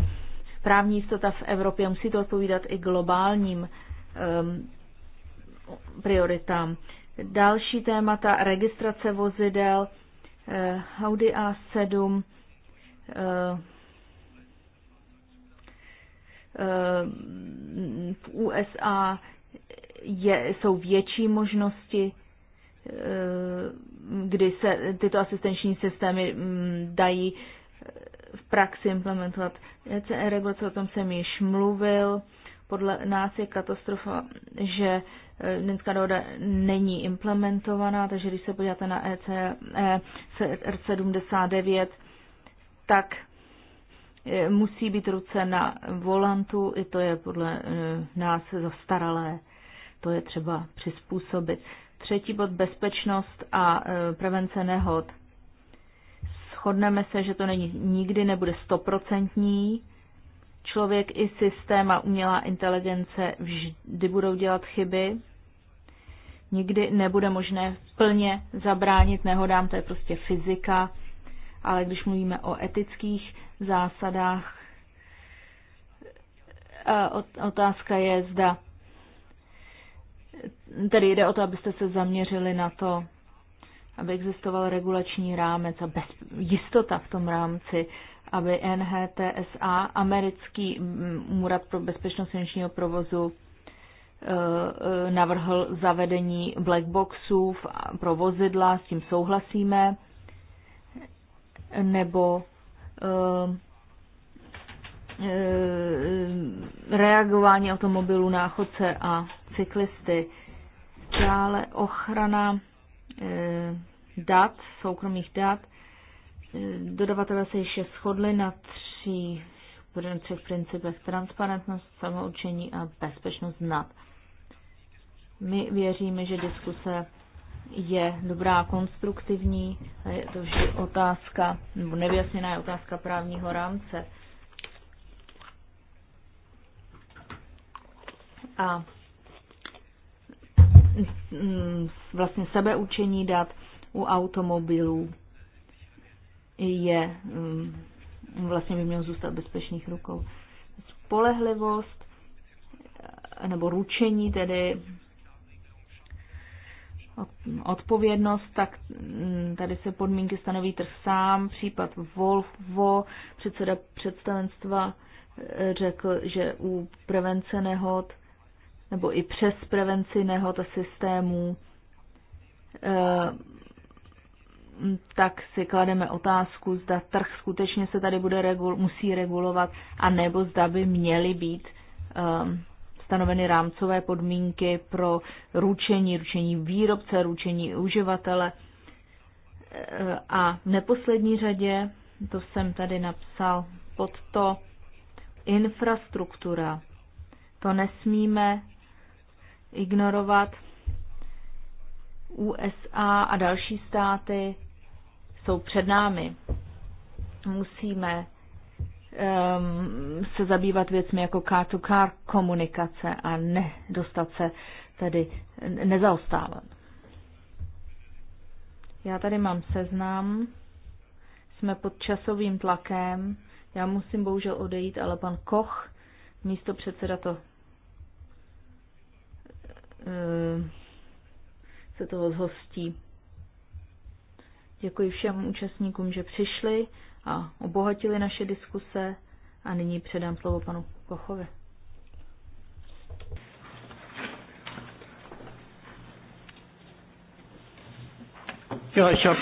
právní jistota v Evropě, musí to odpovídat i globálním um, prioritám. Další témata, registrace vozidel, eh, Audi A7, eh, eh, v USA je, jsou větší možnosti, eh, kdy se tyto asistenční systémy mm, dají eh, v praxi implementovat. ECE regulace, o tom jsem již mluvil. Podle nás je katastrofa, že eh, Linská dohoda není implementovaná, takže když se podíváte na ECE R79, e tak musí být ruce na volantu, i to je podle nás zastaralé to je třeba přizpůsobit. Třetí bod bezpečnost a e, prevence nehod. Shodneme se, že to není, nikdy nebude stoprocentní. Člověk i systém a umělá inteligence vždy budou dělat chyby. Nikdy nebude možné plně zabránit nehodám, to je prostě fyzika. Ale když mluvíme o etických zásadách, e, otázka je, zda tedy jde o to, abyste se zaměřili na to, aby existoval regulační rámec a bez, jistota v tom rámci, aby NHTSA, americký úrad pro bezpečnost finančního provozu, e, e, navrhl zavedení blackboxů pro vozidla, s tím souhlasíme, nebo e, reagování automobilů na chodce a cyklisty. Dále ochrana eh, dat, soukromých dat. Eh, dodavatelé se ještě shodli na tří, třech principech transparentnost, samoučení a bezpečnost dat. My věříme, že diskuse je dobrá, konstruktivní, je to vždy otázka, nebo nevyjasněná je otázka právního rámce. A Mm, vlastně sebeučení dat u automobilů je mm, vlastně by měl zůstat bezpečných rukou. Spolehlivost eh, nebo ručení tedy odpovědnost, tak mm, tady se podmínky stanoví trh sám. Případ Volvo, předseda představenstva eh, řekl, že u prevence nehod nebo i přes prevenci nehod a systémů, eh, tak si klademe otázku, zda trh skutečně se tady bude regul- musí regulovat, a nebo zda by měly být eh, stanoveny rámcové podmínky pro ručení, ručení výrobce, ručení uživatele. Eh, a v neposlední řadě, to jsem tady napsal pod to, infrastruktura. To nesmíme ignorovat. USA a další státy jsou před námi. Musíme um, se zabývat věcmi jako car-to-car komunikace a ne dostat se tedy nezaostávat. Já tady mám seznam, jsme pod časovým tlakem, já musím bohužel odejít, ale pan Koch, místo předseda to Eh, se toho zhostí. Děkuji všem účastníkům, že přišli a obohatili naše diskuse a nyní předám slovo panu Kochovi. Ja, ich habe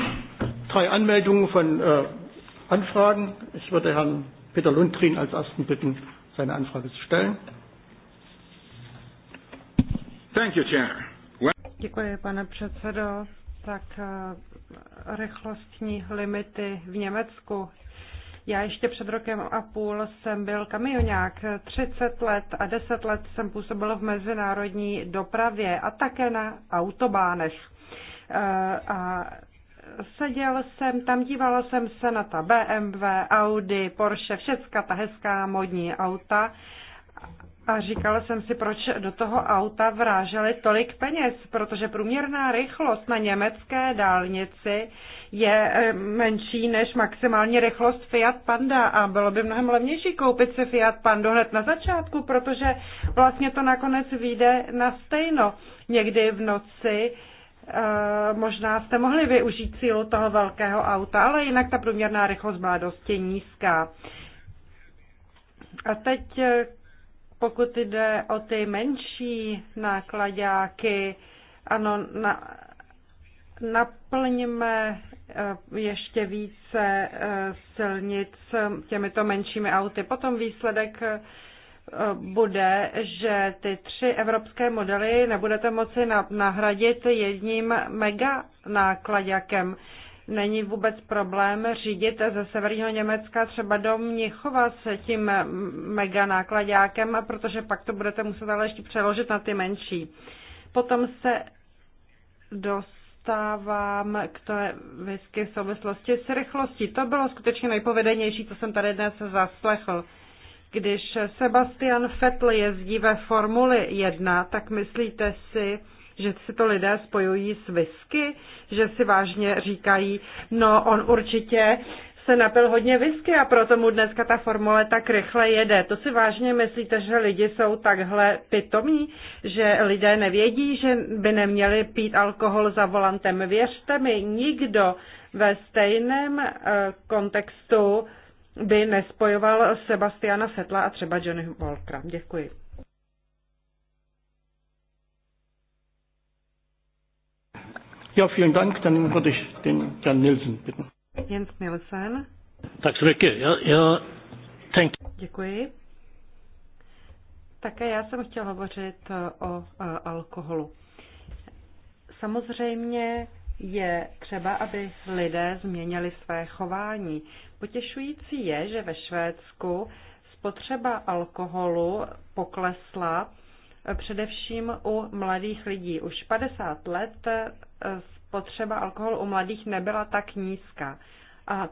drei Anmeldungen von äh, Anfragen. Ich würde Herrn Peter Lundrin als ersten bitten, seine Anfrage zu stellen. Thank you, Chair. When... Děkuji, pane předsedo. Tak eh, rychlostní limity v Německu. Já ještě před rokem a půl jsem byl kamionák 30 let a 10 let jsem působil v mezinárodní dopravě a také na autobánech. Eh, a seděl jsem, tam díval jsem se na ta BMW, Audi, Porsche, všecka ta hezká modní auta a říkala jsem si, proč do toho auta vráželi tolik peněz, protože průměrná rychlost na německé dálnici je eh, menší než maximální rychlost Fiat Panda a bylo by mnohem levnější koupit si Fiat Panda hned na začátku, protože vlastně to nakonec vyjde na stejno. Někdy v noci eh, možná jste mohli využít sílu toho velkého auta, ale jinak ta průměrná rychlost byla dosti nízká. A teď eh, pokud jde o ty menší nákladáky, ano, na, naplňme eh, ještě více eh, silnic těmito menšími auty. Potom výsledek eh, bude, že ty tři evropské modely nebudete moci nahradit jedním mega nákladňakem není vůbec problém řídit ze severního Německa třeba do Mnichova s tím mega nákladákem, protože pak to budete muset ale ještě přeložit na ty menší. Potom se dostávám k té whisky v souvislosti s rychlostí. To bylo skutečně nejpovedenější, co jsem tady dnes zaslechl. Když Sebastian Vettel jezdí ve Formuli 1, tak myslíte si, že si to lidé spojují s whisky, že si vážně říkají, no on určitě se napil hodně whisky a proto mu dneska ta formule tak rychle jede. To si vážně myslíte, že lidi jsou takhle pitomí, že lidé nevědí, že by neměli pít alkohol za volantem. Věřte mi, nikdo ve stejném eh, kontextu by nespojoval Sebastiana Fetla a třeba Johnny Walkera. Děkuji. Ja, vielen Dank. Dann würde ich den Herrn Nielsen bitten. Jens Nielsen. Tak så ja, ja, thank you. Děkuji. Také já jsem chtěl hovořit eh, o eh, alkoholu. Samozřejmě je třeba, aby lidé změnili své chování. Potěšující je, že ve Švédsku spotřeba alkoholu poklesla eh, především u mladých lidí. Už 50 let spotřeba alkoholu u mladých nebyla tak nízká. A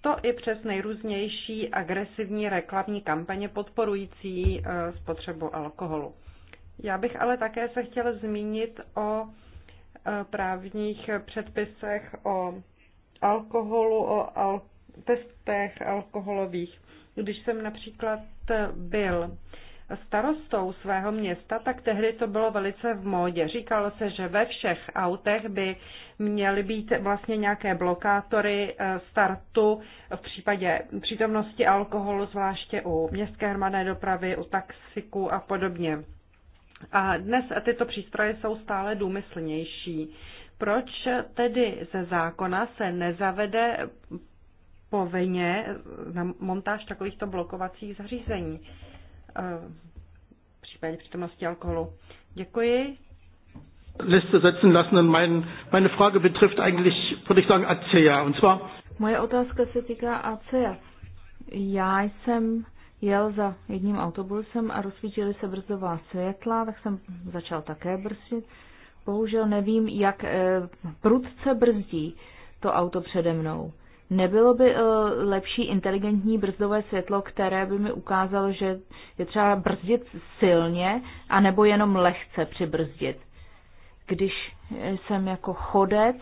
to i přes nejrůznější agresivní reklamní kampaně podporující e, spotřebu alkoholu. Já bych ale také se chtěla zmínit o e, právních předpisech o alkoholu, o al- testech alkoholových. Když jsem například byl starostou svého města, tak tehdy to bylo velice v módě. Říkalo se, že ve všech autech by měly být vlastně nějaké blokátory eh, startu v případě přítomnosti alkoholu, zvláště u městské hromadné dopravy, u taxiku a podobně. A dnes tyto přístroje jsou stále důmyslnější. Proč tedy ze zákona se nezavede povinně na montáž takovýchto blokovacích zařízení? Eh, v případě přítomnosti alkoholu. Děkuji. Liste setzen lassen und mein, meine Frage betrifft eigentlich, würde ich sagen, ACEA. Und zwar... Moje otázka se týká ACEA. Já jsem jel za jedním autobusem a rozsvítily se brzdová světla, tak jsem začal také brzdit. Bohužel nevím, jak e, prudce brzdí to auto přede mnou. Nebylo by eh, lepší inteligentní brzdové světlo, které by mi ukázalo, že je třeba brzdit silně, anebo jenom lehce přibrzdit. Když eh, jsem jako chodec,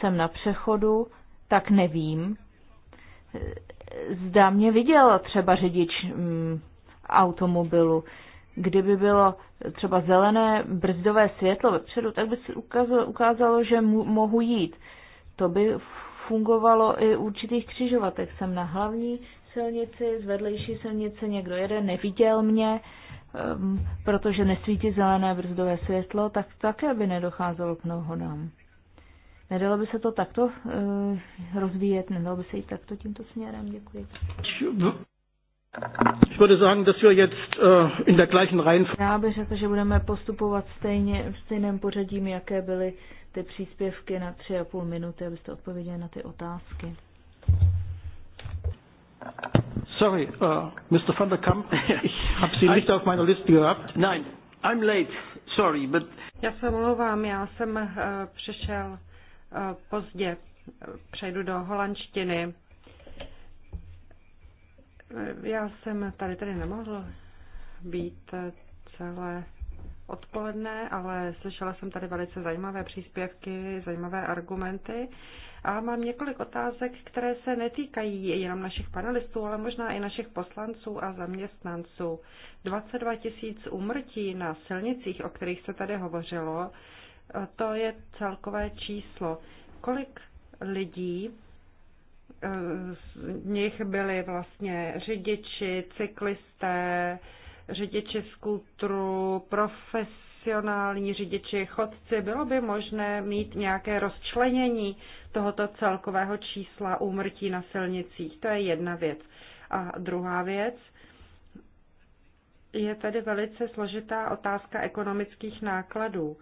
jsem na přechodu, tak nevím. Eh, zda mě viděl třeba řidič mm, automobilu. Kdyby bylo třeba zelené brzdové světlo vepředu, tak by se ukázalo, ukázalo že mu, mohu jít. To by fungovalo i určitých křižovatek. Jsem na hlavní silnici, z vedlejší silnice někdo jede, neviděl mě, um, protože nesvítí zelené brzdové světlo, tak také by nedocházelo k nohodám. Nedalo by se to takto uh, rozvíjet, nedalo by se jít takto tímto směrem? Děkuji. Ich würde sagen, dass wir jetzt äh, in der gleichen Reihenfolge. Já bych řekl, že budeme postupovat stejně v stejném pořadí, jaké byly ty příspěvky na tři a půl minuty, abyste odpověděli na ty otázky. Sorry, uh, Mr. van der Kamp, ich habe Sie nicht auf meiner Liste gehabt. Nein, I'm late, sorry, but... Já se omlouvám, já jsem uh, přišel uh, pozdě. Uh, přejdu do holandštiny. Uh, já jsem tady tady nemohl být uh, celé odpoledne, ale slyšela jsem tady velice zajímavé příspěvky, zajímavé argumenty a mám několik otázek, které se netýkají jenom našich panelistů, ale možná i našich poslanců a zaměstnanců. 22 tisíc úmrtí na silnicích, o kterých se tady hovořilo, to je celkové číslo. Kolik lidí eh, z nich byli vlastně řidiči, cyklisté, řidiči kulturu profesionální řidiči, chodci, bylo by možné mít nějaké rozčlenění tohoto celkového čísla úmrtí na silnicích. To je jedna věc. A druhá věc, je tady velice složitá otázka ekonomických nákladů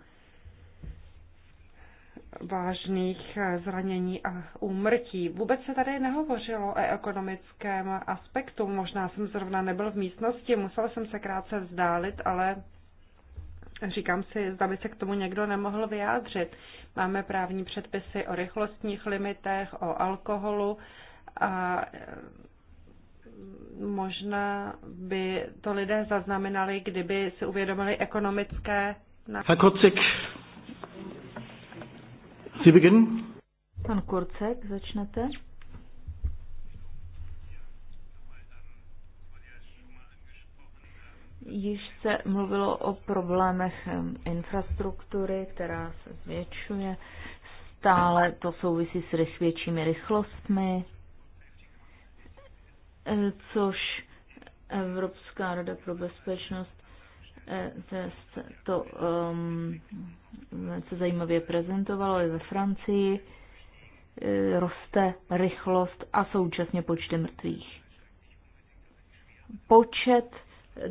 vážných eh, zranění a úmrtí. Vůbec se tady nehovořilo o ekonomickém aspektu. Možná jsem zrovna nebyl v místnosti, musel jsem se krátce vzdálit, ale říkám si, zda by se k tomu někdo nemohl vyjádřit. Máme právní předpisy o rychlostních limitech, o alkoholu a eh, možná by to lidé zaznamenali, kdyby si uvědomili ekonomické... Fakoček. Sie beginnen? Pan Kurzek, začnete. Již se mluvilo o problémech infrastruktury, která se zvětšuje. Stále to souvisí s většími rychlostmi, e, což Evropská rada pro bezpečnost to um, se zajímavě prezentovalo i ve Francii, e, roste rychlost a současně počty mrtvých. Počet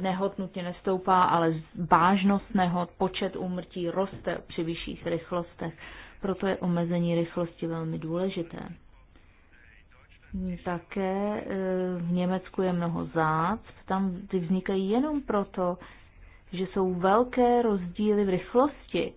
nehod nutně nestoupá, ale vážnost nehod, počet úmrtí roste při vyšších rychlostech. Proto je omezení rychlosti velmi důležité. Také e, v Německu je mnoho zácp, tam ty vznikají jenom proto, že jsou velké rozdíly v rychlosti.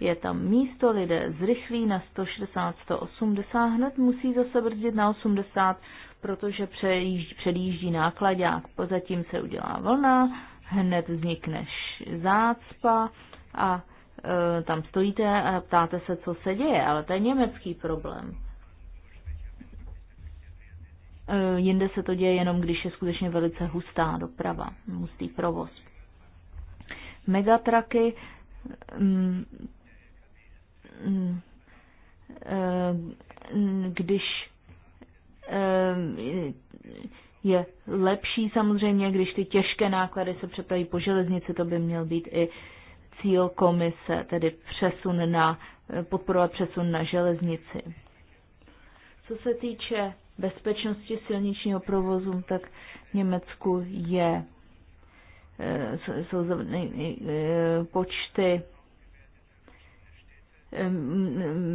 Je tam místo lidé zrychlí na 160, 180, hned musí zase brzdit na 80, protože přejíždí, předjíždí nákladák. Pozatím se udělá vlna, hned vznikne zácpa a e, tam stojíte a ptáte se, co se děje, ale to je německý problém. E, jinde se to děje jenom, když je skutečně velice hustá doprava, hustý provoz megatraky, mm, mm, eh, když eh, je lepší samozřejmě, když ty těžké náklady se přepraví po železnici, to by měl být i cíl komise, tedy přesun na, podporovat přesun na železnici. Co se týče bezpečnosti silničního provozu, tak v Německu je Eh, jsou eh, počty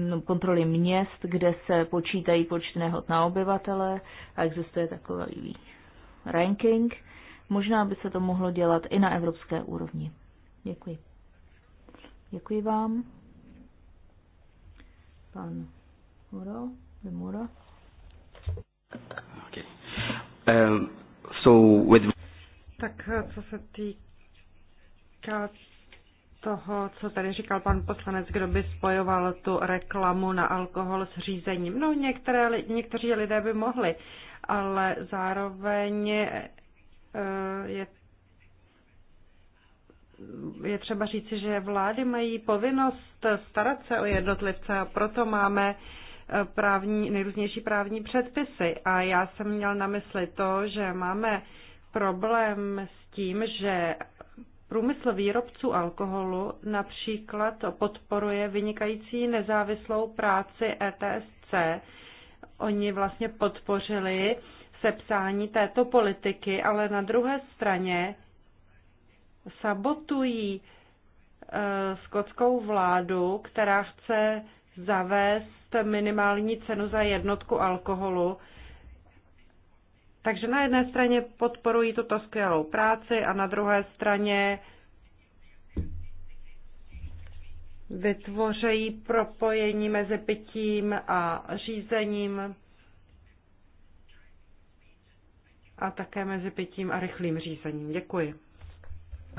no, kontroly měst, kde se počítají počty nehod na obyvatele a existuje takový ranking. Možná by se to mohlo dělat i na evropské úrovni. Děkuji. Děkuji vám. Pan Muro, Muro. Okay. Um, so with tak eh, co se týká toho, co tady říkal pan poslanec, kdo by spojoval tu reklamu na alkohol s řízením. No, některé, někteří lidé by mohli, ale zároveň eh, je je třeba říci, že vlády mají povinnost starat se o jednotlivce a proto máme eh, právní, nejrůznější právní předpisy. A já jsem měl na mysli to, že máme problém s tím, že průmysl výrobců alkoholu například podporuje vynikající nezávislou práci ETSC. Oni vlastně podpořili sepsání této politiky, ale na druhé straně sabotují e, skotskou vládu, která chce zavést minimální cenu za jednotku alkoholu, takže na jedné straně podporují tuto skvělou práci a na druhé straně vytvořejí propojení mezi pitím a řízením a také mezi pitím a rychlým řízením. Děkuji.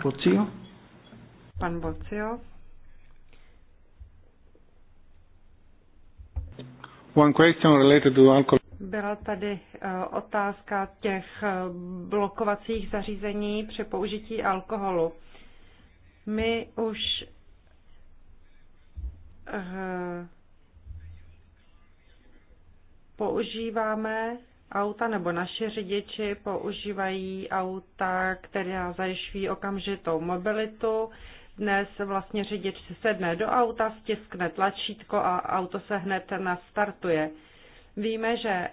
Bocio? Pan Bocio? One question related to alcohol. Byla tady e, otázka těch e, blokovacích zařízení při použití alkoholu. My už e, používáme auta, nebo naši řidiči používají auta, která zajišťují okamžitou mobilitu. Dnes vlastně řidič si sedne do auta, stiskne tlačítko a auto se hned nastartuje. Víme, že